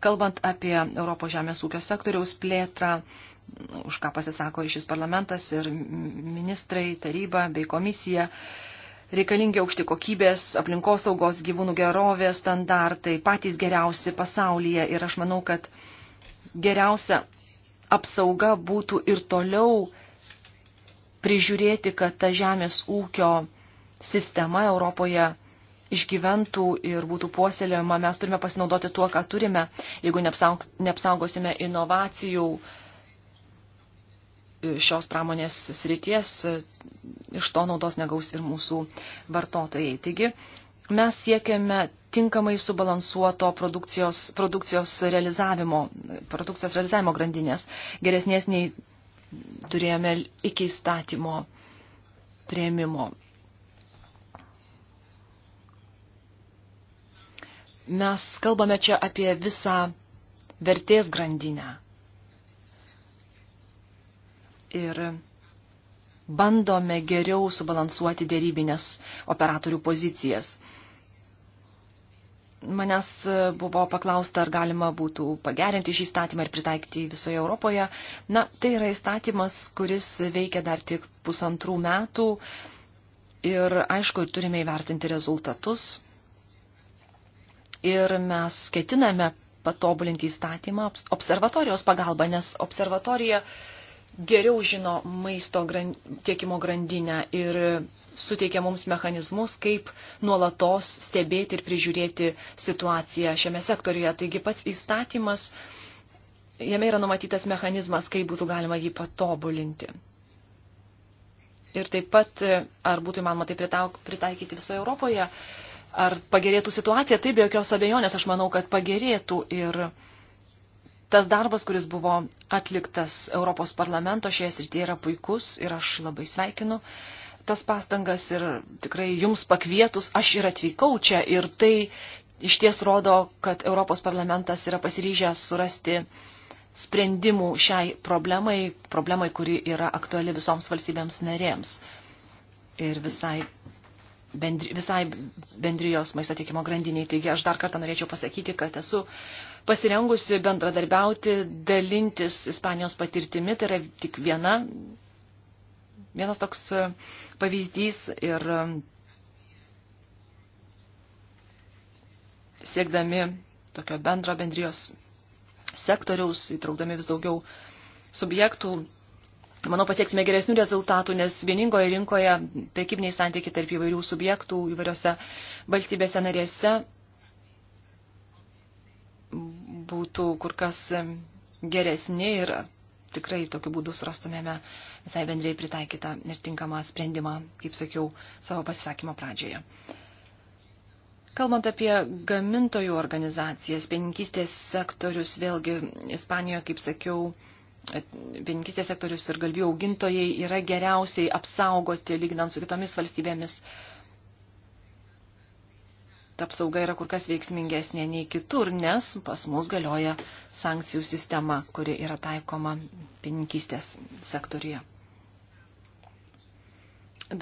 Kalbant apie Europos žemės ūkio sektoriaus plėtrą, už ką pasisako šis parlamentas ir ministrai, taryba bei komisija, reikalingi aukšti kokybės, aplinkosaugos, gyvūnų gerovės standartai, patys geriausi pasaulyje. Ir aš manau, kad geriausia apsauga būtų ir toliau prižiūrėti, kad ta žemės ūkio sistema Europoje išgyventų ir būtų puoselėjama. Mes turime pasinaudoti tuo, ką turime, jeigu neapsaugosime inovacijų šios pramonės srities iš to naudos negaus ir mūsų vartotojai. Taigi, mes siekiame tinkamai subalansuoto produkcijos, produkcijos, realizavimo, produkcijos realizavimo grandinės, geresnės nei turėjome iki įstatymo prieimimo. Mes kalbame čia apie visą vertės grandinę ir bandome geriau subalansuoti dėrybinės operatorių pozicijas. Manęs buvo paklausta, ar galima būtų pagerinti šį įstatymą ir pritaikyti visoje Europoje. Na, tai yra įstatymas, kuris veikia dar tik pusantrų metų ir, aišku, turime įvertinti rezultatus. Ir mes ketiname patobulinti įstatymą observatorijos pagalba, nes observatorija uh, geriau žino maisto gran, tiekimo grandinę ir suteikia mums mechanizmus, kaip nuolatos stebėti ir prižiūrėti situaciją šiame sektoriuje. Taigi pats įstatymas, jame yra numatytas mechanizmas, kaip būtų galima jį patobulinti. Ir taip pat, ar būtų įmanoma tai pritaikyti visoje Europoje, ar pagerėtų situacija, tai be jokios abejonės, aš manau, kad pagerėtų ir tas darbas, kuris buvo atliktas Europos parlamento šioje srityje yra puikus ir aš labai sveikinu tas pastangas ir tikrai jums pakvietus aš ir atvykau čia ir tai iš ties rodo, kad Europos parlamentas yra pasiryžęs surasti sprendimų šiai problemai, problemai, kuri yra aktuali visoms valstybėms narėms ir visai bendri, visai bendrijos maisto tiekimo grandiniai. Taigi aš dar kartą norėčiau pasakyti, kad esu pasirengusi bendradarbiauti, dalintis Ispanijos patirtimi. Tai yra tik viena, vienas toks e, pavyzdys ir e, siekdami tokio bendro bendrijos sektoriaus, įtraukdami vis daugiau subjektų, manau, pasieksime geresnių rezultatų, nes vieningoje rinkoje prekybiniai santykiai tarp įvairių subjektų įvairiose valstybėse narėse būtų kur kas geresni ir tikrai tokiu būdu surastumėme visai bendrai pritaikytą ir tinkamą sprendimą, kaip sakiau savo pasisakymo pradžioje. Kalbant apie gamintojų organizacijas, pieninkystės sektorius, vėlgi Ispanijoje, kaip sakiau, pieninkystės sektorius ir galvijų augintojai yra geriausiai apsaugoti, lyginant su kitomis valstybėmis ta apsauga yra kur kas veiksmingesnė nei kitur, nes pas mus galioja sankcijų sistema, kuri yra taikoma pininkystės sektoriuje.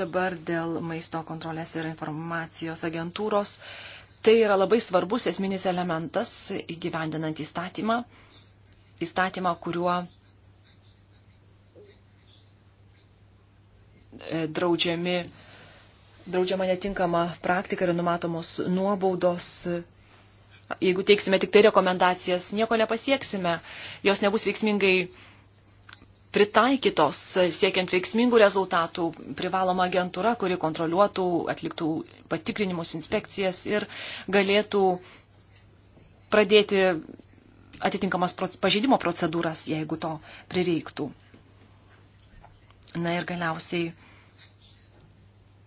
Dabar dėl maisto kontrolės ir informacijos agentūros. Tai yra labai svarbus esminis elementas įgyvendinant įstatymą, įstatymą, kuriuo e, draudžiami draudžiama netinkama praktika ir numatomos nuobaudos. Jeigu teiksime tik tai rekomendacijas, nieko nepasieksime, jos nebus veiksmingai pritaikytos siekiant veiksmingų rezultatų, privaloma agentūra, kuri kontroliuotų, atliktų patikrinimus, inspekcijas ir galėtų pradėti atitinkamas pažeidimo procedūras, jeigu to prireiktų. Na ir galiausiai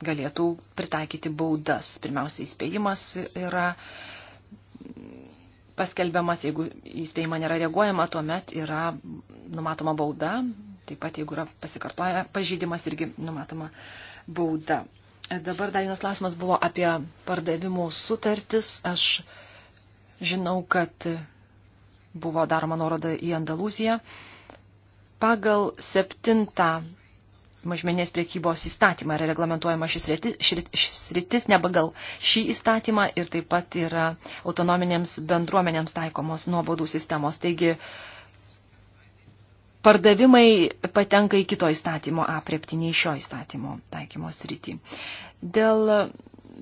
galėtų pritaikyti baudas. Pirmiausia, įspėjimas yra paskelbiamas, jeigu įspėjimą nėra reaguojama, tuomet yra numatoma bauda, taip pat jeigu yra pasikartoja pažydimas, irgi numatoma bauda. Dabar dar vienas klausimas buvo apie pardavimų sutartis. Aš žinau, kad buvo daroma nuoroda į Andaluziją. Pagal septintą mažmenės priekybos įstatymą yra reglamentuojama šis sritis ne pagal šį įstatymą ir taip pat yra autonominėms bendruomenėms taikomos nuobaudų sistemos. Taigi pardavimai patenka į kito įstatymo aprepti, nei šio įstatymo taikymo srity. Dėl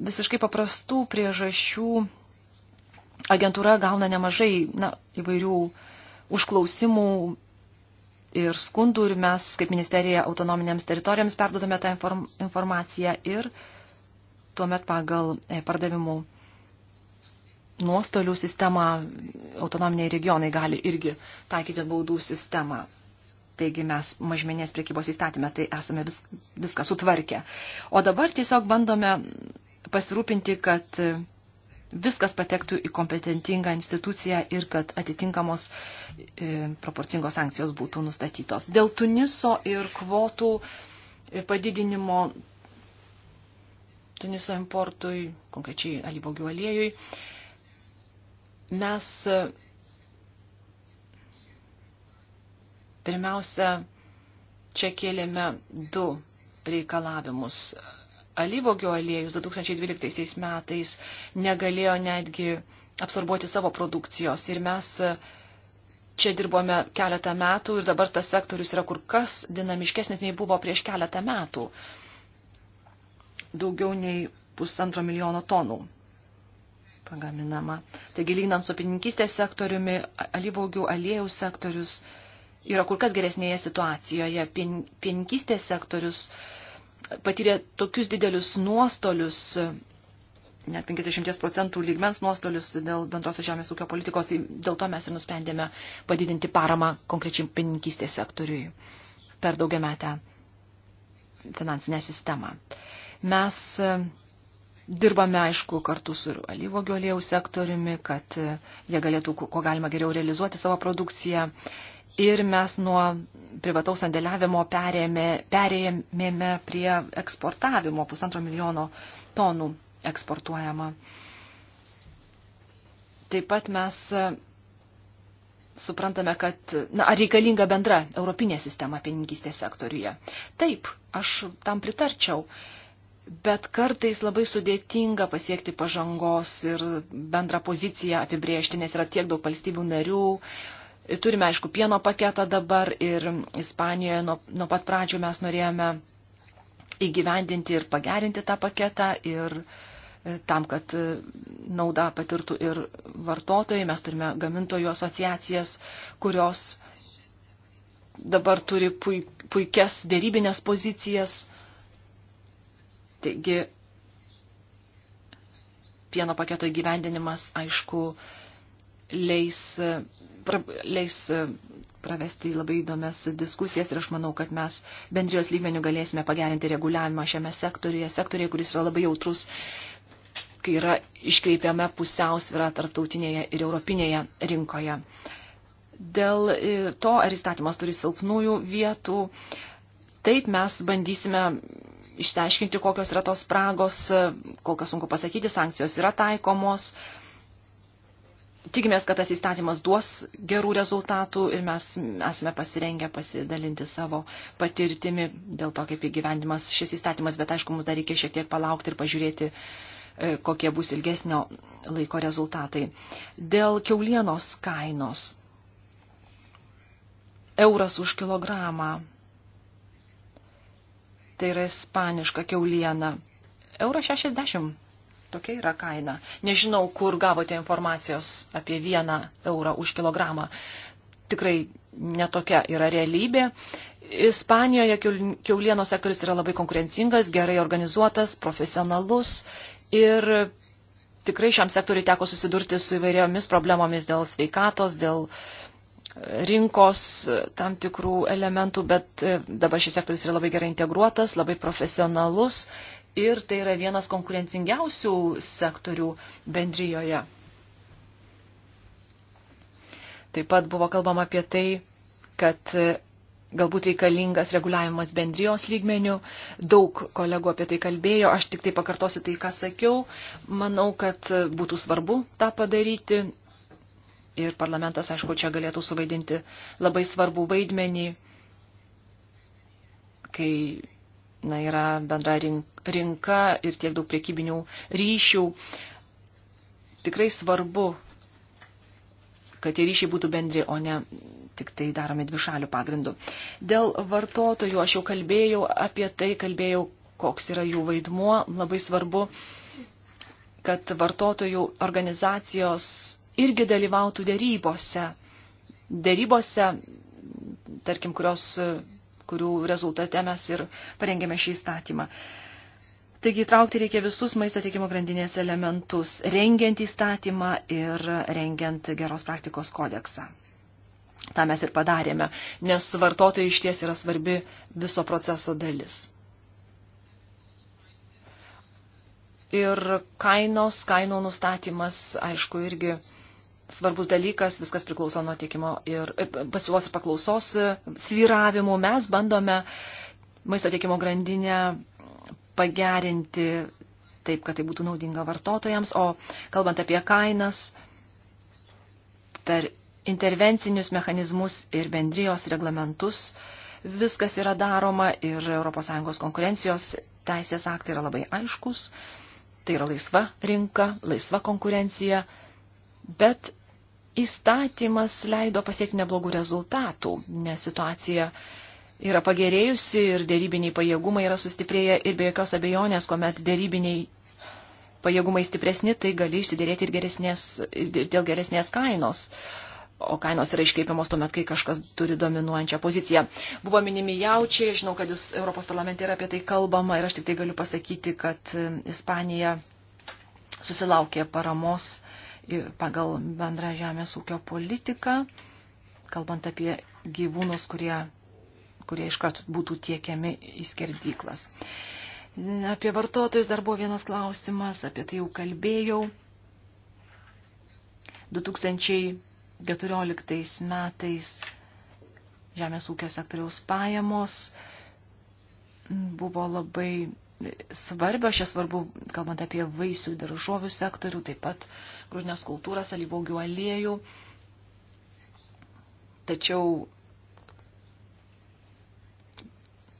visiškai paprastų priežasčių agentūra gauna nemažai na, įvairių užklausimų ir skundų ir mes kaip ministerija autonominėms teritorijoms perdodame tą inform informaciją ir tuomet pagal e, pardavimų nuostolių sistemą autonominiai regionai gali irgi taikyti baudų sistemą. Taigi mes mažmenės priekybos įstatymę tai esame vis, viską sutvarkę. O dabar tiesiog bandome pasirūpinti, kad viskas patektų į kompetentingą instituciją ir kad atitinkamos e, proporcingos sankcijos būtų nustatytos. Dėl Tuniso ir kvotų e, padidinimo Tuniso importui, konkrečiai alyvogių aliejui, mes e, pirmiausia čia kėlėme du reikalavimus alyvogio aliejus 2012 metais negalėjo netgi absorbuoti savo produkcijos. Ir mes e, čia dirbome keletą metų ir dabar tas sektorius yra kur kas dinamiškesnis nei buvo prieš keletą metų. Daugiau nei pusantro milijono tonų pagaminama. Taigi, lygnant su pininkystės sektoriumi, alyvaugių aliejų sektorius yra kur kas geresnėje situacijoje. Pien, pienkystės sektorius uh, patyrė tokius didelius nuostolius, net 50 procentų lygmens nuostolius dėl bendrosios žemės ūkio politikos, tai dėl to mes ir nusprendėme padidinti paramą konkrečiai pininkystės sektoriui per daugiametę finansinę sistemą. Mes e, Dirbame, aišku, kartu su alyvogio aliejų sektoriumi, kad e, jie galėtų, ko galima geriau realizuoti savo produkciją ir mes nuo privataus sandėliavimo perėjėmėme prie eksportavimo pusantro milijono tonų eksportuojama. Taip pat mes e, suprantame, kad na, ar reikalinga bendra europinė sistema pinigystės sektoriuje. Taip, aš tam pritarčiau, bet kartais labai sudėtinga pasiekti pažangos ir bendrą poziciją apibriežti, nes yra tiek daug valstybių narių, uh, Turime, aišku, pieno paketą dabar ir Ispanijoje nuo, nuo pat pradžių mes norėjome įgyvendinti ir pagerinti tą paketą ir e, tam, kad e, naudą patirtų ir vartotojai. Mes turime gamintojų asociacijas, kurios dabar turi puikias dėrybinės pozicijas. Taigi, pieno paketo įgyvendinimas, aišku, leis, pra, leis e, pravesti labai įdomias diskusijas ir aš manau, kad mes bendrijos lygmenių galėsime pagerinti reguliavimą šiame sektoriuje, sektoriuje, kuris yra labai jautrus, kai yra iškreipiama pusiausvyrą tarptautinėje ir europinėje rinkoje. Dėl e, to, ar įstatymas turi silpnųjų vietų, taip mes bandysime išsiaiškinti, kokios yra tos spragos, e, kol kas sunku pasakyti, sankcijos yra taikomos, tikimės, kad tas įstatymas duos gerų rezultatų ir mes esame pasirengę pasidalinti savo patirtimi dėl to, kaip įgyvendimas šis įstatymas, bet aišku, mums dar reikia šiek tiek palaukti ir pažiūrėti, e, kokie bus ilgesnio laiko rezultatai. Dėl keulienos kainos. Euras už kilogramą. Tai yra ispaniška keuliena. Euro 60 Tokia yra kaina. Nežinau, kur gavote informacijos apie vieną eurą už kilogramą. Tikrai netokia yra realybė. Ispanijoje keulienos sektorius yra labai konkurencingas, gerai organizuotas, profesionalus ir tikrai šiam sektoriui teko susidurti su įvairiomis problemomis dėl sveikatos, dėl e, rinkos e, tam tikrų elementų, bet e, dabar šis sektorius yra labai gerai integruotas, labai profesionalus ir tai yra vienas konkurencingiausių sektorių bendryjoje. Taip pat buvo kalbama apie tai, kad e, galbūt reikalingas reguliavimas bendrijos lygmenių. Daug kolegų apie tai kalbėjo, aš tik tai pakartosiu tai, ką sakiau. Manau, kad e, būtų svarbu tą padaryti. Ir parlamentas, aišku, čia galėtų suvaidinti labai svarbų vaidmenį, kai na, yra bendra rinka ir tiek daug priekybinių ryšių. Tikrai svarbu, kad tie ryšiai būtų bendri, o ne tik tai daromi dvišalių pagrindų. Dėl vartotojų aš jau kalbėjau apie tai, kalbėjau, koks yra jų vaidmuo. Labai svarbu, kad vartotojų organizacijos irgi dalyvautų dėrybose. Dėrybose, tarkim, kurios kurių rezultate mes ir parengėme šį įstatymą. Taigi įtraukti reikia visus maisto tiekimo grandinės elementus, rengiant įstatymą ir rengiant geros praktikos kodeksą. Ta mes ir padarėme, nes vartotojai iš ties yra svarbi viso proceso dalis. Ir kainos, kainų nustatymas, aišku, irgi svarbus dalykas, viskas priklauso nuo tiekimo ir e, pasiūlos paklausos e, sviravimų. Mes bandome maisto tiekimo grandinę pagerinti taip, kad tai būtų naudinga vartotojams, o kalbant apie kainas, per intervencinius mechanizmus ir bendrijos reglamentus viskas yra daroma ir ES konkurencijos teisės aktai yra labai aiškus. Tai yra laisva rinka, laisva konkurencija, bet įstatymas leido pasiekti neblogų rezultatų, nes situacija yra pagerėjusi ir dėrybiniai pajėgumai yra sustiprėję ir be jokios abejonės, kuomet dėrybiniai pajėgumai stipresni, tai gali išsiderėti ir geresnės, dėl geresnės kainos. O kainos yra iškreipiamos tuomet, kai kažkas turi dominuojančią poziciją. Buvo minimi jaučiai, žinau, kad jūs Europos parlamente yra apie tai kalbama ir aš tik tai galiu pasakyti, kad Ispanija susilaukė paramos pagal bendrą žemės ūkio politiką, kalbant apie gyvūnus, kurie, kurie iškart būtų tiekiami į skerdyklas. Apie vartotojus dar buvo vienas klausimas, apie tai jau kalbėjau. 2014 metais žemės ūkio sektoriaus pajamos buvo labai svarbios, čia svarbu, kalbant apie vaisių daržovių sektorių, taip pat grūdinės kultūras, alyvaugių aliejų. Tačiau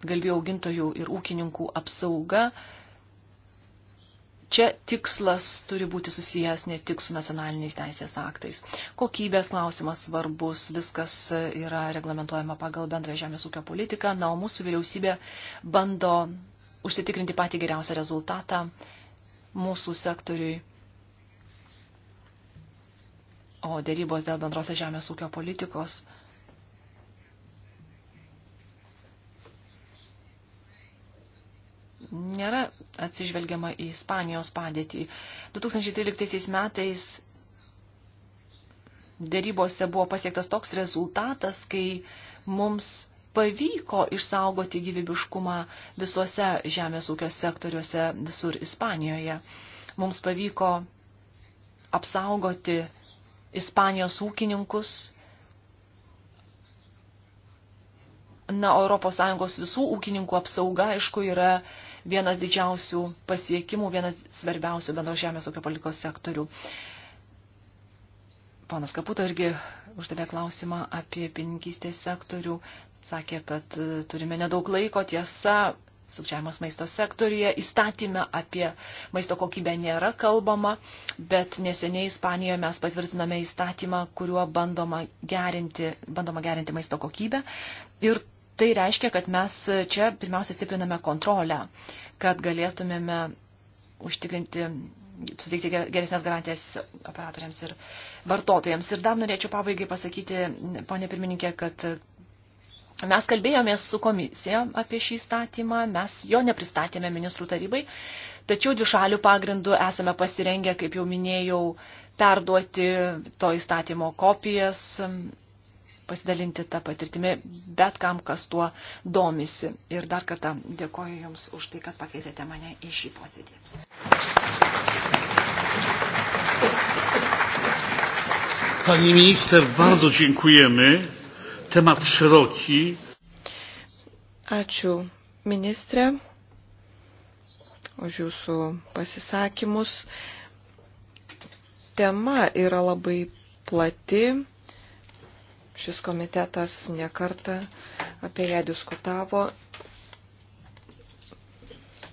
galvijų augintojų ir ūkininkų apsauga. Čia tikslas turi būti susijęs ne tik su nacionaliniais teisės aktais. Kokybės klausimas svarbus, viskas yra reglamentojama pagal bendrą žemės ūkio politiką, na, o mūsų vyriausybė bando užsitikrinti patį geriausią rezultatą mūsų sektoriui. O dėrybos dėl bendrosios žemės ūkio politikos nėra atsižvelgiama į Ispanijos padėtį. 2013 metais dėrybose buvo pasiektas toks rezultatas, kai mums pavyko išsaugoti gyvybiškumą visuose žemės ūkio sektoriuose visur Ispanijoje. Mums pavyko apsaugoti Ispanijos ūkininkus. Na, ES visų ūkininkų apsauga, aišku, yra vienas didžiausių pasiekimų, vienas svarbiausių bendro žemės ūkio politikos sektorių. Ponas Kaputo irgi uždavė klausimą apie pininkystės sektorių sakė, kad e, turime nedaug laiko, tiesa, sukčiavimas maisto sektoriuje, įstatymę apie maisto kokybę nėra kalbama, bet neseniai Ispanijoje mes patvirtiname įstatymą, kuriuo bandoma gerinti, bandoma gerinti maisto kokybę. Ir tai reiškia, kad mes čia pirmiausia stipriname kontrolę, kad galėtumėme užtikrinti, suteikti geresnės garantijas operatoriams ir vartotojams. Ir dar norėčiau pabaigai pasakyti, ponė pirmininkė, kad Mes kalbėjomės su komisija apie šį įstatymą, mes jo nepristatėme ministrų tarybai, tačiau dvišalių pagrindų esame pasirengę, kaip jau minėjau, perduoti to įstatymo kopijas, pasidalinti tą patirtimį bet kam, kas tuo domisi. Ir dar kartą dėkoju Jums už tai, kad pakvietėte mane į šį posėdį. Pani minister, bardzo dziękujemy temat szeroki. Ačiū ministrė už jūsų pasisakymus. Tema yra labai plati. Šis komitetas nekarta apie ją diskutavo.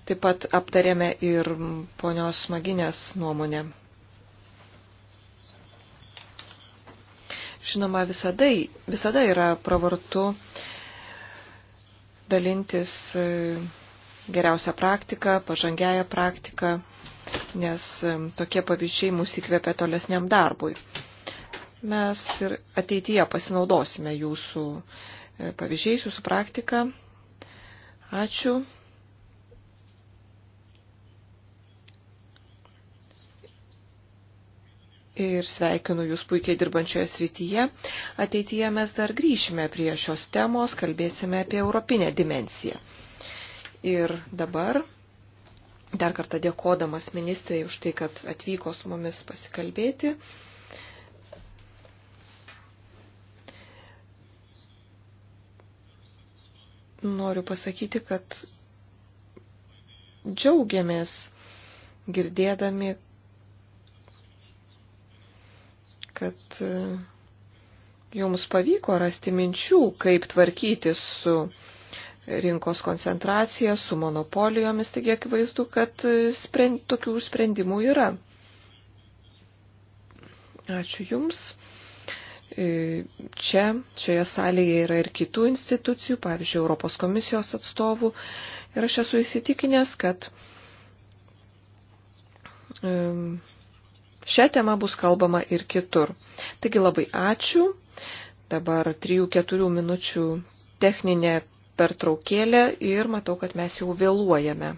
Taip pat aptarėme ir ponios Maginės nuomonę. Žinoma, visada, visada yra pravartu dalintis e, geriausią praktiką, pažangiają praktiką, nes e, tokie pavyzdžiai mus įkvėpia tolesniam darbui. Mes ir ateityje pasinaudosime jūsų e, pavyzdžiais, jūsų praktiką. Ačiū. ir sveikinu Jūs puikiai dirbančioje srityje. Ateityje mes dar grįšime prie šios temos, kalbėsime apie europinę dimensiją. Ir dabar dar kartą dėkodamas ministrai už tai, kad atvyko su mumis pasikalbėti. Noriu pasakyti, kad džiaugiamės girdėdami, kad e, jums pavyko rasti minčių, kaip tvarkytis su rinkos koncentracija, su monopolijomis, taigi akivaizdu, kad e, sprend, tokių sprendimų yra. Ačiū Jums. E, čia, šioje salėje yra ir kitų institucijų, pavyzdžiui, Europos komisijos atstovų. Ir aš esu įsitikinęs, kad um, Šią temą bus kalbama ir kitur. Taigi labai ačiū. Dabar 3-4 minučių techninė pertraukėlė ir matau, kad mes jau vėluojame.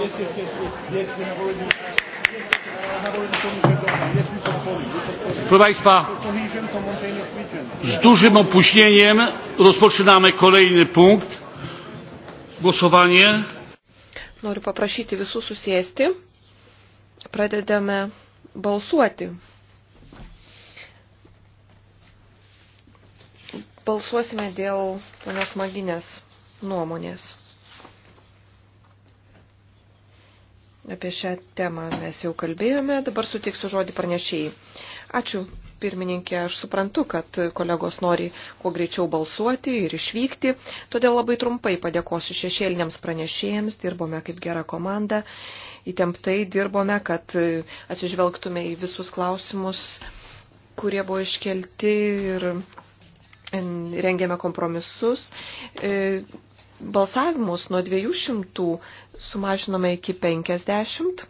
Yes, yes, yes, yes, yes, we have already. Proszę Państwa, z dużym opóźnieniem rozpoczynamy kolejny punkt. Głosowanie. Noriu paprašyti visų susėsti. Pradedame balsuoti. Balsuosime dėl ponios maginės nuomonės. Apie šią temą mes jau kalbėjome, dabar suteiksiu žodį pranešėjai. Ačiū, pirmininkė, aš suprantu, kad kolegos nori kuo greičiau balsuoti ir išvykti, todėl labai trumpai padėkosiu šešėliniams pranešėjams, dirbome kaip gera komanda, įtemptai dirbome, kad atsižvelgtume į visus klausimus, kurie buvo iškelti ir rengėme kompromisus balsavimus nuo 200 sumažinome iki 50.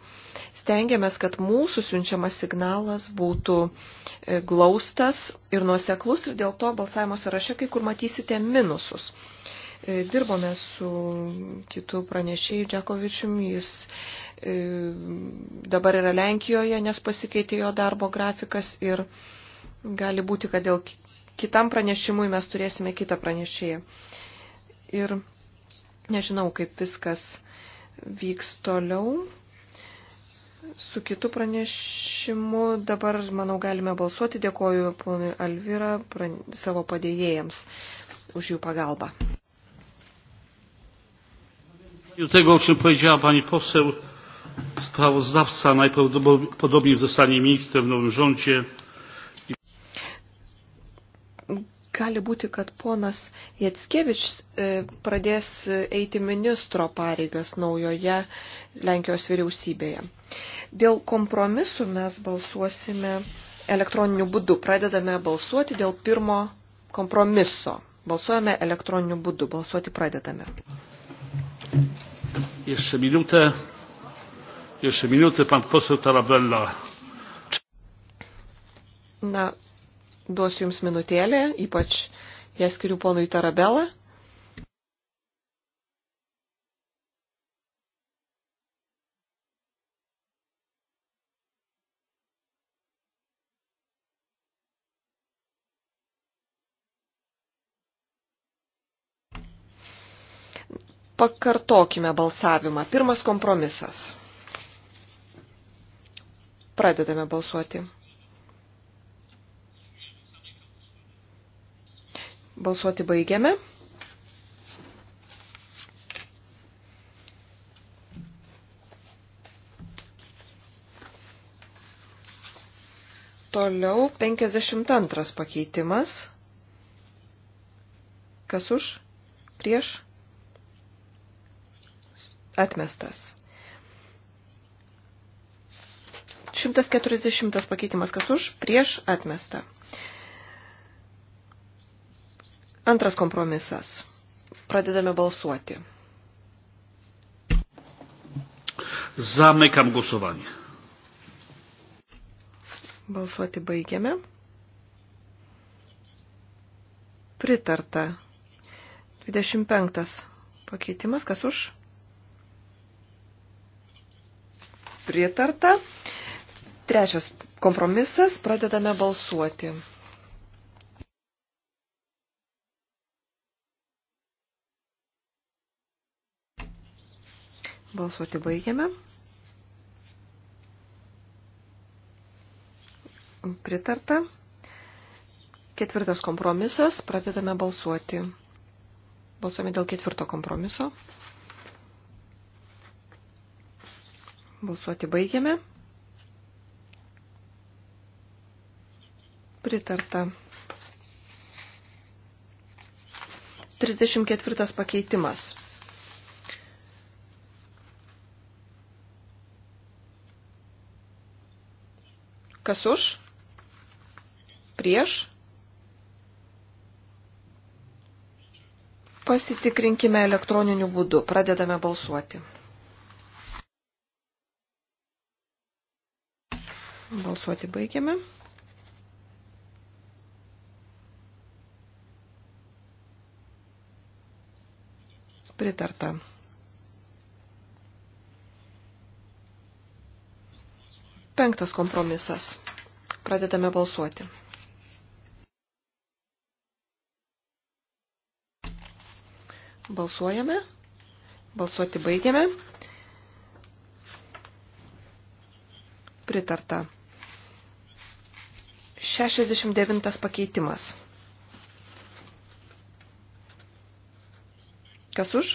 Stengiamės, kad mūsų siunčiamas signalas būtų e, glaustas ir nuoseklus ir dėl to balsavimo sąraše kai kur matysite minusus. E, dirbome su kitu pranešėju Džekovičium, jis e, dabar yra Lenkijoje, nes pasikeitė jo darbo grafikas ir gali būti, kad dėl kitam pranešimui mes turėsime kitą pranešėją. Ir Nežinau, kaip viskas vyks toliau. Su kitu pranešimu dabar, manau, galime balsuoti. Dėkoju ponui Alvira pran... savo padėjėjams už jų pagalbą. Do tego, o czym powiedziała pani poseł, sprawozdawca najprawdopodobniej zostanie ministrem w nowym rządzie. gali būti, kad ponas Jatskevič e, pradės eiti ministro pareigas naujoje Lenkijos vyriausybėje. Dėl kompromisų mes balsuosime elektroniniu būdu. Pradedame balsuoti dėl pirmo kompromiso. Balsuojame elektroniniu būdu. Balsuoti pradedame. Jeszcze minutę. Jeszcze minutę pan poseł Tarabella. Na, duosiu Jums minutėlę, ypač ją skiriu ponui Tarabelą. Pakartokime balsavimą. Pirmas kompromisas. Pradedame balsuoti. Balsuoti baigiame. Toliau 52 pakeitimas. Kas už? Prieš? Atmestas. 140 pakeitimas. Kas už? Prieš? Atmesta. Antras kompromisas. Pradedame balsuoti. Zamykam głosowanie. Balsuoti baigiame. Pritarta. 25. Pakeitimas. Kas už? Pritarta. Trečias kompromisas. Pradedame balsuoti. Balsuoti baigiame. Pritarta. Ketvirtas kompromisas. Pradedame balsuoti. Balsuojame dėl ketvirto kompromiso. Balsuoti baigiame. Pritarta. 34 pakeitimas. Kas už? Prieš? Pasitikrinkime elektroniniu būdu. Pradedame balsuoti. Balsuoti baigiame. Pritarta. Penktas kompromisas. Pradedame balsuoti. Balsuojame. Balsuoti baigiame. Pritarta. 69 pakeitimas. Kas už?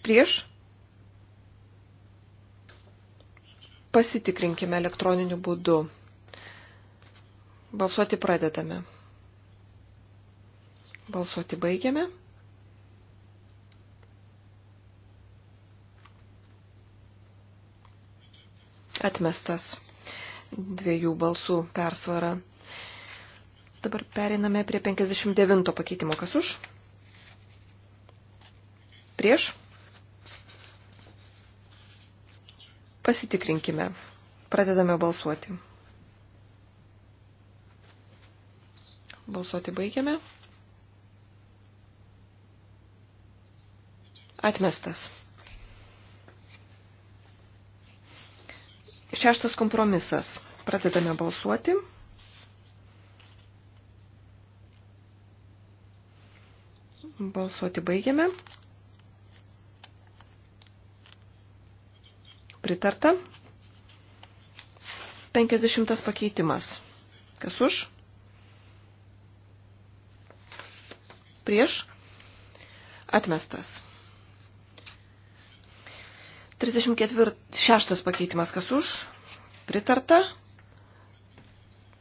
Prieš? pasitikrinkime elektroniniu būdu. Balsuoti pradedame. Balsuoti baigiame. Atmestas dviejų balsų persvara. Dabar pereiname prie 59 pakeitimo. Kas už? Prieš? Pasitikrinkime. Pradedame balsuoti. Balsuoti baigiame. Atmestas. Šeštas kompromisas. Pradedame balsuoti. Balsuoti baigiame. Pritarta. 50 pakeitimas. Kas už? Prieš. Atmestas. 34. Šeštas pakeitimas. Kas už? Pritarta.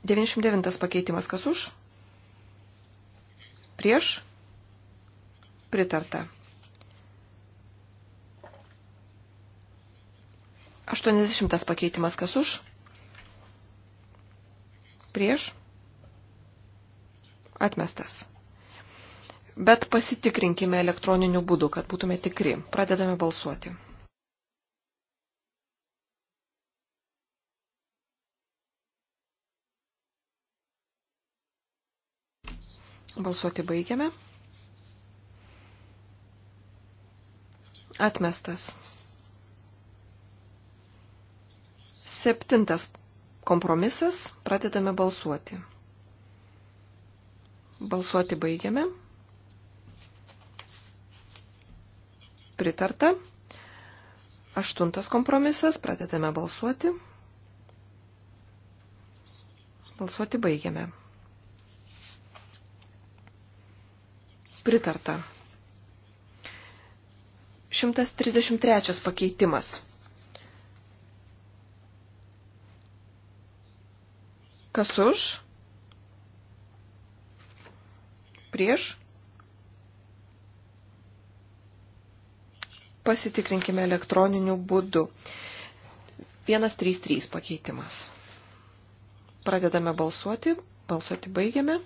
99 pakeitimas. Kas už? Prieš. Pritarta. 80 pakeitimas kas už? Prieš? Atmestas. Bet pasitikrinkime elektroniniu būdu, kad būtume tikri. Pradedame balsuoti. Balsuoti baigiame. Atmestas. Septintas kompromisas. Pradedame balsuoti. Balsuoti baigiame. Pritarta. Aštuntas kompromisas. Pradedame balsuoti. Balsuoti baigiame. Pritarta. 133 pakeitimas. Kas už? Prieš? Pasitikrinkime elektroniniu būdu. 133 pakeitimas. Pradedame balsuoti. Balsuoti baigiame.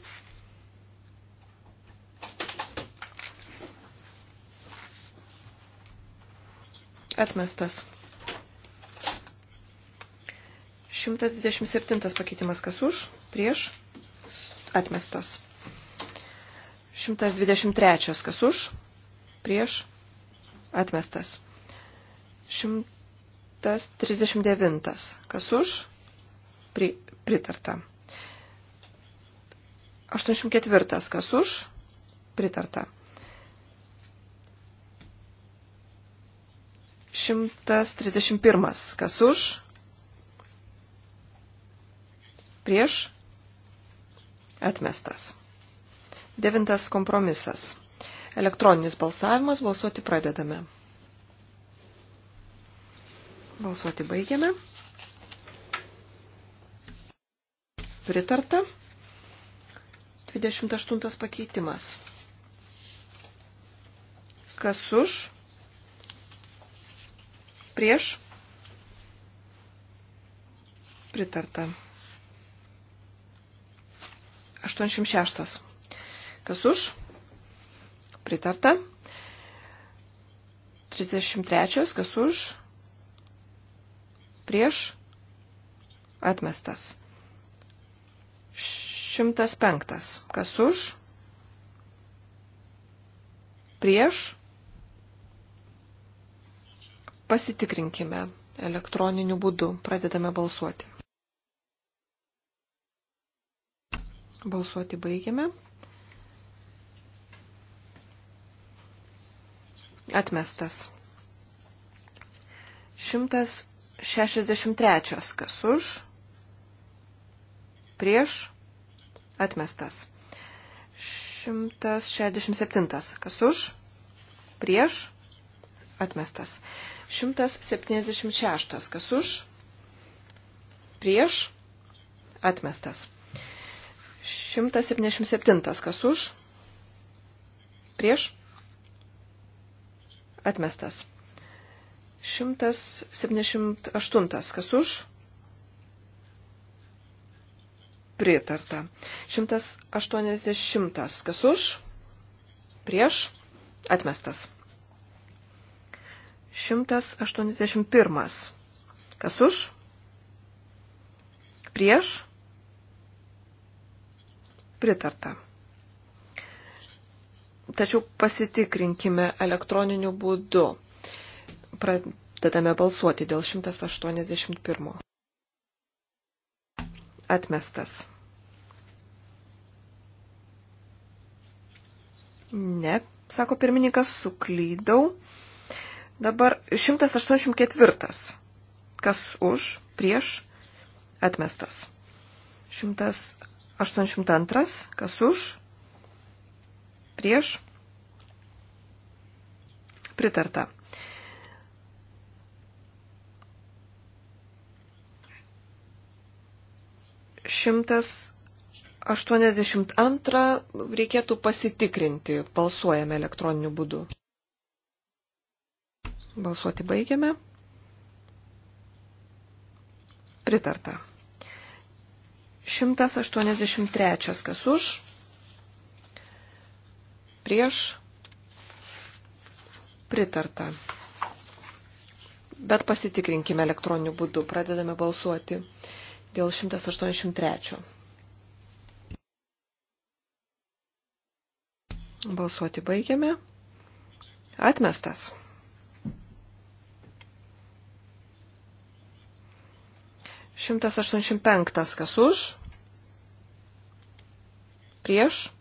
Atmestas. 127 pakeitimas kas už, prieš, atmestas. 123 kas už, prieš, atmestas. 139 kas už, pri, pritarta. 84 kas už, pritarta. 131 kas už, prieš atmestas. Devintas kompromisas. Elektroninis balsavimas. Balsuoti pradedame. Balsuoti baigiame. Pritarta. 28 pakeitimas. Kas už? Prieš? Pritarta. 86. Kas už? Pritarta. 33. Kas už? Prieš? Atmestas. 105. Kas už? Prieš? Pasitikrinkime elektroniniu būdu. Pradedame balsuoti. Balsuoti baigiame. Atmestas. 163. Kas už? Prieš? Atmestas. 167. Kas už? Prieš? Atmestas. 176. Kas už? Prieš? Atmestas. 177. Kas už? Prieš? Atmestas. 178. Kas už? Pritarta. 180. Kas už? Prieš? Atmestas. 181. Kas už? Prieš? pritarta. Tačiau pasitikrinkime elektroniniu būdu. Pradedame balsuoti dėl 181. Atmestas. Ne, sako pirmininkas, suklydau. Dabar 184. Kas už, prieš, atmestas. 100. 802. Kas už? Prieš? Pritarta. Šimtas 82 reikėtų pasitikrinti. Balsuojame elektroniniu būdu. Balsuoti baigiame. Pritarta. 183. Kas už? Prieš? Pritarta. Bet pasitikrinkime elektroniniu būdu. Pradedame balsuoti dėl 183. Balsuoti baigiame. Atmestas. 185. Kas už? Prieš?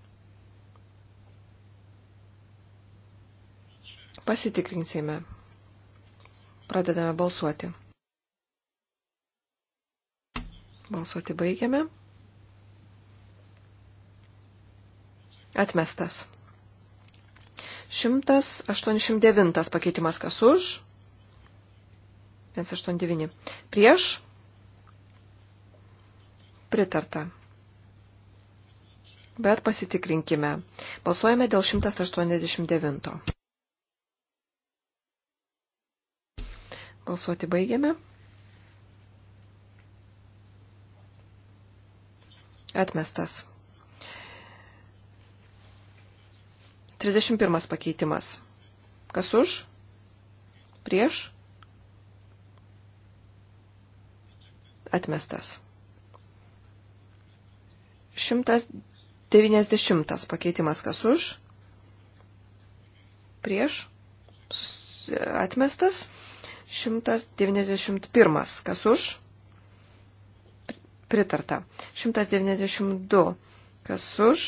Pasitikrinsime. Pradedame balsuoti. Balsuoti baigiame. Atmestas. 189 pakeitimas kas už. 189. Prieš. Pritarta. Bet pasitikrinkime. Balsuojame dėl 189. Balsuoti baigiame. Atmestas. 31 pakeitimas. Kas už? Prieš? Atmestas. 190 pakeitimas kas už, prieš, atmestas, 191 kas už, pritarta, 192 kas už,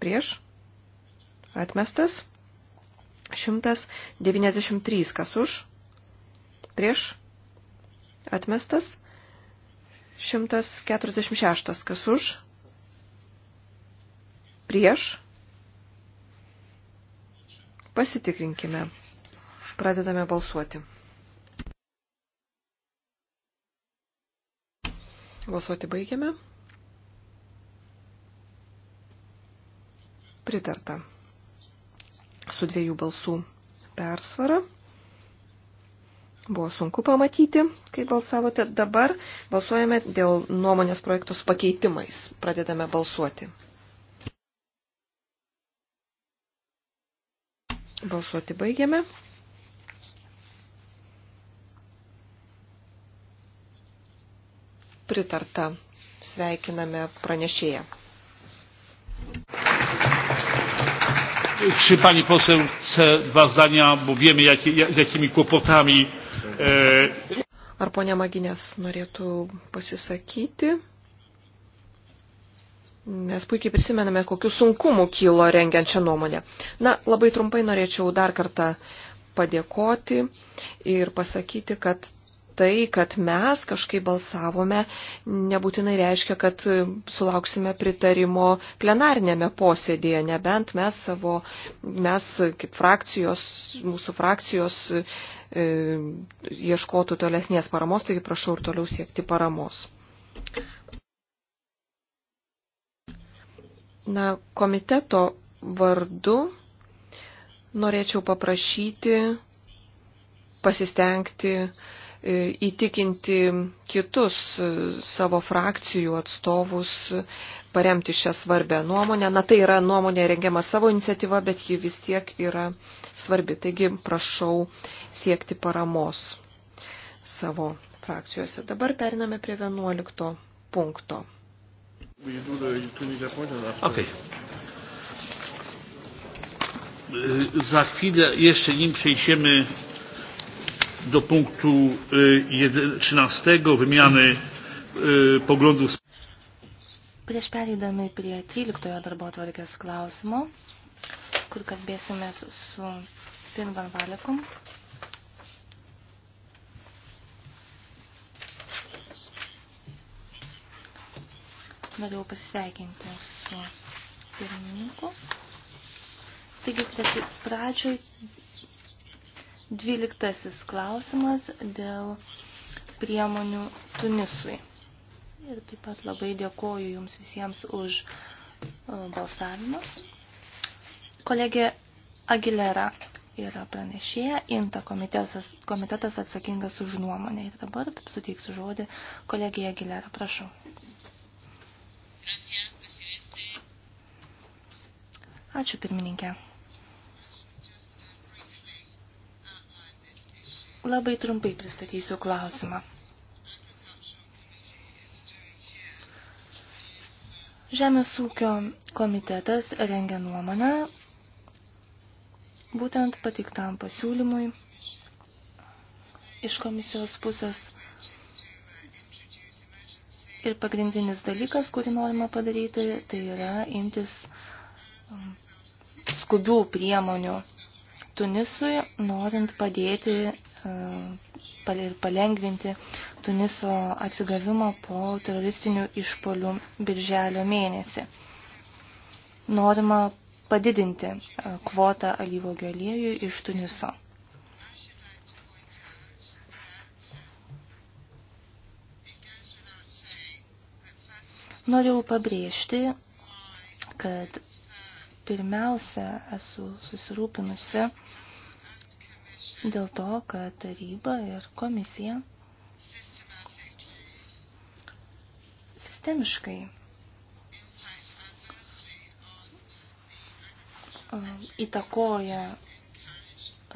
prieš, atmestas, 193 kas už, prieš, atmestas, 146. Kas už? Prieš? Pasitikrinkime. Pradedame balsuoti. Balsuoti baigiame. Pritarta. Su dviejų balsų persvara. Buvo sunku pamatyti, kaip balsavote. Dabar balsuojame dėl nuomonės projektų su pakeitimais. Pradedame balsuoti. Balsuoti baigiame. Pritarta. Sveikiname pranešėją. Czy pani poseł chce dwa zdania, bo wiemy, jak, jak, z jakimi kłopotami Ar ponia Maginės norėtų pasisakyti? Mes puikiai prisimename, kokiu sunkumu kilo rengiant šią nuomonę. Na, labai trumpai norėčiau dar kartą padėkoti ir pasakyti, kad tai, kad mes kažkaip balsavome, nebūtinai reiškia, kad sulauksime pritarimo plenarnėme posėdėje, nebent mes savo, mes kaip frakcijos, mūsų frakcijos e, ieškotų tolesnės paramos, taigi prašau ir toliau siekti paramos. Na, komiteto vardu norėčiau paprašyti pasistengti E, įtikinti kitus e, savo frakcijų atstovus paremti šią svarbę nuomonę. Na tai yra nuomonė rengiama savo iniciatyva, bet ji vis tiek yra svarbi. Taigi prašau siekti paramos savo frakcijose. Dabar periname prie 11 punkto. Okay. E, za chwilę, jeszcze nim przejdziemy do punktu 13 wymiany poglądów. Prieš pereidami prie 13 darbo tvarkės klausimo, kur kalbėsime su Finvan Valekum. Norėjau pasisveikinti su pirmininku. Taigi, pradžioj Dvyliktasis klausimas dėl priemonių Tunisui. Ir taip pat labai dėkoju Jums visiems už e, balsavimą. Kolegė Aguilera yra pranešėja, INTA komitetas, komitetas atsakingas už nuomonę. Ir dabar suteiksiu žodį kolegija Gilera, prašau. Ačiū pirmininkė. Labai trumpai pristatysiu klausimą. Žemės ūkio komitetas rengia nuomonę būtent patiktam pasiūlymui iš komisijos pusės. Ir pagrindinis dalykas, kurį norima padaryti, tai yra imtis um, skubių priemonių Tunisui, norint padėti E, palengvinti Tuniso atsigavimą po teroristinių išpolių birželio mėnesį. Norima padidinti e, kvotą alyvogio aliejų iš Tuniso. Noriu pabrėžti, kad pirmiausia esu susirūpinusi dėl to, kad taryba ir komisija sistemiškai um, įtakoja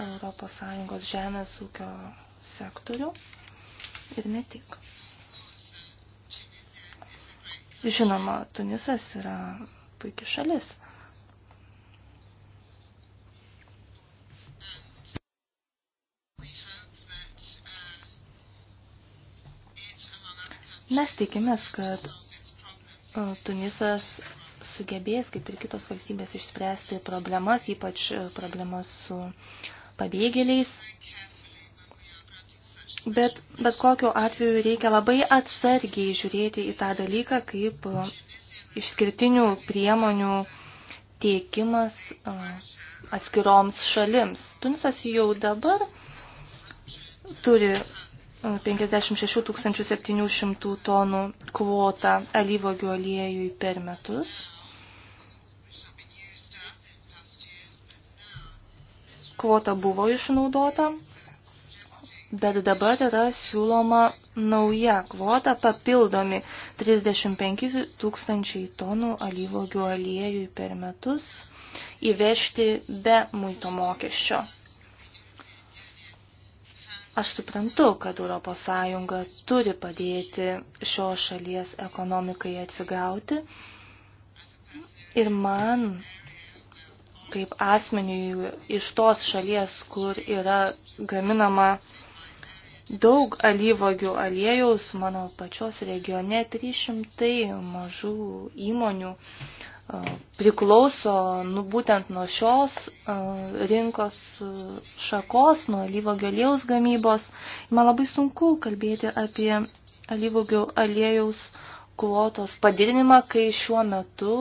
ES žemės ūkio sektorių ir ne tik. Žinoma, Tunisas yra puikia šalis. Mes tikimės, kad Tunisas sugebės, kaip ir kitos valstybės, išspręsti problemas, ypač e, problemas su pabėgėliais. Bet, bet kokiu atveju reikia labai atsargiai žiūrėti į tą dalyką, kaip išskirtinių priemonių tiekimas atskiroms šalims. Tunisas jau dabar turi 56 700 tonų kvotą alyvogių aliejui per metus. Kvota buvo išnaudota, bet dabar yra siūloma nauja kvota papildomi 35 tūkstančiai tonų alyvogių aliejui per metus įvežti be muito mokesčio. Aš suprantu, kad ES turi padėti šios šalies ekonomikai atsigauti ir man kaip asmeniui iš tos šalies, kur yra gaminama daug alyvogių aliejaus, mano pačios regione 300 mažų įmonių uh, priklauso nu, būtent nuo šios rinkos šakos, nuo alyvogio aliejaus gamybos. Man labai sunku kalbėti apie alyvogio aliejaus kvotos padidinimą, kai šiuo metu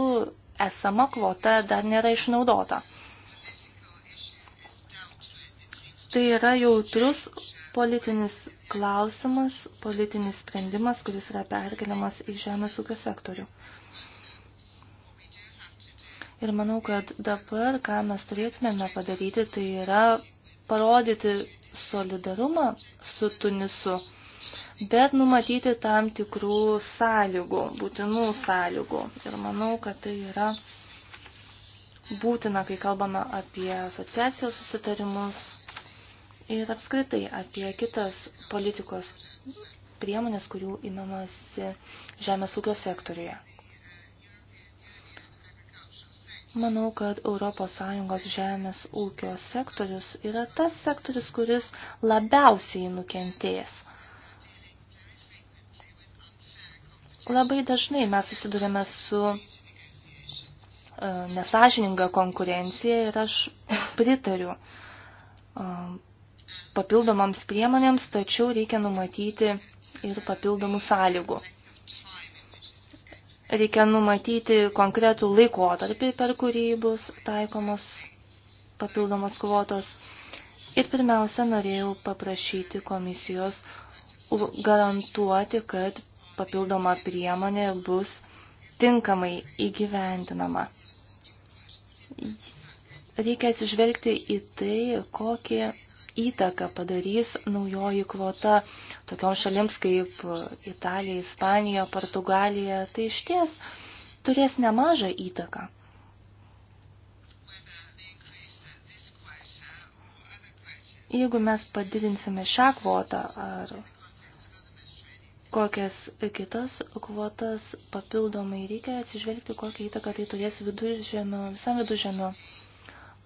esama kvota dar nėra išnaudota. Tai yra jautrus politinis klausimas, politinis sprendimas, kuris yra perkeliamas į žemės ūkio sektorių. Ir manau, kad dabar, ką mes turėtumėme padaryti, tai yra parodyti solidarumą su Tunisu, bet numatyti tam tikrų sąlygų, būtinų sąlygų. Ir manau, kad tai yra būtina, kai kalbame apie asociacijos susitarimus ir apskritai apie kitas politikos priemonės, kurių įmamasi žemės ūkio sektoriuje. Manau, kad ES žemės ūkio sektorius yra tas sektorius, kuris labiausiai nukentės. Labai dažnai mes susidurėme su e, nesažininga konkurencija ir aš pritariu e, papildomams priemonėms, tačiau reikia numatyti ir papildomų sąlygų reikia numatyti konkretų laikotarpį, per kurį bus taikomos papildomos kvotos. Ir pirmiausia, norėjau paprašyti komisijos garantuoti, kad papildoma priemonė bus tinkamai įgyvendinama. Reikia atsižvelgti į tai, kokie įtaką padarys naujoji kvota tokiom šalims kaip Italija, Ispanija, Portugalija, tai išties turės nemažą įtaką. Jeigu mes padidinsime šią kvotą ar kokias kitas kvotas papildomai reikia atsižvelgti, kokią įtaką tai turės viduržėmio, visam viduržėmio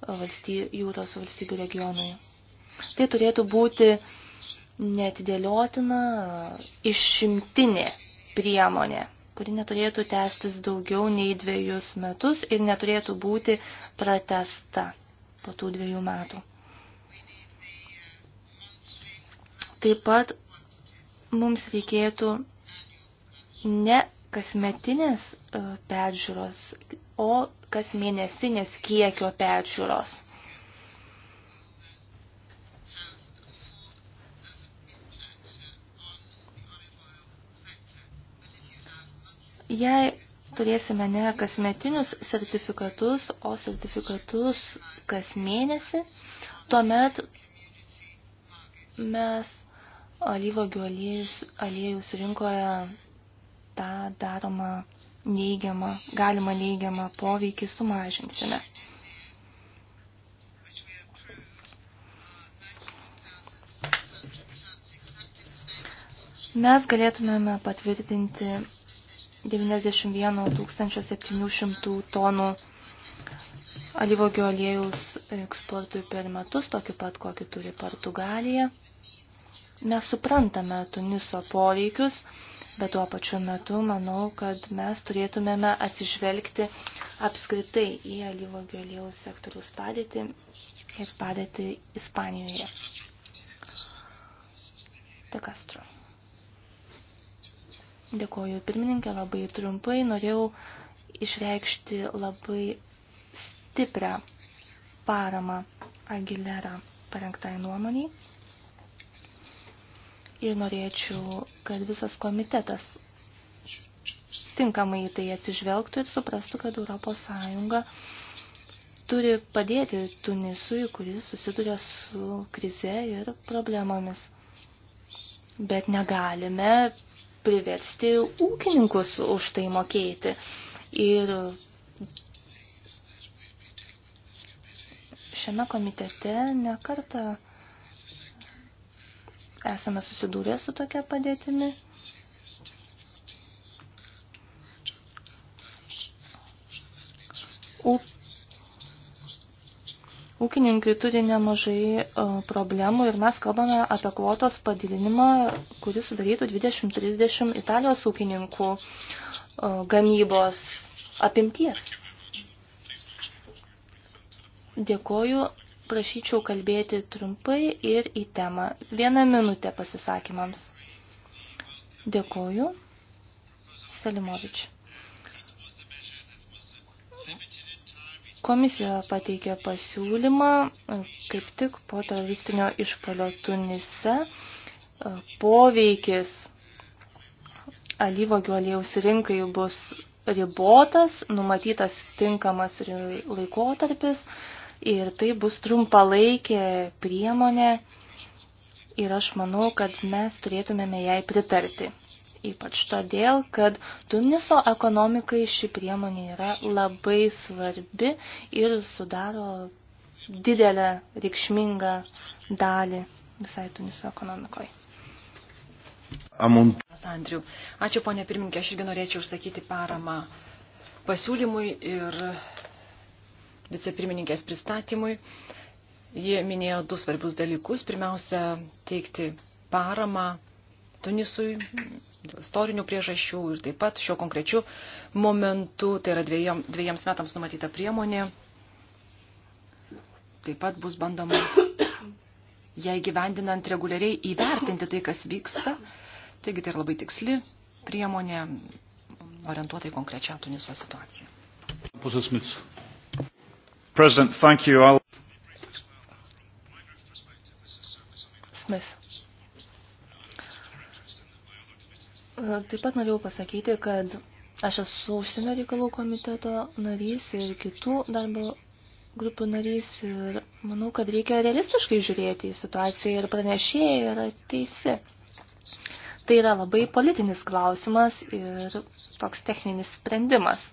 valsty, jūros valstybių regionui. Tai turėtų būti netidėliotina išimtinė priemonė, kuri neturėtų tęstis daugiau nei dviejus metus ir neturėtų būti pratesta po tų dviejų metų. Taip pat mums reikėtų ne kasmetinės e, peržiūros, o kasmėnesinės kiekio peržiūros. Jei turėsime ne kasmetinius sertifikatus, o sertifikatus kas mėnesį, tuomet mes alyvogių aliejus, aliejus rinkoje tą daromą neigiamą, galima neigiamą poveikį sumažinsime. Mes galėtumėme patvirtinti 91 700 tonų alyvogio aliejus eksportui per metus, tokį pat, kokį turi Portugalija. Mes suprantame Tuniso poreikius, bet tuo pačiu metu manau, kad mes turėtumėme atsižvelgti apskritai į alyvogio aliejus sektoriaus padėtį ir padėtį Ispanijoje. De Castro. Dėkoju pirmininkė labai trumpai. Norėjau išreikšti labai stiprią paramą Aguilera parengtai nuomoniai. Ir norėčiau, kad visas komitetas tinkamai tai atsižvelgtų ir suprastų, kad Europos Sąjunga turi padėti Tunisui, kuris susiduria su krize ir problemomis. Bet negalime priversti ūkininkus už tai mokėti. Ir šiame komitete nekartą esame susidūrę su tokia padėtimi Ūkininkai turi nemažai e, problemų ir mes kalbame apie kvotos padidinimą, kuris sudarytų 20-30 Italijos ūkininkų e, gamybos apimties. Dėkoju, prašyčiau kalbėti trumpai ir į temą. Vieną minutę pasisakymams. Dėkoju. Selimovičiu. Komisija pateikė pasiūlymą kaip tik po teroristinio išpolio Tunise e, poveikis alyvogių aliejaus rinkai bus ribotas, numatytas tinkamas laikotarpis ir tai bus trumpalaikė priemonė ir aš manau, kad mes turėtumėme jai pritarti. Ypač todėl, kad Tuniso ekonomikai ši priemonė yra labai svarbi ir sudaro didelę reikšmingą dalį visai Tuniso ekonomikoje. Amont. Andriu, ačiū ponė pirminkė, aš irgi norėčiau užsakyti paramą pasiūlymui ir vicepirmininkės pristatymui. Jie minėjo du svarbius dalykus. Pirmiausia, teikti paramą Tunisui dėl istorinių priežasčių ir taip pat šiuo konkrečiu momentu, tai yra dviejom, dviejams metams numatyta priemonė, taip pat bus bandoma jai gyvendinant reguliariai įvertinti tai, kas vyksta. Taigi tai yra labai tiksli priemonė orientuota į konkrečią Tuniso situaciją. President, thank you. I'll... Smith. Taip pat norėjau pasakyti, kad aš esu užsienio reikalų komiteto narys ir kitų darbo grupių narys ir manau, kad reikia realistiškai žiūrėti į situaciją ir pranešėjai yra teisi. Tai yra labai politinis klausimas ir toks techninis sprendimas.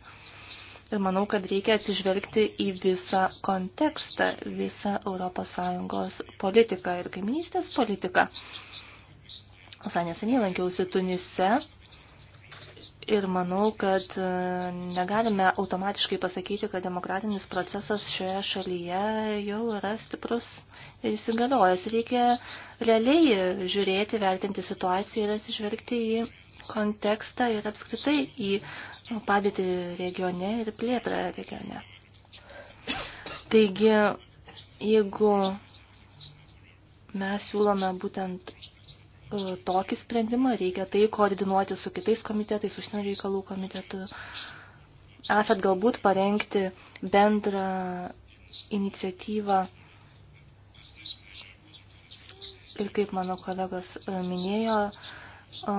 Ir manau, kad reikia atsižvelgti į visą kontekstą, visą ES politiką ir kaiminystės politiką. Visai neseniai lankiausi Tunise ir manau, kad e, negalime automatiškai pasakyti, kad demokratinis procesas šioje šalyje jau yra stiprus ir įsigaliojęs. Reikia realiai žiūrėti, vertinti situaciją ir atsižvelgti į kontekstą ir apskritai į padėtį regione ir plėtrą regione. Taigi, jeigu mes siūlome būtent E, tokį sprendimą, reikia tai koordinuoti su kitais komitetais, užsienio reikalų komitetu. Esat galbūt parengti bendrą iniciatyvą ir kaip mano kolegos e, minėjo, e,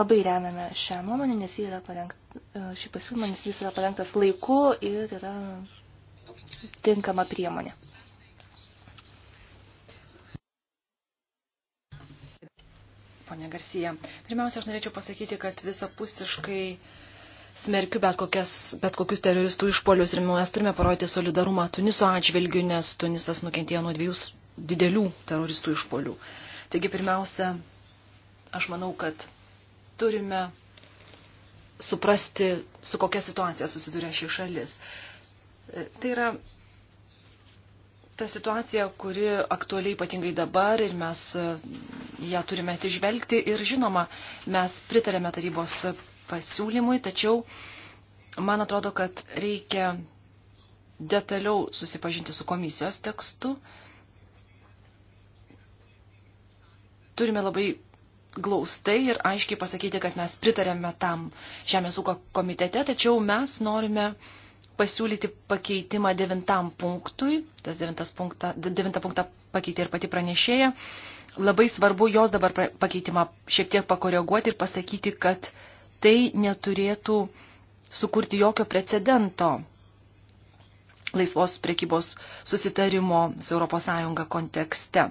labai remiame šią nuomonę, nes yra parengt, šį pasiūlymą, nes jis yra parengtas laiku ir yra tinkama priemonė. ponė Garcija. Pirmiausia, aš norėčiau pasakyti, kad visapusiškai smerkiu bet, kokias, bet kokius teroristų išpolius ir mes turime parodyti solidarumą Tuniso atžvilgiu, nes Tunisas nukentėjo nuo dviejų didelių teroristų išpolių. Taigi pirmiausia, aš manau, kad turime suprasti, su kokia situacija susiduria ši šalis. E, tai yra ta situacija, kuri aktualiai ypatingai dabar ir mes ją turime atsižvelgti ir žinoma, mes pritarėme tarybos pasiūlymui, tačiau man atrodo, kad reikia detaliau susipažinti su komisijos tekstu. Turime labai glaustai ir aiškiai pasakyti, kad mes pritarėme tam Žemės ūkio komitete, tačiau mes norime pasiūlyti pakeitimą devintam punktui, tas devintas punktą, devintą punktą pakeitė ir pati pranešėja, labai svarbu jos dabar pakeitimą šiek tiek pakoreguoti ir pasakyti, kad tai neturėtų sukurti jokio precedento laisvos priekybos susitarimo su ES kontekste.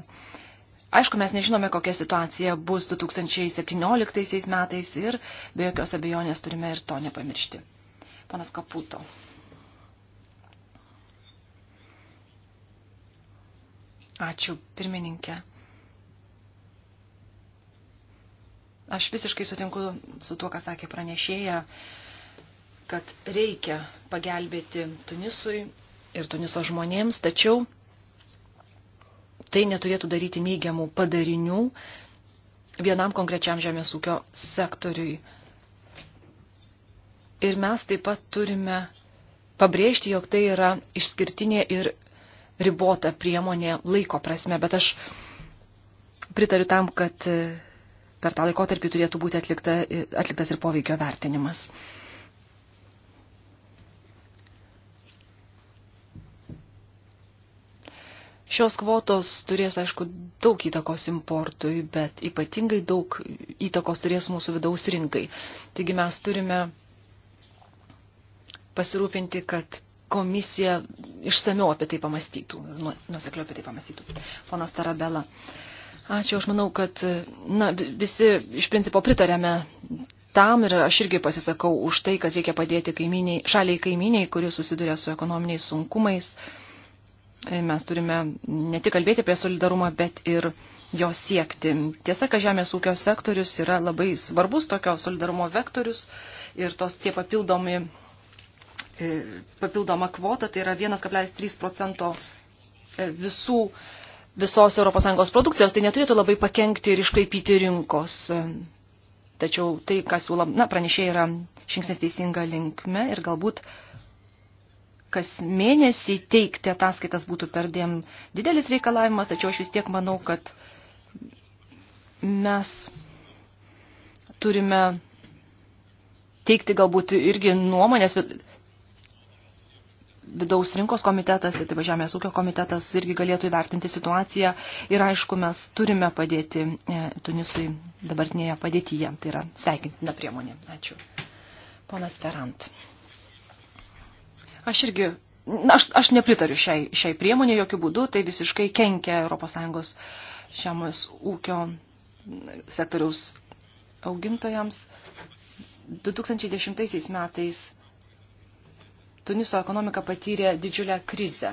Aišku, mes nežinome, kokia situacija bus 2017 metais ir be jokios abejonės turime ir to nepamiršti. Panas Kaputo. Ačiū, pirmininkė. Aš visiškai sutinku su tuo, ką sakė pranešėja, kad reikia pagelbėti Tunisui ir Tuniso žmonėms, tačiau tai neturėtų daryti neigiamų padarinių vienam konkrečiam žemės ūkio sektoriui. Ir mes taip pat turime pabrėžti, jog tai yra išskirtinė ir ribota priemonė laiko prasme, bet aš pritariu tam, kad per tą laikotarpį turėtų būti atlikta, atliktas ir poveikio vertinimas. Šios kvotos turės, aišku, daug įtakos importui, bet ypatingai daug įtakos turės mūsų vidaus rinkai. Taigi mes turime pasirūpinti, kad komisija išsamiau apie tai pamastytų, nusekliau apie tai pamastytų. Ponas Tarabela. Uh, Ačiū, aš manau, kad na, visi iš principo pritarėme tam ir aš irgi pasisakau už tai, kad reikia padėti kaiminiai, šaliai kaiminiai, kuri susiduria su ekonominiais sunkumais. E, mes turime ne tik kalbėti apie solidarumą, bet ir jo siekti. Tiesa, kad žemės ūkio sektorius yra labai svarbus tokio solidarumo vektorius ir tos tie papildomi, e, papildoma kvota tai yra 1,3 procento e, visų visos ES produkcijos, tai neturėtų labai pakengti ir iškaipyti rinkos. Tačiau tai, ką siūlom, na, pranešė yra žingsnis teisinga linkme ir galbūt kas mėnesį teikti ataskaitas būtų perdėm didelis reikalavimas, tačiau aš vis tiek manau, kad mes turime teikti galbūt irgi nuomonės, bet vidaus rinkos komitetas, tai va Žemės ūkio komitetas irgi galėtų įvertinti situaciją ir aišku, mes turime padėti e, Tunisui dabartinėje padėtyje, tai yra sveikintina priemonė. Ačiū. Ponas Ferant. Aš irgi, na, aš, aš nepritariu šiai, šiai priemonė jokių būdų, tai visiškai kenkia ES Žemės ūkio sektoriaus augintojams. 2010 metais Tuniso ekonomika patyrė didžiulę krizę.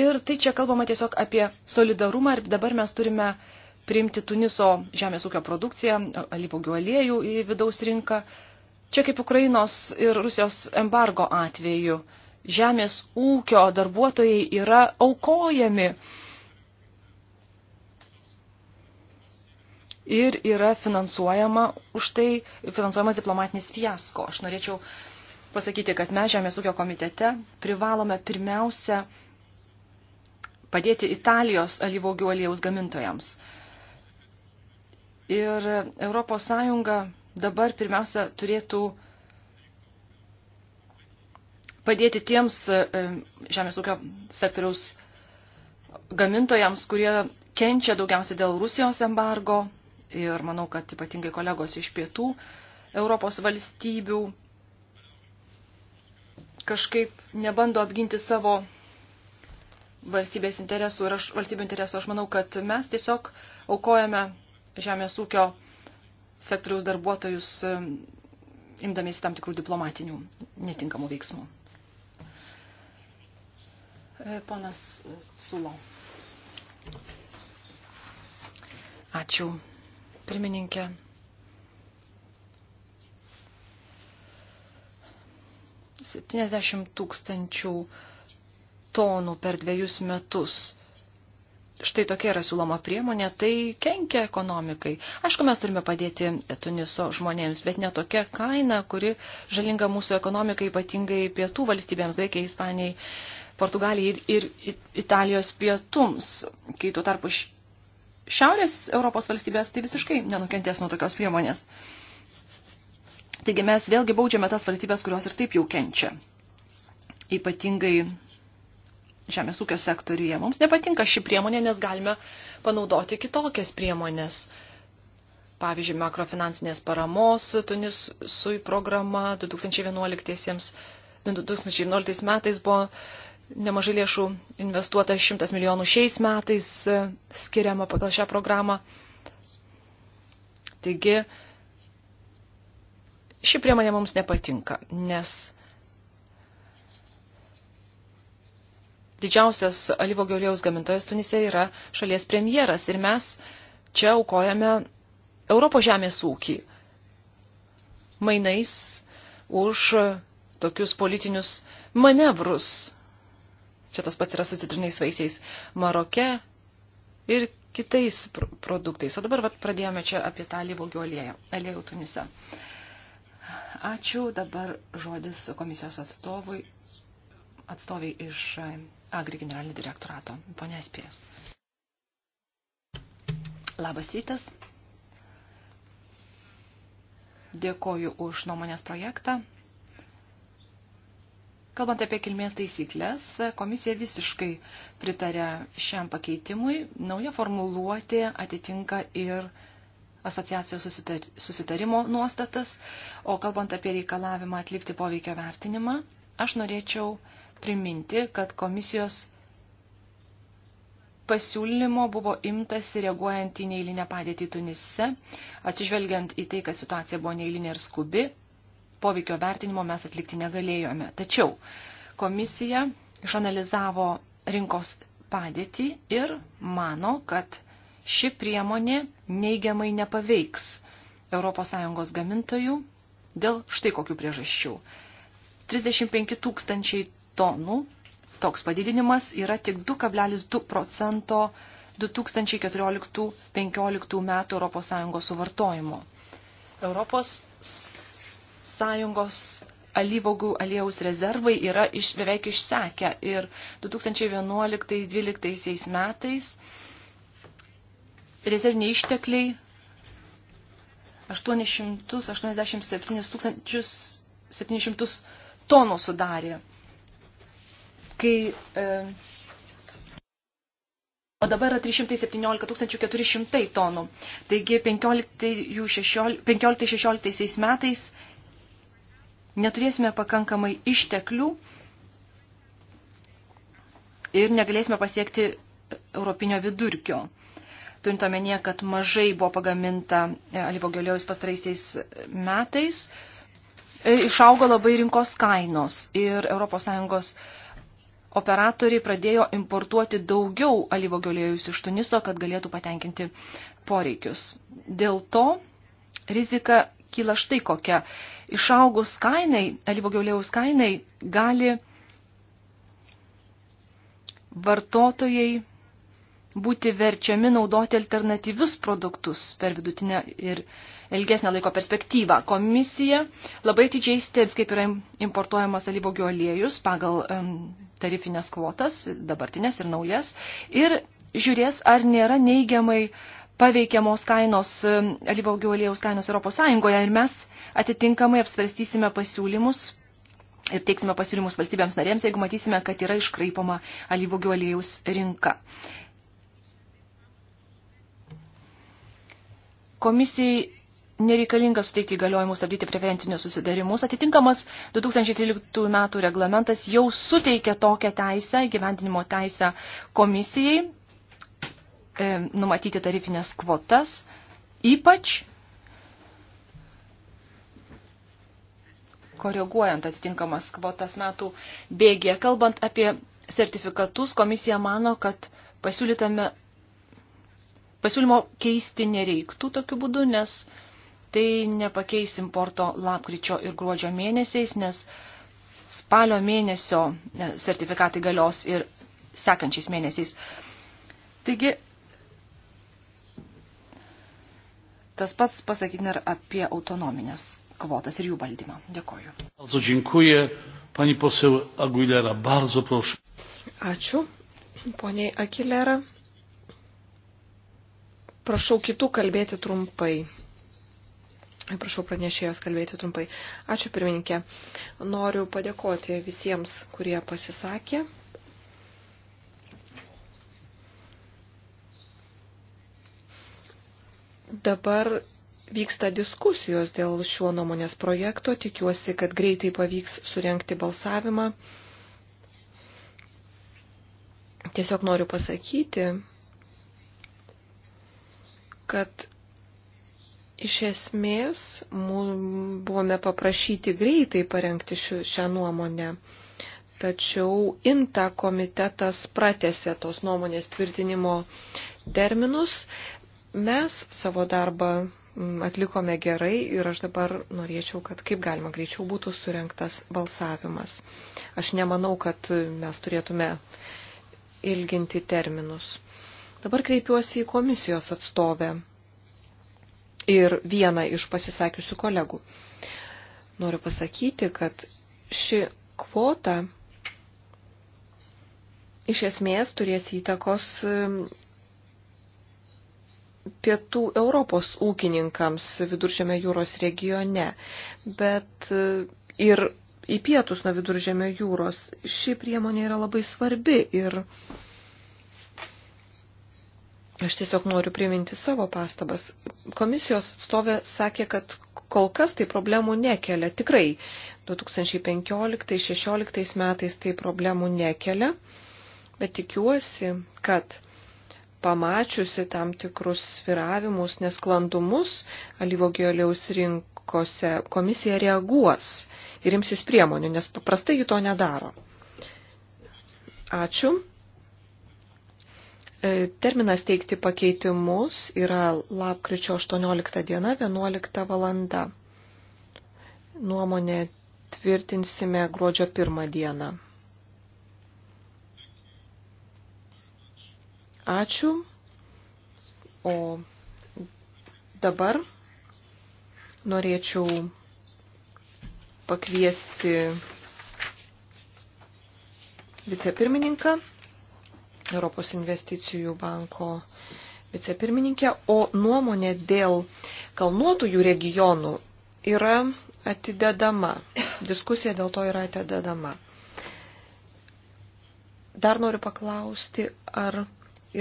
Ir tai čia kalbama tiesiog apie solidarumą ir dabar mes turime priimti Tuniso žemės ūkio produkciją, alyvaugių aliejų į vidaus rinką. Čia kaip Ukrainos ir Rusijos embargo atveju žemės ūkio darbuotojai yra aukojami ir yra finansuojama už tai finansuojamas diplomatinis fiasko. Aš norėčiau uh, pasakyti, kad mes Žemės ūkio komitete privalome pirmiausia padėti Italijos alyvogių aliejaus gamintojams. Ir Europos Sąjunga dabar pirmiausia turėtų padėti tiems e, žemės ūkio sektoriaus gamintojams, kurie kenčia daugiausiai dėl Rusijos embargo ir manau, kad ypatingai kolegos iš pietų Europos valstybių kažkaip nebando apginti savo valstybės interesų ir aš, valstybių interesų. Aš manau, kad mes tiesiog aukojame žemės ūkio sektoriaus darbuotojus imdamiesi tam tikrų diplomatinių netinkamų veiksmų. E, ponas Sulo. Ačiū, pirmininkė. 70 tūkstančių tonų per dviejus metus. Štai tokia yra siūloma priemonė, tai kenkia ekonomikai. Aišku, mes turime padėti Tuniso žmonėms, bet ne tokia kaina, kuri žalinga mūsų ekonomikai, ypatingai pietų valstybėms, Graikijai, Ispanijai, Portugalijai ir, ir Italijos pietums, kai tuo tarpu šiaurės Europos valstybės tai visiškai nenukentės nuo tokios priemonės. Uh, Taigi mes vėlgi baudžiame tas valstybės, kurios ir taip jau kenčia. Ypatingai žemės ūkio sektoriuje. Mums nepatinka ši priemonė, nes galime panaudoti kitokias priemonės. Pavyzdžiui, makrofinansinės paramos Tunis sui programa 2011, 2011 metais buvo nemažai lėšų investuota 100 milijonų šiais metais skiriama pagal šią programą. Taigi, Ši priemonė mums nepatinka, nes didžiausias alyvogio aliejaus gamintojas Tunise yra šalies premjeras ir mes čia aukojame Europos žemės ūkį mainais už tokius politinius manevrus. Čia tas pats yra su citriniais vaisiais Maroke ir kitais produktais. O dabar vat, pradėjome čia apie tą alyvogių aliejų, aliejų Tunise. Uh, Ačiū. Dabar žodis komisijos atstovui, atstoviai iš Agri generalinio direktorato, ponė Spės. Labas rytas. Dėkoju už nuomonės projektą. Kalbant apie kilmės taisyklės, komisija visiškai pritarė šiam pakeitimui. Nauja formuluotė atitinka ir asociacijos susitar, susitarimo nuostatas, o kalbant apie reikalavimą atlikti poveikio vertinimą, aš norėčiau priminti, kad komisijos pasiūlymo buvo imtasi reaguojant į neįlinę padėtį Tunise, atsižvelgiant į tai, kad situacija buvo neįlinė ir skubi, poveikio vertinimo mes atlikti negalėjome. Tačiau komisija išanalizavo rinkos padėtį ir mano, kad ši priemonė neigiamai nepaveiks ES gamintojų dėl štai kokių priežasčių. 35 tūkstančiai tonų toks padidinimas yra tik 2,2 procento 2014-2015 metų ES suvartojimo. Europos Sąjungos alyvogų aliejaus rezervai yra iš, beveik išsekę ir 2011-2012 metais rezerviniai ištekliai 887 700 tonų sudarė. Kai, e, o dabar yra 317 400 tonų. Taigi 15-16 metais neturėsime pakankamai išteklių ir negalėsime pasiekti europinio vidurkio turint omenyje, kad mažai buvo pagaminta e, alyvuogių aliejus pastaraisiais metais, e, išaugo labai rinkos kainos ir ES operatoriai pradėjo importuoti daugiau alyvuogių aliejus iš Tuniso, kad galėtų patenkinti poreikius. Dėl to rizika kyla štai kokia. Išaugus kainai, alyvuogių aliejus kainai gali vartotojai būti verčiami naudoti alternatyvius produktus per vidutinę ir ilgesnę laiko perspektyvą. Komisija labai atidžiai stebės, kaip yra importuojamas alyvogių aliejus pagal um, tarifinės kvotas, dabartinės ir naujas, ir žiūrės, ar nėra neigiamai paveikiamos kainos, alyvogių aliejaus kainos Europos Sąjungoje ir mes atitinkamai apsvarstysime pasiūlymus ir teiksime pasiūlymus valstybėms narėms, jeigu matysime, kad yra iškraipoma alyvogių aliejaus rinka. Komisijai nereikalinga suteikti įgaliojimų stabdyti preferentinius susidarimus. Atitinkamas 2013 metų reglamentas jau suteikia tokią teisę, gyvendinimo teisę komisijai e, numatyti tarifinės kvotas, ypač koreguojant atitinkamas kvotas metų bėgė. Kalbant apie sertifikatus, komisija mano, kad pasiūlytame pasiūlymo keisti nereiktų tokiu būdu, nes tai nepakeis importo lapkričio ir gruodžio mėnesiais, nes spalio mėnesio sertifikatai galios ir sekančiais mėnesiais. Taigi, tas pats pasakytina ir apie autonominės kvotas ir jų valdymą. Dėkoju. Bardzo dziękuję. Pani poseł Aguilera, bardzo proszę. Ačiū, poniai Aguilera. Prašau kitų kalbėti trumpai. Prašau pranešėjos kalbėti trumpai. Ačiū pirmininkė. Noriu padėkoti visiems, kurie pasisakė. Dabar vyksta diskusijos dėl šiuo nuomonės projekto. Tikiuosi, kad greitai pavyks surenkti balsavimą. Tiesiog noriu pasakyti, kad iš esmės buvome paprašyti greitai parengti šių, šią nuomonę. Tačiau INTA komitetas pratėse tos nuomonės tvirtinimo terminus. Mes savo darbą atlikome gerai ir aš dabar norėčiau, kad kaip galima greičiau būtų surinktas balsavimas. Aš nemanau, kad mes turėtume ilginti terminus. Dabar kreipiuosi į komisijos atstovę ir vieną iš pasisakiusių kolegų. Noriu pasakyti, kad ši kvota iš esmės turės įtakos pietų Europos ūkininkams viduržėme jūros regione, bet e, ir į pietus nuo viduržėme jūros ši priemonė yra labai svarbi ir Aš tiesiog noriu priminti savo pastabas. Komisijos atstovė sakė, kad kol kas tai problemų nekelia. Tikrai 2015-2016 metais tai problemų nekelia, bet tikiuosi, kad pamačiusi tam tikrus sviravimus, nesklandumus alyvogio aliaus rinkose, komisija reaguos ir imsis priemonių, nes paprastai jų to nedaro. Ačiū. E, terminas teikti pakeitimus yra lapkričio 18 diena 11 valanda. Nuomonė tvirtinsime gruodžio 1 dieną. Ačiū. O dabar norėčiau pakviesti vicepirmininką Europos investicijų banko vicepirmininkė, o nuomonė dėl kalnuotųjų regionų yra atidedama. Diskusija dėl to yra atidedama. Dar noriu paklausti, ar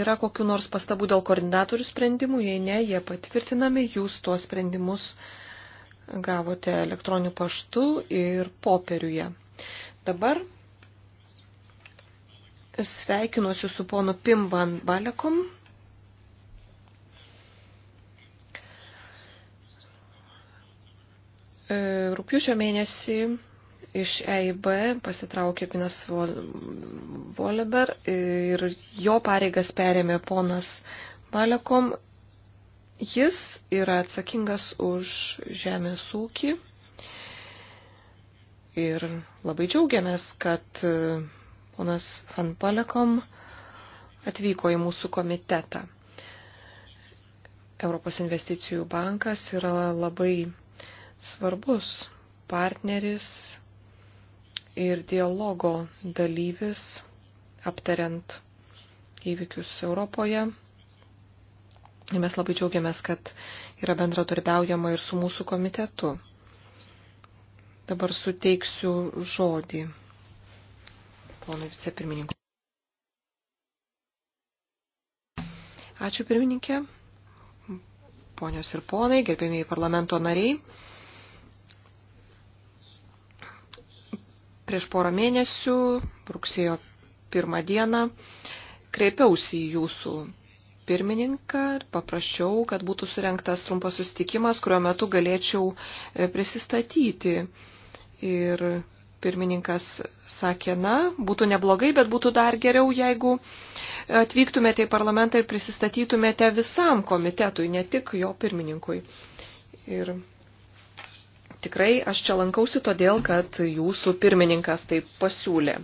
yra kokiu nors pastabų dėl koordinatorių sprendimų, jei ne, jie patvirtinami, jūs tuos sprendimus gavote elektroniniu paštu ir popieriuje. Dabar sveikinuosi su ponu Pimban Balekom. E, rūpiučio mėnesį iš EIB pasitraukė Pinas Voleber ir jo pareigas perėmė ponas Balekom. Jis yra atsakingas už žemės ūkį ir labai džiaugiamės, kad ponas Van Palekom atvyko į mūsų komitetą. Europos investicijų bankas yra labai svarbus partneris ir dialogo dalyvis aptariant įvykius Europoje. Ir mes labai džiaugiamės, kad yra bendradarbiaujama ir su mūsų komitetu. Dabar suteiksiu žodį ponui vicepirmininkui. Ačiū pirmininkė, ponios ir ponai, gerbėmiai parlamento nariai. Prieš porą mėnesių, rugsėjo pirmą dieną, kreipiausi į jūsų pirmininką ir paprašiau, kad būtų surinktas trumpas susitikimas, kurio metu galėčiau e, prisistatyti ir Pirmininkas sakė, na, būtų neblogai, bet būtų dar geriau, jeigu atvyktumėte į parlamentą ir prisistatytumėte visam komitetui, ne tik jo pirmininkui. Ir tikrai aš čia lankausi todėl, kad jūsų pirmininkas taip pasiūlė.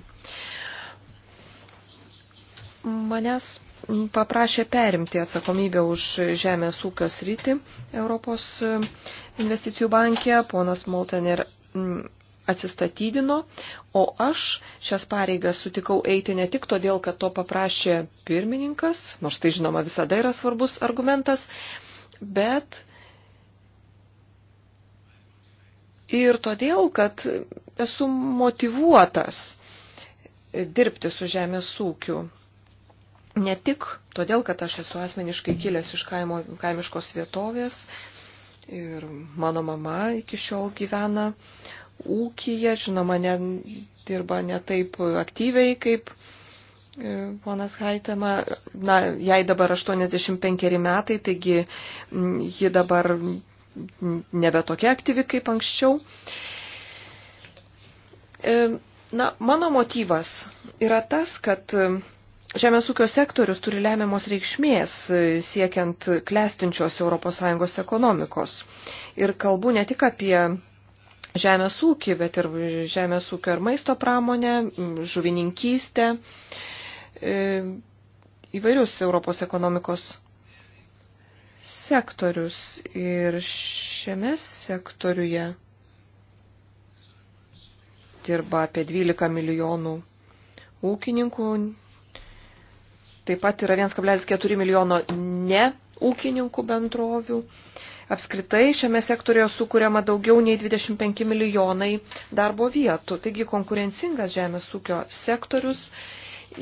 Manęs paprašė perimti atsakomybę už žemės ūkio sritį Europos investicijų bankė. Ponas Moltener atsistatydino, o aš šias pareigas sutikau eiti ne tik todėl, kad to paprašė pirmininkas, nors tai žinoma visada yra svarbus argumentas, bet ir todėl, kad esu motivuotas dirbti su žemės ūkiu. Ne tik todėl, kad aš esu asmeniškai kilęs iš kaimo, kaimiškos vietovės ir mano mama iki šiol gyvena ūkyje, žinoma, ne, dirba netaip aktyviai kaip e, Ponas Haitema, na, jai dabar 85 metai, taigi ji dabar nebe tokia aktyvi kaip anksčiau. E, na, mano motyvas yra tas, kad e, žemės ūkio sektorius turi lemiamos reikšmės siekiant klestinčios ES ekonomikos. Ir kalbu ne tik apie žemės ūkį, bet ir žemės ūkio ir maisto pramonę, žuvininkystę, e, įvairius Europos ekonomikos sektorius. Ir šiame sektoriuje dirba apie 12 milijonų ūkininkų. Taip pat yra 1,4 milijono ne ūkininkų bendrovių. Apskritai šiame sektorioje sukūriama daugiau nei 25 milijonai darbo vietų. Taigi konkurencingas žemės ūkio sektorius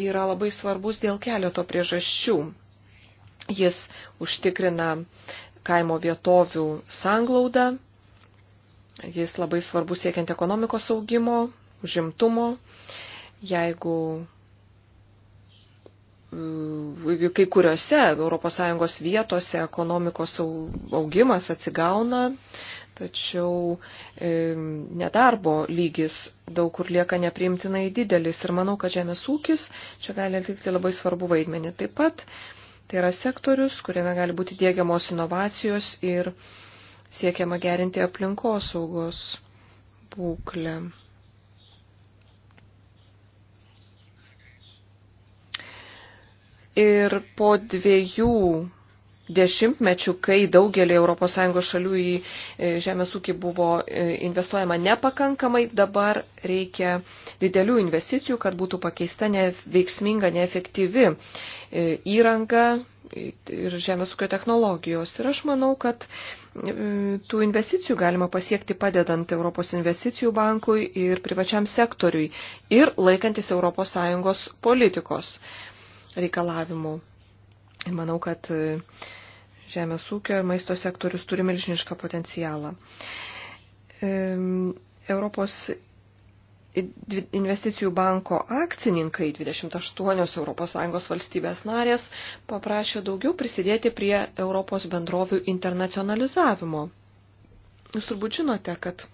yra labai svarbus dėl keleto priežasčių. Jis užtikrina kaimo vietovių sanglaudą, jis labai svarbus siekiant ekonomikos augimo, užimtumo. Jeigu E, kai kuriuose ES vietose ekonomikos augimas atsigauna, tačiau e, nedarbo lygis daug kur lieka nepriimtinai didelis ir manau, kad žemės ūkis čia gali atlikti labai svarbu vaidmenį. Taip pat tai yra sektorius, kuriame gali būti dėgiamos inovacijos ir siekiama gerinti aplinkosaugos būklę. Ir po dviejų dešimtmečių, kai daugelį ES šalių į e, žemės ūkį buvo e, investuojama nepakankamai, dabar reikia didelių investicijų, kad būtų pakeista neveiksminga, neefektyvi e, įranga ir žemės ūkio technologijos. Ir aš manau, kad tų investicijų galima pasiekti padedant Europos investicijų bankui ir privačiam sektoriui ir laikantis ES politikos reikalavimų. Ir manau, kad e, žemės ūkio ir maisto sektorius turi milžinišką potencialą. E, Europos investicijų banko akcininkai 28 ES valstybės narės paprašė daugiau prisidėti prie Europos bendrovių internacionalizavimo. Jūs turbūt žinote, kad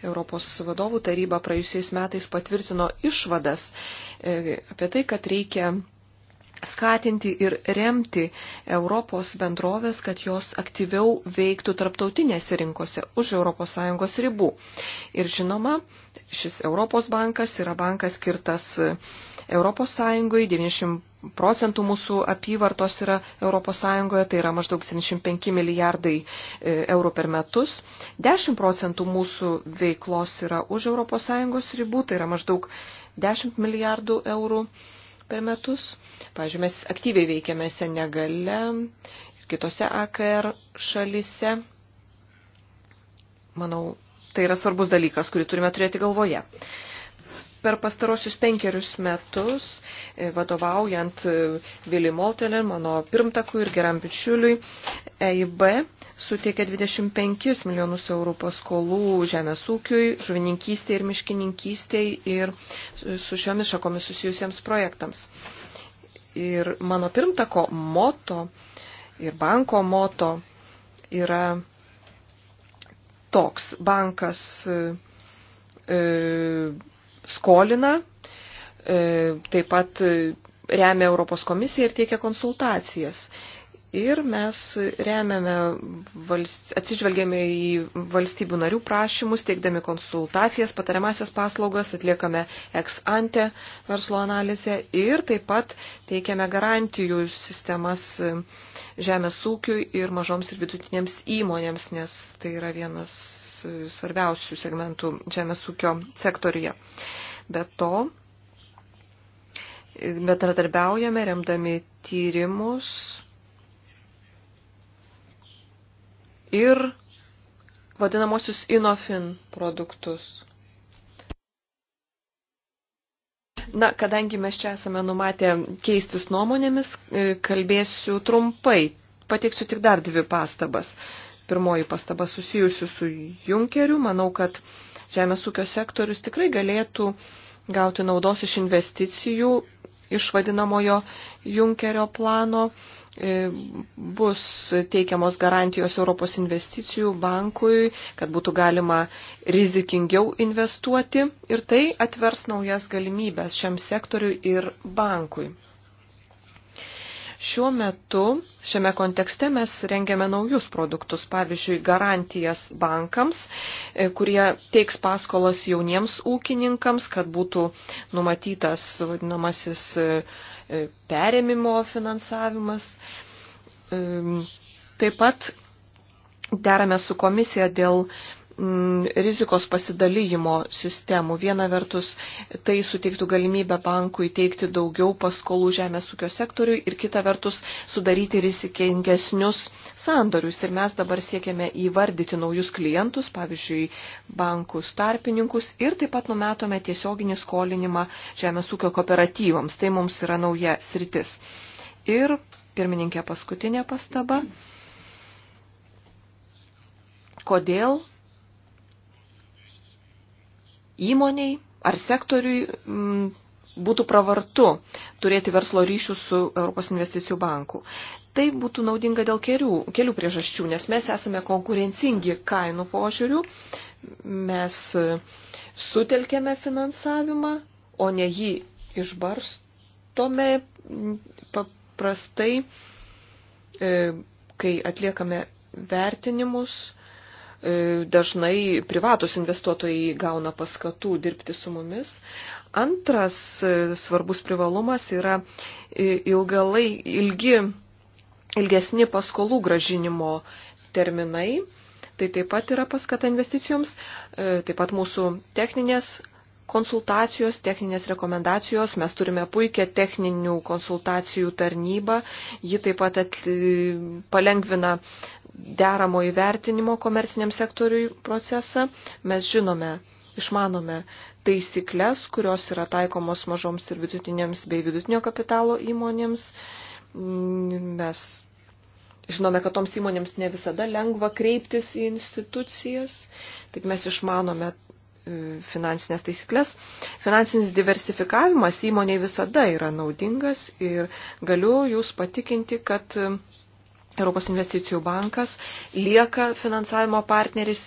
Europos vadovų taryba praėjusiais metais patvirtino išvadas e, apie tai, kad reikia skatinti ir remti Europos bendrovės, kad jos aktyviau veiktų tarptautinėse rinkose už ES ribų. Ir žinoma, šis Europos bankas yra bankas skirtas ES, 90 procentų mūsų apyvartos yra ES, tai yra maždaug 75 milijardai e, eurų per metus, 10 procentų mūsų veiklos yra už ES ribų, tai yra maždaug 10 milijardų eurų per metus. Pavyzdžiui, mes aktyviai veikiame Senegale ir kitose AKR šalise. Manau, tai yra svarbus dalykas, kurį turime turėti galvoje. Per pastarosius penkerius metus, e, vadovaujant Vili e, Moltelin, mano pirmtakui ir geram bičiuliui, EIB suteikė 25 milijonus eurų paskolų žemės ūkiui, žuvininkystėj ir miškininkystėj ir su šiomis šakomis susijusiems projektams. Ir mano pirmtako moto ir banko moto yra toks. Bankas e, e skolina, e, taip pat remia Europos komisiją ir teikia konsultacijas. E, Ir mes remiame, atsižvelgiame į valstybių narių prašymus, teikdami konsultacijas, patariamasias paslaugas, atliekame ex ante verslo analizę ir taip pat teikiame garantijų sistemas žemės ūkiui ir mažoms ir vidutinėms įmonėms, nes tai yra vienas svarbiausių segmentų žemės ūkio sektoriuje. Be to, bendradarbiaujame remdami tyrimus ir vadinamosius Inofin produktus. Na, kadangi mes čia esame numatę keistis nuomonėmis, e, kalbėsiu trumpai. Pateiksiu tik dar dvi pastabas. Pirmoji pastaba susijusi su Junkeriu. Manau, kad žemės ūkio sektorius tikrai galėtų gauti naudos iš investicijų iš vadinamojo Junkerio plano E, bus teikiamos garantijos Europos investicijų bankui, kad būtų galima rizikingiau investuoti ir tai atvers naujas galimybės šiam sektoriui ir bankui. Šiuo metu šiame kontekste mes rengiame naujus produktus, pavyzdžiui, garantijas bankams, e, kurie teiks paskolas jauniems ūkininkams, kad būtų numatytas vadinamasis e, E, perėmimo finansavimas. E, taip pat derame su komisija dėl Mm, rizikos pasidalymo sistemų. Viena vertus, tai suteiktų galimybę bankui teikti daugiau paskolų žemės ūkio sektoriui ir kita vertus, sudaryti rizikingesnius sandorius. Ir mes dabar siekiame įvardyti naujus klientus, pavyzdžiui, bankus tarpininkus ir taip pat numatome tiesioginį skolinimą žemės ūkio kooperatyvams. Tai mums yra nauja sritis. Ir pirmininkė paskutinė pastaba. Kodėl įmoniai ar sektoriui m, mm, būtų pravartu turėti verslo ryšių su Europos investicijų banku. Tai būtų naudinga dėl kelių, kelių priežasčių, nes mes esame konkurencingi kainų požiūrių, mes sutelkėme finansavimą, o ne jį išbarstome paprastai, e, kai atliekame vertinimus E, dažnai privatus investuotojai gauna paskatų dirbti su mumis. Antras e, svarbus privalumas yra e, ilgalai, ilgi, ilgesni paskolų gražinimo terminai. Tai taip pat yra paskata investicijoms, taip pat mūsų techninės konsultacijos, techninės rekomendacijos, mes turime puikią techninių konsultacijų tarnybą, ji taip pat at, palengvina deramo įvertinimo komerciniam sektoriui procesą. Mes žinome, išmanome taisyklės, kurios yra taikomos mažoms ir vidutinėms bei vidutinio kapitalo įmonėms. Mes žinome, kad toms įmonėms ne visada lengva kreiptis į institucijas, tik mes išmanome e, finansinės taisyklės. Finansinis diversifikavimas įmoniai visada yra naudingas ir galiu jūs patikinti, kad Europos investicijų bankas lieka finansavimo partneris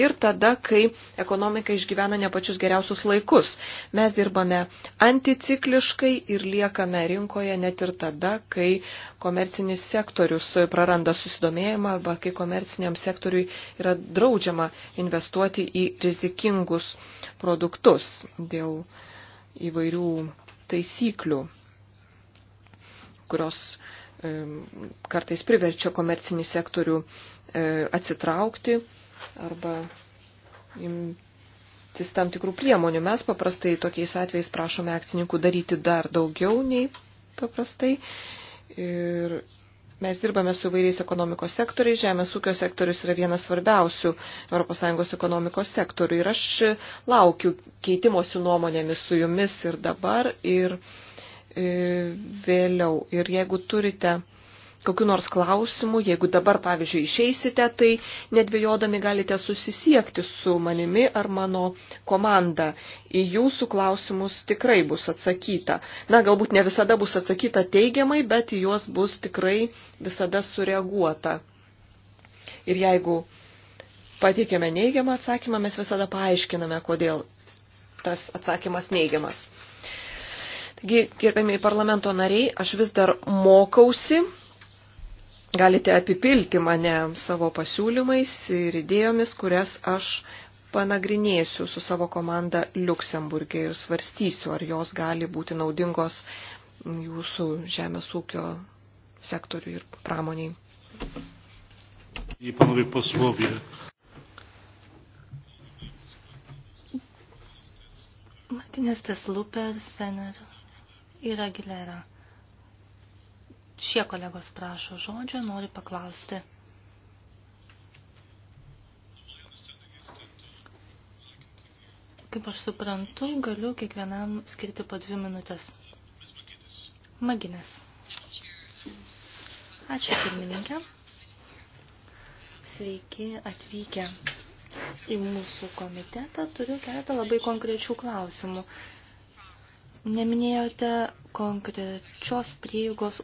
ir tada, kai ekonomika išgyvena ne pačius geriausius laikus. Mes dirbame anticikliškai ir liekame rinkoje net ir tada, kai komercinis sektorius praranda susidomėjimą arba kai komerciniam sektoriui yra draudžiama investuoti į rizikingus produktus dėl įvairių taisyklių, kurios kartais priverčia komercinį sektorių e, atsitraukti arba imtis tam tikrų priemonių. Mes paprastai tokiais atvejais prašome akcininkų daryti dar daugiau nei paprastai. Ir Mes dirbame su vairiais ekonomikos sektoriais, žemės ūkio sektorius yra vienas svarbiausių ES ekonomikos sektorių ir aš laukiu keitimosi nuomonėmis su jumis ir dabar ir E, vėliau. Ir jeigu turite kokiu nors klausimu, jeigu dabar, pavyzdžiui, išeisite, tai nedvėjodami galite susisiekti su manimi ar mano komanda. Į jūsų klausimus tikrai bus atsakyta. Na, galbūt ne visada bus atsakyta teigiamai, bet į juos bus tikrai visada sureaguota. Ir jeigu pateikėme neigiamą atsakymą, mes visada paaiškiname, kodėl tas atsakymas neigiamas. Taigi, gerbėmiai parlamento nariai, aš vis dar mokausi. Galite apipilti mane savo pasiūlymais ir idėjomis, kurias aš panagrinėsiu su savo komanda Luksemburgė ir svarstysiu, ar jos gali būti naudingos jūsų žemės ūkio sektoriui ir pramoniai. Martinės Teslupės, senatorius ir Aguilera. Šie kolegos prašo žodžio, nori paklausti. Kaip aš suprantu, galiu kiekvienam skirti po dvi minutės. Maginės. Ačiū pirmininkė. Sveiki atvykę į mūsų komitetą. Turiu keletą labai konkrečių klausimų. Neminėjote konkrečios prieigos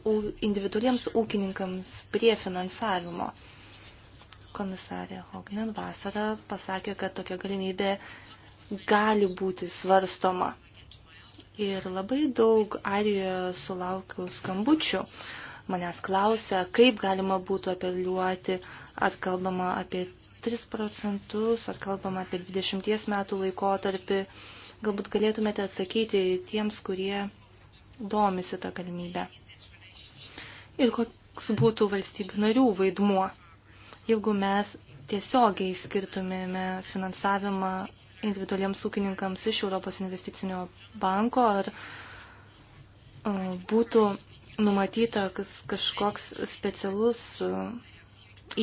individualiems ūkininkams prie finansavimo. Komisarė Hognen vasarą pasakė, kad tokia galimybė gali būti svarstoma. Ir labai daug Arijoje sulaukiau skambučių. Manęs klausia, kaip galima būtų apeliuoti, ar kalbama apie 3 procentus, ar kalbama apie 20 metų laikotarpį. tarpį Galbūt galėtumėte atsakyti tiems, kurie domisi tą galimybę. Ir koks būtų valstybių narių vaidmuo, jeigu mes tiesiogiai skirtumėme finansavimą individualiems ūkininkams iš Europos investicinio banko, ar e, būtų numatyta kažkoks specialus e,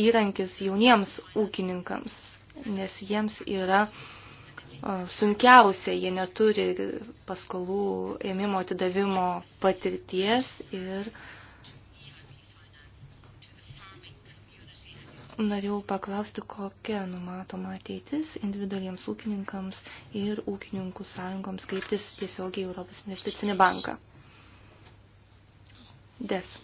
įrankis jauniems ūkininkams, nes jiems yra uh, sunkiausia, jie neturi paskolų ėmimo atidavimo patirties ir norėjau paklausti, kokia numatoma ateitis individualiems ūkininkams ir ūkininkų sąjungoms kreiptis tiesiogiai Europos investicinį banką. Des.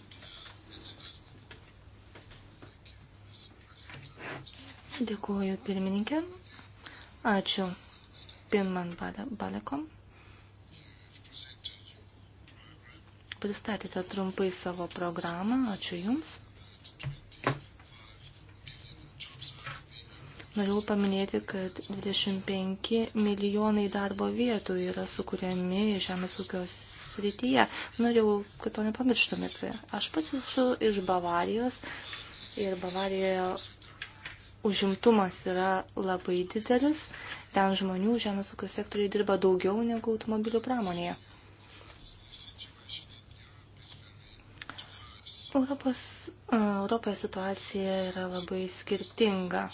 Dėkuoju pirmininkė. Ačiū Pirman Balekom. Pristatėte trumpai savo programą. Ačiū Jums. Norėjau paminėti, kad 25 milijonai darbo vietų yra sukūrėmi žemės ūkio srityje. Norėjau, kad to nepamirštumėte. Aš pats esu iš Bavarijos ir Bavarijoje užimtumas yra labai didelis Ten žmonių žemės ūkio sektoriai dirba daugiau negu automobilių pramonėje. Europos, Europoje situacija yra labai skirtinga.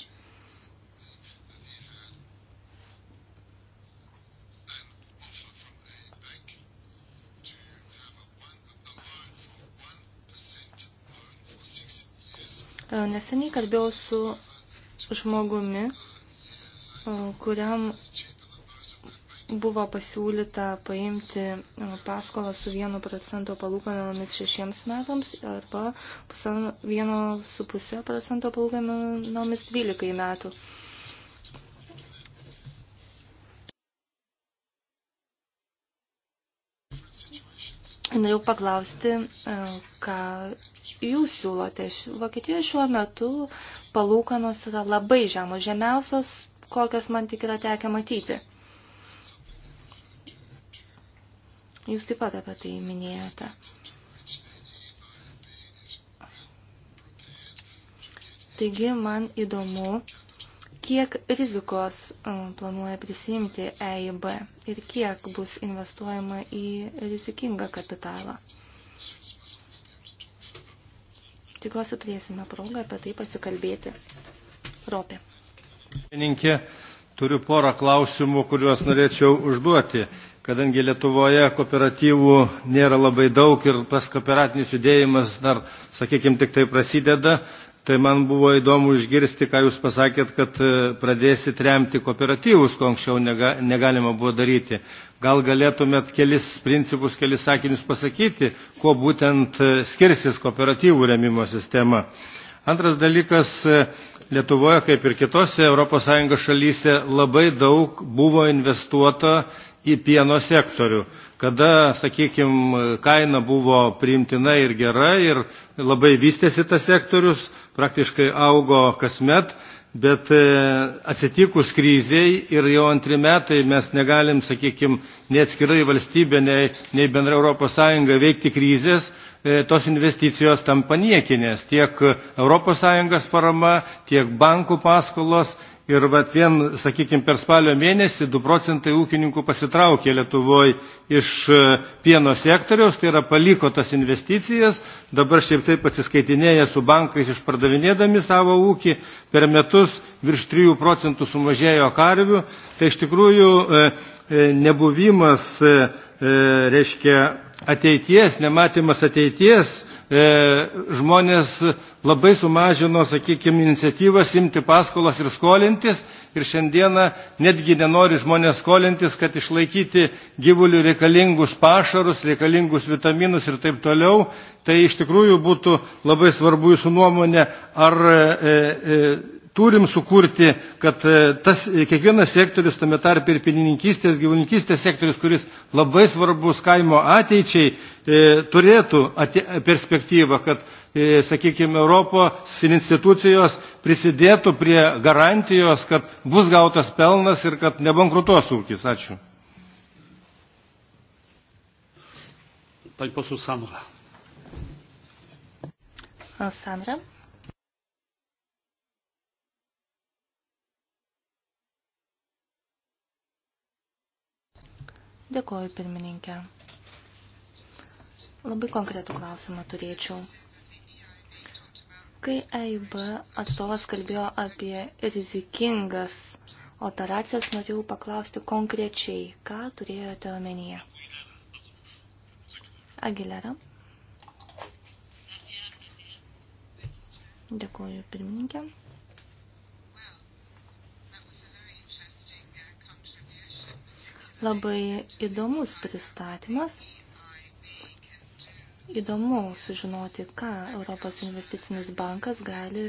Neseniai kalbėjau su žmogumi, kuriam buvo pasiūlyta paimti paskolą su 1 procento palūkanomis šešiems metams arba 1,5 procento palūkanomis 12 metų. Norėjau paklausti, e, ką jūs siūlote. Vokietijoje šiuo metu palūkanos yra labai žemos, žemiausios kokias man tik yra tekę matyti. Jūs taip pat apie tai minėjote. Taigi man įdomu, kiek rizikos e, planuoja prisimti EIB ir kiek bus investuojama į rizikingą kapitalą. Tikiuosi turėsime progą apie tai pasikalbėti. Ropė. Pirmininkė, turiu porą klausimų, kuriuos norėčiau užduoti. Kadangi Lietuvoje kooperatyvų nėra labai daug ir tas kooperatinis judėjimas dar, sakykime, tik tai prasideda, Tai man buvo įdomu išgirsti, ką Jūs pasakėt, kad e, pradėsit remti kooperatyvus, ko anksčiau nega, negalima buvo daryti. Gal galėtumėt kelis principus, kelis sakinius pasakyti, kuo būtent e, skirsis kooperatyvų remimo sistema. Antras dalykas, e, Lietuvoje, kaip ir kitose ES šalyse, labai daug buvo investuota į pieno sektorių, kada, sakykime, kaina buvo priimtina ir gera ir labai vystėsi tas sektorius, praktiškai augo kasmet, bet e, atsitikus kriziai ir jau antri metai mes negalim, sakykime, nei atskirai valstybė, nei, nei bendra Europos Sąjunga veikti krizės, E, tos investicijos tampa niekinės tiek ES parama, tiek bankų paskolos. Ir vat vien, sakykime, per spalio mėnesį 2 procentai ūkininkų pasitraukė Lietuvoje iš e, pieno sektoriaus, tai yra paliko tas investicijas, dabar šiaip taip atsiskaitinėja su bankais išpardavinėdami savo ūkį, per metus virš 3 procentų sumažėjo karvių, tai iš tikrųjų e, nebuvimas reiškia ateities, nematymas ateities, e, žmonės labai sumažino, sakykime, iniciatyvas imti paskolas ir skolintis ir šiandieną netgi nenori žmonės skolintis, kad išlaikyti gyvulių reikalingus pašarus, reikalingus vitaminus ir taip toliau. Tai iš tikrųjų būtų labai svarbu jūsų nuomonė, ar e, e, turim sukurti, kad e, tas, e, kiekvienas sektorius, tame tarp ir pienininkystės, gyvulininkystės sektorius, kuris labai svarbus kaimo ateičiai, e, turėtų ate, perspektyvą, kad, e, sakykime, Europos institucijos prisidėtų prie garantijos, kad bus gautas pelnas ir kad nebankrutuos ūkis. Ačiū. Pani poseł Sandra. Sandra. Dėkuoju, pirmininkė. Labai konkretų klausimą turėčiau. Kai EIB atstovas kalbėjo apie rizikingas operacijas, norėjau paklausti konkrečiai, ką turėjote omenyje. Agilera. Dėkuoju pirmininkė. Labai įdomus pristatymas. Įdomu sužinoti, ką Europos investicinis bankas gali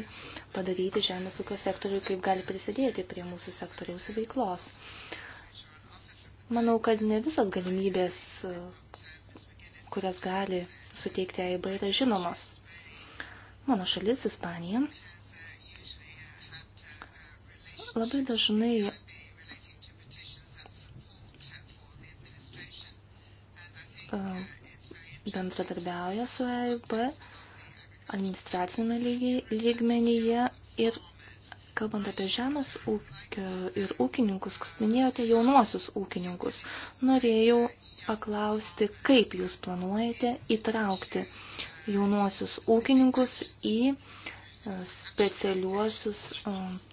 padaryti žemės ūkio sektoriui, kaip gali prisidėti prie mūsų sektoriaus veiklos. Manau, kad ne visos galimybės, kurias gali suteikti AIB, yra žinomos. Mano šalis, Ispanija, labai dažnai bendradarbiauja su EIB administracinėme lygmenyje ir kalbant apie žemės ūkio ir ūkininkus, minėjote jaunuosius ūkininkus. Norėjau paklausti, kaip jūs planuojate įtraukti jaunuosius ūkininkus į e, specialiuosius e,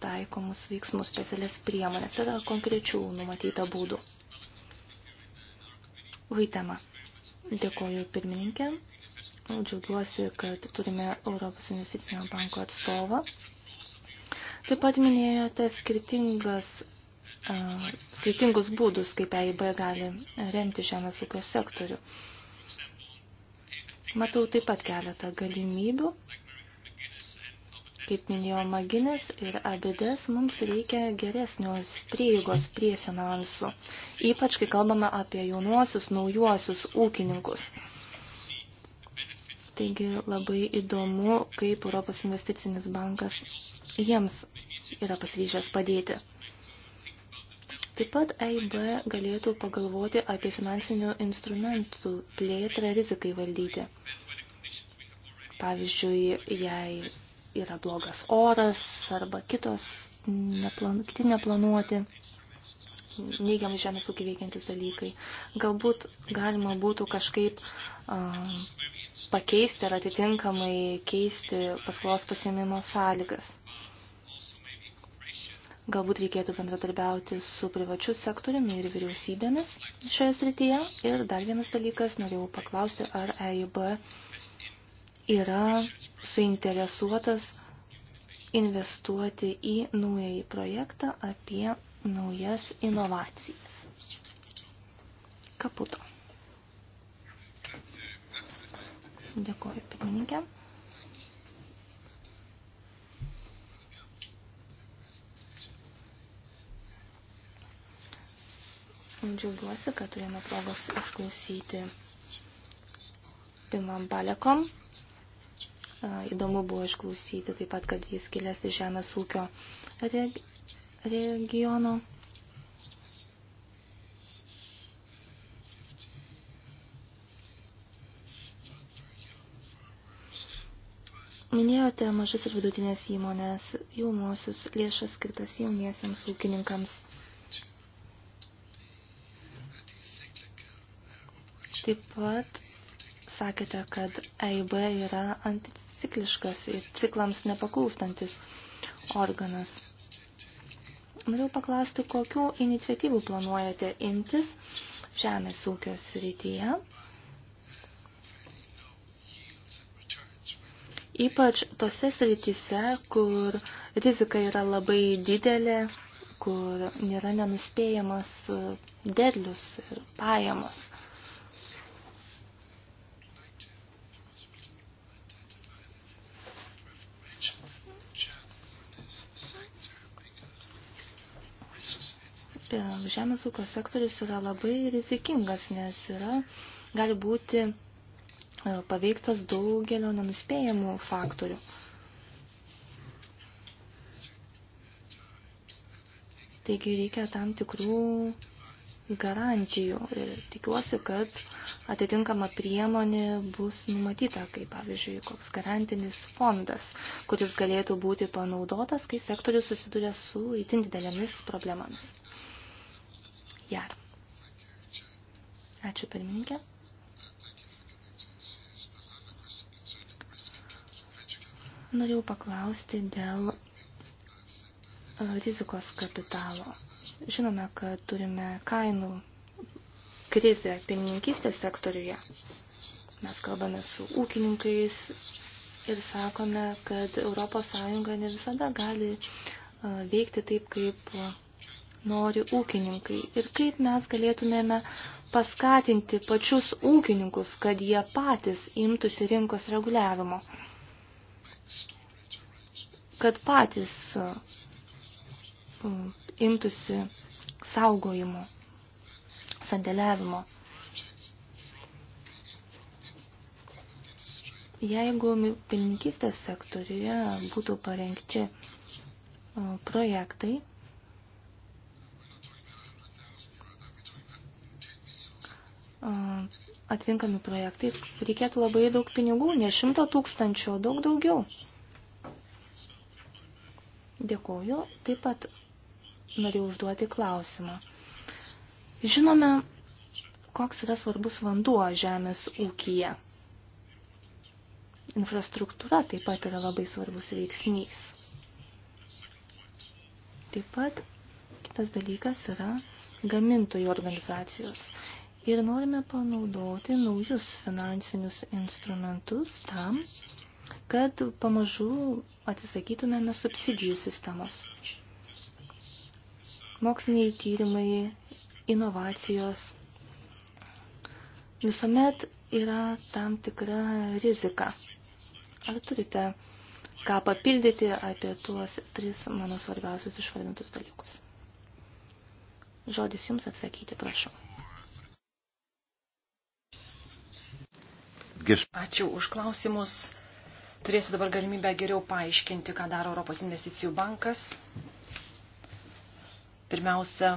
taikomus veiksmus, specialias priemonės. Yra konkrečių numatyta būdų. Vaitema. Dėkoju pirmininkė. Džiaugiuosi, kad turime Europos investicinio banko atstovą. Taip pat minėjote skirtingas, uh, skirtingus būdus, kaip EIB gali remti žemės ūkio sektorių. Matau taip pat keletą galimybių. Uh, Kaip minėjo Maginės ir Abidės, mums reikia geresnios prieigos prie finansų, ypač kai kalbame apie jaunuosius, naujuosius ūkininkus. Taigi labai įdomu, kaip Europos investicinis bankas jiems yra pasiryžęs padėti. Taip pat EIB galėtų pagalvoti apie finansinių instrumentų plėtrą rizikai valdyti. Pavyzdžiui, jei yra blogas oras arba kitos neplan, kiti neplanuoti neigiamai žemės ūkį veikiantis dalykai. Galbūt galima būtų kažkaip uh, pakeisti ar atitinkamai keisti paskolos pasiėmimo sąlygas. Galbūt reikėtų bendradarbiauti su privačiu sektoriumi ir vyriausybėmis šioje srityje. Ir dar vienas dalykas, norėjau paklausti, ar EIB uh, yra suinteresuotas investuoti į naująjį projektą apie naujas inovacijas. Kaputo. Dėkoju pirmininkė. Džiaugiuosi, kad turėjome progos išklausyti Pimam Balekom Įdomu buvo išklausyti taip pat, kad jis kilęs iš žemės ūkio regiono. Minėjote mažas ir vidutinės įmonės, jaunuosius lėšas skirtas jauniesiams ūkininkams. Taip pat sakėte, kad EIB yra antis cikliškas ir ciklams nepaklūstantis organas. Norėjau paklausti, kokių iniciatyvų planuojate imtis žemės ūkio srityje, ypač tose srityse, kur rizika yra labai didelė, kur nėra nenuspėjamas derlius ir pajamos. žemės ūkio sektorius yra labai rizikingas, nes yra, gali būti e, paveiktas daugelio nenuspėjamų faktorių. Taigi reikia tam tikrų garantijų ir tikiuosi, kad atitinkama priemonė bus numatyta, kaip pavyzdžiui, koks garantinis fondas, kuris galėtų būti panaudotas, kai sektorius susiduria su itin didelėmis problemomis. Jar. Ačiū pirmininkė. Norėjau paklausti dėl e, rizikos kapitalo. Žinome, kad turime kainų krizę pieninkystės sektoriuje. Mes kalbame su ūkininkais ir sakome, kad ES ne visada gali e, veikti taip, kaip nori ūkininkai ir kaip mes galėtumėme paskatinti pačius ūkininkus, kad jie patys imtųsi rinkos reguliavimo, kad patys um, imtųsi saugojimo, sandėliavimo. Jeigu pininkistės sektoriuje būtų parengti uh, projektai, atitinkami projektai reikėtų labai daug pinigų, ne šimto tūkstančių, daug daugiau. Dėkuoju, taip pat norėjau užduoti klausimą. Žinome, koks yra svarbus vanduo žemės ūkyje. Infrastruktūra taip pat yra labai svarbus veiksnys. Taip pat kitas dalykas yra gamintojų organizacijos ir norime panaudoti naujus finansinius instrumentus tam, kad pamažu atsisakytumėme subsidijų sistemos. Moksliniai tyrimai, inovacijos visuomet yra tam tikra rizika. Ar turite ką papildyti apie tuos tris mano svarbiausius išvardintus dalykus? Žodis jums atsakyti, prašau. Ačiū už klausimus. Turėsiu dabar galimybę geriau paaiškinti, ką daro Europos investicijų bankas. Pirmiausia,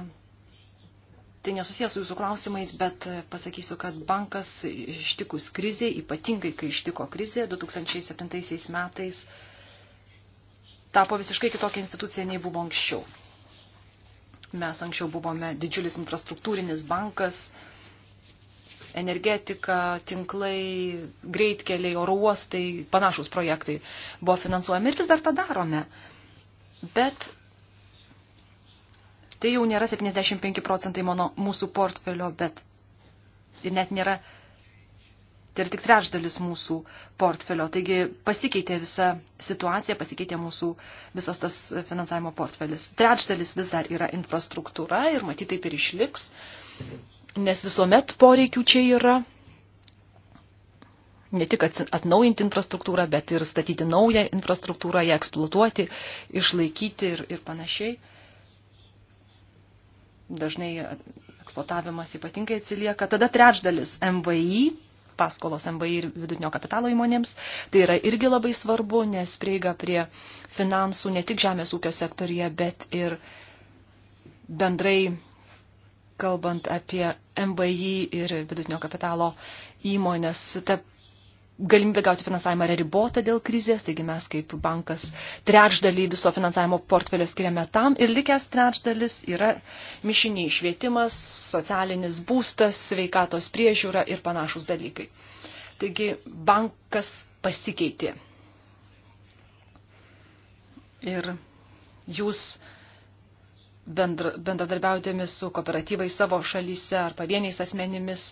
tai nesusijęs su jūsų klausimais, bet pasakysiu, kad bankas ištikus krizė, ypatingai kai ištiko krizė 2007 metais, tapo visiškai kitokia institucija nei buvo anksčiau. Mes anksčiau buvome didžiulis infrastruktūrinis bankas, energetika, tinklai, greitkeliai, oro uostai, panašus projektai buvo finansuojami ir vis dar tą darome. Bet tai jau nėra 75 procentai mano, mūsų portfelio, bet ir net nėra, tai yra tik trečdalis mūsų portfelio. Taigi pasikeitė visa situacija, pasikeitė mūsų visas tas finansavimo portfelis. Trečdalis vis dar yra infrastruktūra ir matyti taip ir išliks. Mhm nes visuomet poreikių čia yra. Ne tik atnaujinti infrastruktūrą, bet ir statyti naują infrastruktūrą, ją eksploatuoti, išlaikyti ir, ir panašiai. Dažnai eksploatavimas ypatingai atsilieka. Tada trečdalis MVI, paskolos MVI ir vidutinio kapitalo įmonėms. Tai yra irgi labai svarbu, nes prieiga prie finansų ne tik žemės ūkio sektorija, bet ir bendrai kalbant apie MBI ir vidutinio kapitalo įmonės, ta galimybė gauti finansavimą yra ribota dėl krizės, taigi mes kaip bankas trečdalį viso finansavimo portfelio skiriame tam ir likęs trečdalis yra mišiniai švietimas, socialinis būstas, sveikatos priežiūra ir panašus dalykai. Taigi bankas pasikeitė. Ir jūs uh, bendra, bendradarbiaudami su kooperatyvai savo šalyse ar pavieniais asmenimis,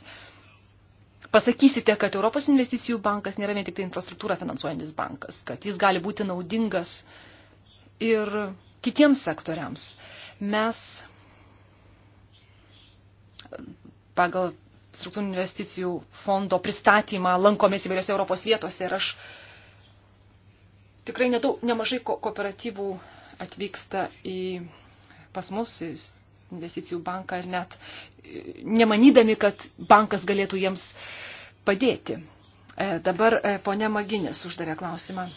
pasakysite, kad Europos investicijų bankas nėra vien tik tai infrastruktūra finansuojantis bankas, kad jis gali būti naudingas ir kitiems sektoriams. Mes pagal struktūrinių investicijų fondo pristatymą lankomės įvairiose Europos vietose ir aš tikrai nedaug, nemažai kooperatyvų atvyksta į pas mus investicijų banką ir net e, nemanydami, kad bankas galėtų jiems padėti. E, dabar e, ponia Maginis uždavė klausimą.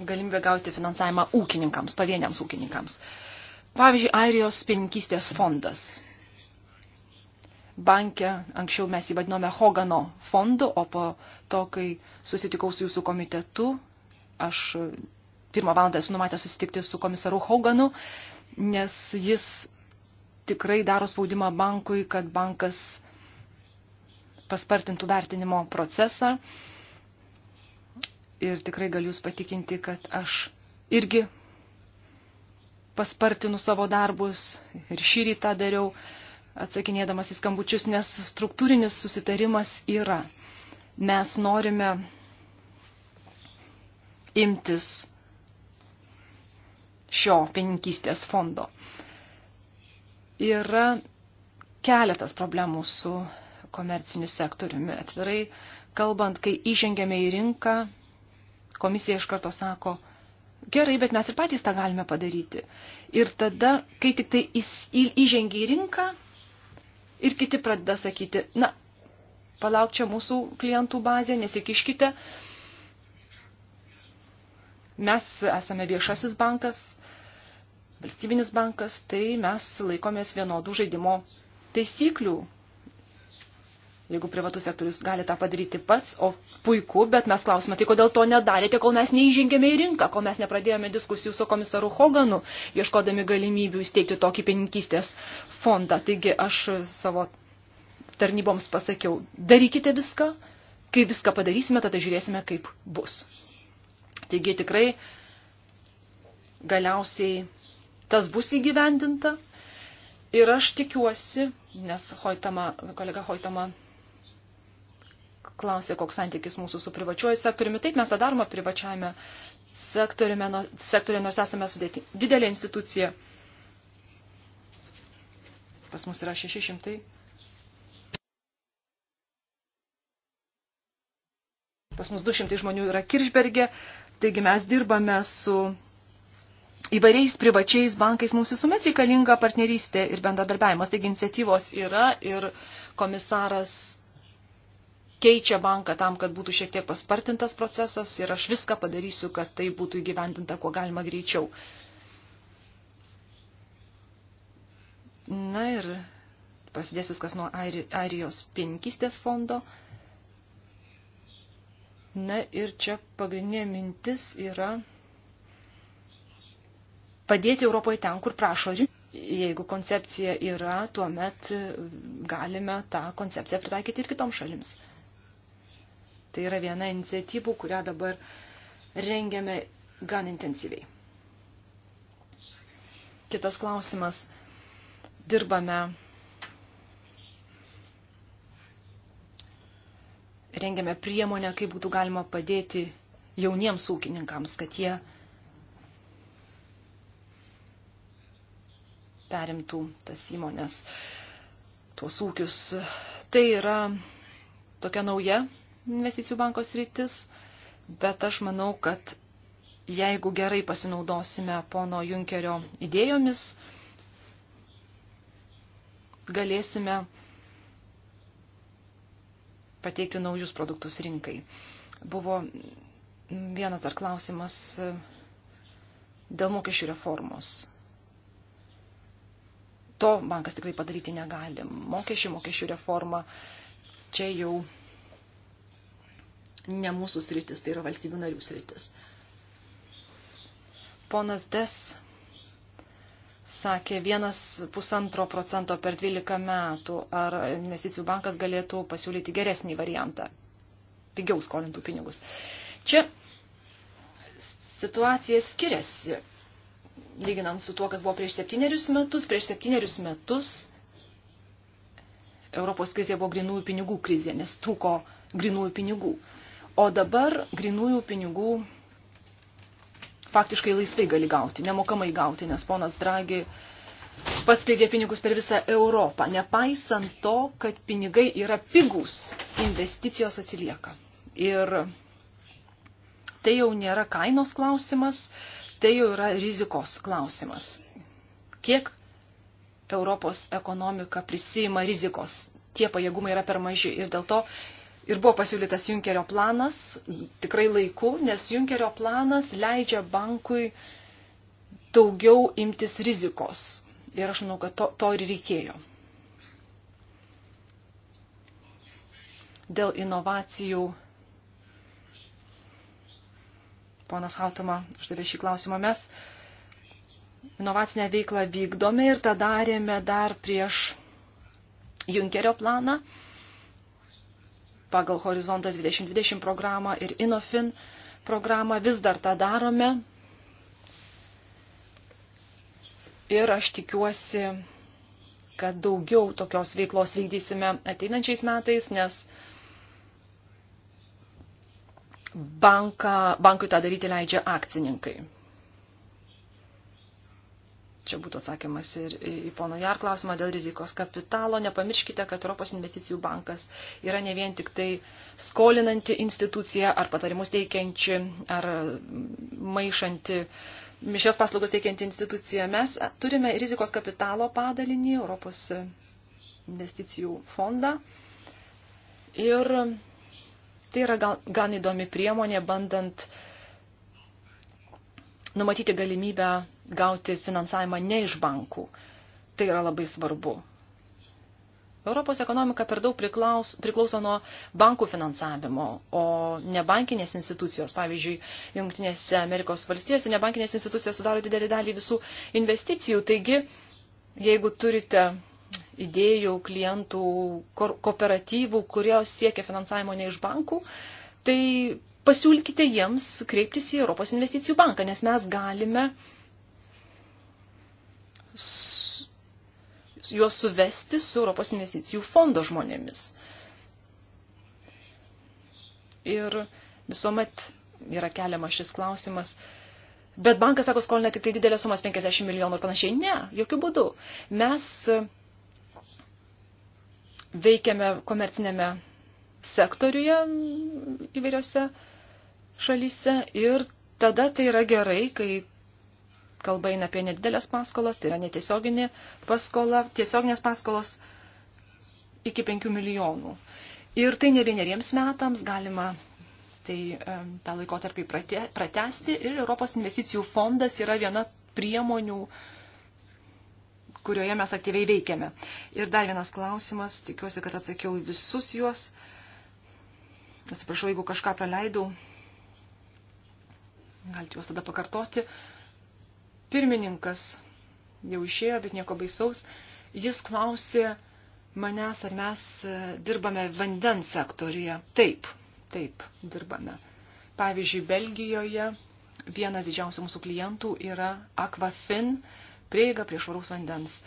Galimybė gauti finansavimą ūkininkams, pavieniams ūkininkams. Pavyzdžiui, Airijos pieninkystės fondas. Banke anksčiau mes jį vadinome Hogano fondu, o po to, kai susitikau su jūsų komitetu, Aš pirmą valandą esu numatęs susitikti su komisaru Hoganu, nes jis tikrai daro spaudimą bankui, kad bankas paspartintų vertinimo procesą. Ir tikrai galiu jūs patikinti, kad aš irgi paspartinu savo darbus ir šį rytą dariau, atsakinėdamas į skambučius, nes struktūrinis susitarimas yra. Mes norime imtis šio pieninkystės fondo. Yra keletas problemų su komerciniu sektoriumi. Atvirai kalbant, kai įžengėme į rinką, komisija iš karto sako, gerai, bet mes ir patys tą galime padaryti. Ir tada, kai tik tai įžengia į rinką ir kiti pradeda sakyti, na, palauk čia mūsų klientų bazė, nesikiškite, uh, mes esame viešasis bankas, valstybinis bankas, tai mes laikomės vienodų žaidimo taisyklių. Jeigu privatus sektorius gali tą padaryti pats, o puiku, bet mes klausime, tai kodėl to nedarėte, kol mes neįžengėme į rinką, kol mes nepradėjome diskusijų su komisaru Hoganu, ieškodami galimybių įsteigti tokį pieninkystės fondą. Taigi aš savo tarnyboms pasakiau, darykite viską, kai viską padarysime, tada žiūrėsime, kaip bus. Taigi tikrai galiausiai tas bus įgyvendinta. Ir aš tikiuosi, nes Hoitama, kolega Hoitama klausė, koks santykis mūsų su privačiuoju sektoriumi. Taip mes tą darome privačiajame sektoriume, sektoriume, nors esame sudėti didelė institucija. Pas mus yra 600. Pas mus 200 žmonių yra Kiršbergė, Taigi mes dirbame su įvairiais privačiais bankais, mums visuomet reikalinga partnerystė ir bendradarbiavimas. Taigi iniciatyvos yra ir komisaras keičia banką tam, kad būtų šiek tiek paspartintas procesas ir aš viską padarysiu, kad tai būtų įgyvendinta kuo galima greičiau. Na ir prasidės viskas nuo Airijos pinkistės fondo. Na ir čia pagrindinė mintis yra padėti Europoje ten, kur prašo. Jeigu koncepcija yra, tuomet galime tą koncepciją pritaikyti ir kitoms šalims. Tai yra viena iniciatyvų, kurią dabar rengiame gan intensyviai. Kitas klausimas. Dirbame rengiame priemonę, kaip būtų galima padėti jauniems ūkininkams, kad jie perimtų tas įmonės, tuos ūkius. Tai yra tokia nauja investicijų bankos rytis, bet aš manau, kad jeigu gerai pasinaudosime pono Junkerio idėjomis, galėsime pateikti naujus produktus rinkai. Buvo vienas dar klausimas e, dėl mokesčių reformos. To bankas tikrai padaryti negali. Mokesčių, mokesčių reforma čia jau ne mūsų sritis, tai yra valstybių narių sritis. Ponas Des sakė, vienas pusantro procento per 12 metų. Ar investicijų bankas galėtų pasiūlyti geresnį variantą, pigiau skolintų pinigus. Čia situacija skiriasi, lyginant su tuo, kas buvo prieš septynerius metus. Prieš septynerius metus Europos krizė buvo grinųjų pinigų krizė, nes trūko grinųjų pinigų. O dabar grinųjų pinigų faktiškai laisvai gali gauti, nemokamai gauti, nes ponas Dragi paskleidė pinigus per visą Europą, nepaisant to, kad pinigai yra pigus, investicijos atsilieka. Ir tai jau nėra kainos klausimas, tai jau yra rizikos klausimas. Kiek Europos ekonomika prisima rizikos? Tie pajėgumai yra per maži ir dėl to Ir buvo pasiūlytas Junkerio planas, tikrai laiku, nes Junkerio planas leidžia bankui daugiau imtis rizikos. Ir aš manau, kad to, to ir reikėjo. Dėl inovacijų. Ponas Hautoma, uždavė šį klausimą. Mes inovacinę veiklą vykdome ir tą darėme dar prieš Junkerio planą pagal Horizontas 2020 programą ir Inofin programą. Vis dar tą darome. Ir aš tikiuosi, kad daugiau tokios veiklos vykdysime ateinančiais metais, nes banka, bankui tą daryti leidžia akcininkai. Čia būtų atsakymas ir į pono Jar klausimą dėl rizikos kapitalo. Nepamirškite, kad Europos investicijų bankas yra ne vien tik tai skolinanti institucija ar patarimus teikianti ar maišanti mišios paslaugas teikianti institucija. Mes turime rizikos kapitalo padalinį Europos investicijų fondą. Ir tai yra gan, gan įdomi priemonė, bandant numatyti galimybę gauti finansavimą ne iš bankų. Tai yra labai svarbu. Europos ekonomika per daug priklaus, priklauso nuo bankų finansavimo, o nebankinės institucijos, pavyzdžiui, Junktinėse Amerikos valstijose, nebankinės institucijos sudaro didelį dalį visų investicijų. Taigi, jeigu turite idėjų, klientų, kooperatyvų, kurie siekia finansavimo ne iš bankų, tai pasiūlykite jiems kreiptis į Europos investicijų banką, nes mes galime uh, juos suvesti su Europos investicijų fondo žmonėmis. Ir visuomet yra keliamas šis klausimas. Bet bankas sako, skolina tik tai didelės sumas 50 milijonų ir panašiai. Ne, jokių būdų. Mes veikiame komercinėme sektoriuje įvairiose šalyse ir tada tai yra gerai, kai kalba eina apie nedidelės paskolas, tai yra netiesioginė paskola, tiesioginės paskolos iki 5 milijonų. Ir tai ne vieneriems metams galima tai, tą laikotarpį prate, pratesti ir Europos investicijų fondas yra viena priemonių, kurioje mes aktyviai veikiame. Ir dar vienas klausimas, tikiuosi, kad atsakiau visus juos. Atsiprašau, jeigu kažką praleidau, galite juos tada pakartoti. Uh, pirmininkas jau išėjo, bet nieko baisaus. Jis klausė manęs, ar mes e, dirbame vandens sektorija. Taip, taip, dirbame. Pavyzdžiui, Belgijoje vienas didžiausių mūsų klientų yra Aquafin, prieiga prie švaraus vandens.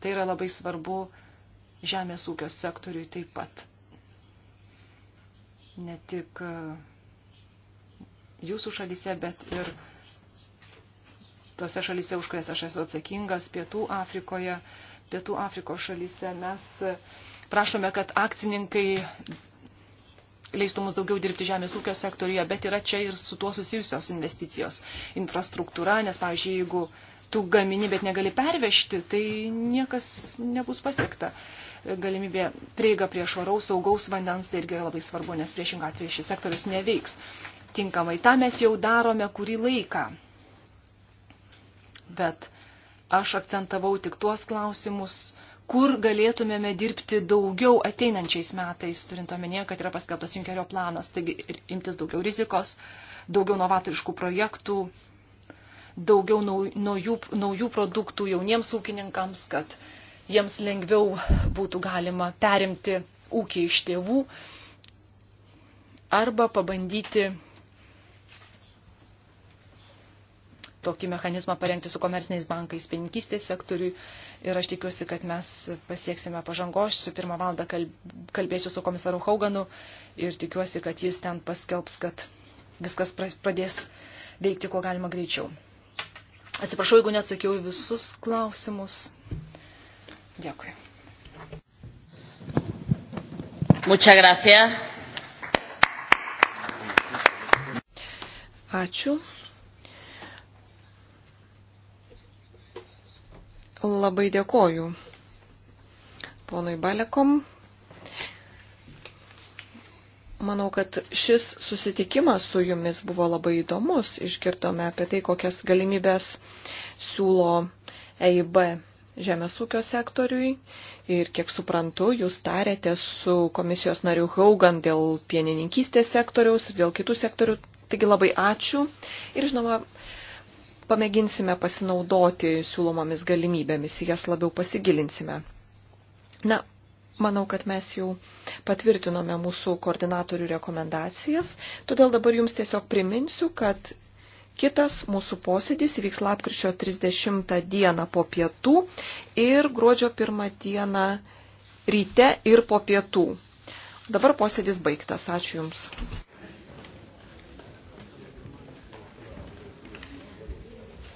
Tai yra labai svarbu žemės ūkio sektoriui taip pat. Ne tik e, jūsų šalyse, bet ir tose šalyse, už kurias aš esu atsakingas, Pietų Afrikoje, Pietų Afrikos šalyse, mes e, prašome, kad akcininkai leistų mums daugiau dirbti žemės ūkio sektoriuje, bet yra čia ir su tuo susijusios investicijos. Infrastruktūra, nes, pavyzdžiui, jeigu tu gamini, bet negali pervežti, tai niekas nebus pasiekta. Galimybė prieiga prie švaraus, saugaus vandens, tai irgi yra labai svarbu, nes priešingą atveju šis sektorius neveiks. Tinkamai tą mes jau darome kurį laiką bet aš akcentavau tik tuos klausimus, kur galėtumėme dirbti daugiau ateinančiais metais, turint omenyje, kad yra paskelbtas Junkerio planas, taigi imtis daugiau rizikos, daugiau novatoriškų projektų, daugiau naujų, naujų produktų jauniems ūkininkams, kad jiems lengviau būtų galima perimti ūkį iš tėvų arba pabandyti tokį mechanizmą parengti su komerciniais bankais pieninkystės sektoriui. Ir aš tikiuosi, kad mes pasieksime pažangos. Su pirmą valandą kalbėsiu su komisaru Hauganu ir tikiuosi, kad jis ten paskelbs, kad viskas pradės veikti kuo galima greičiau. Atsiprašau, jeigu neatsakiau visus klausimus. Dėkui. Muchas gracias. Ačiū. Labai dėkoju ponui Balekom. Manau, kad šis susitikimas su jumis buvo labai įdomus. Išgirdome apie tai, kokias galimybės siūlo EIB žemės ūkio sektoriui. Ir kiek suprantu, jūs tarėte su komisijos nariu Haugan dėl pienininkystės sektoriaus ir dėl kitų sektorių. Taigi labai ačiū. Ir žinoma, pamėginsime pasinaudoti siūlomomis galimybėmis, jas labiau pasigilinsime. Na, manau, kad mes jau patvirtinome mūsų koordinatorių rekomendacijas, todėl dabar jums tiesiog priminsiu, kad kitas mūsų posėdis įvyks lapkričio 30 dieną po pietų ir gruodžio 1 dieną ryte ir po pietų. Dabar posėdis baigtas. Ačiū Jums.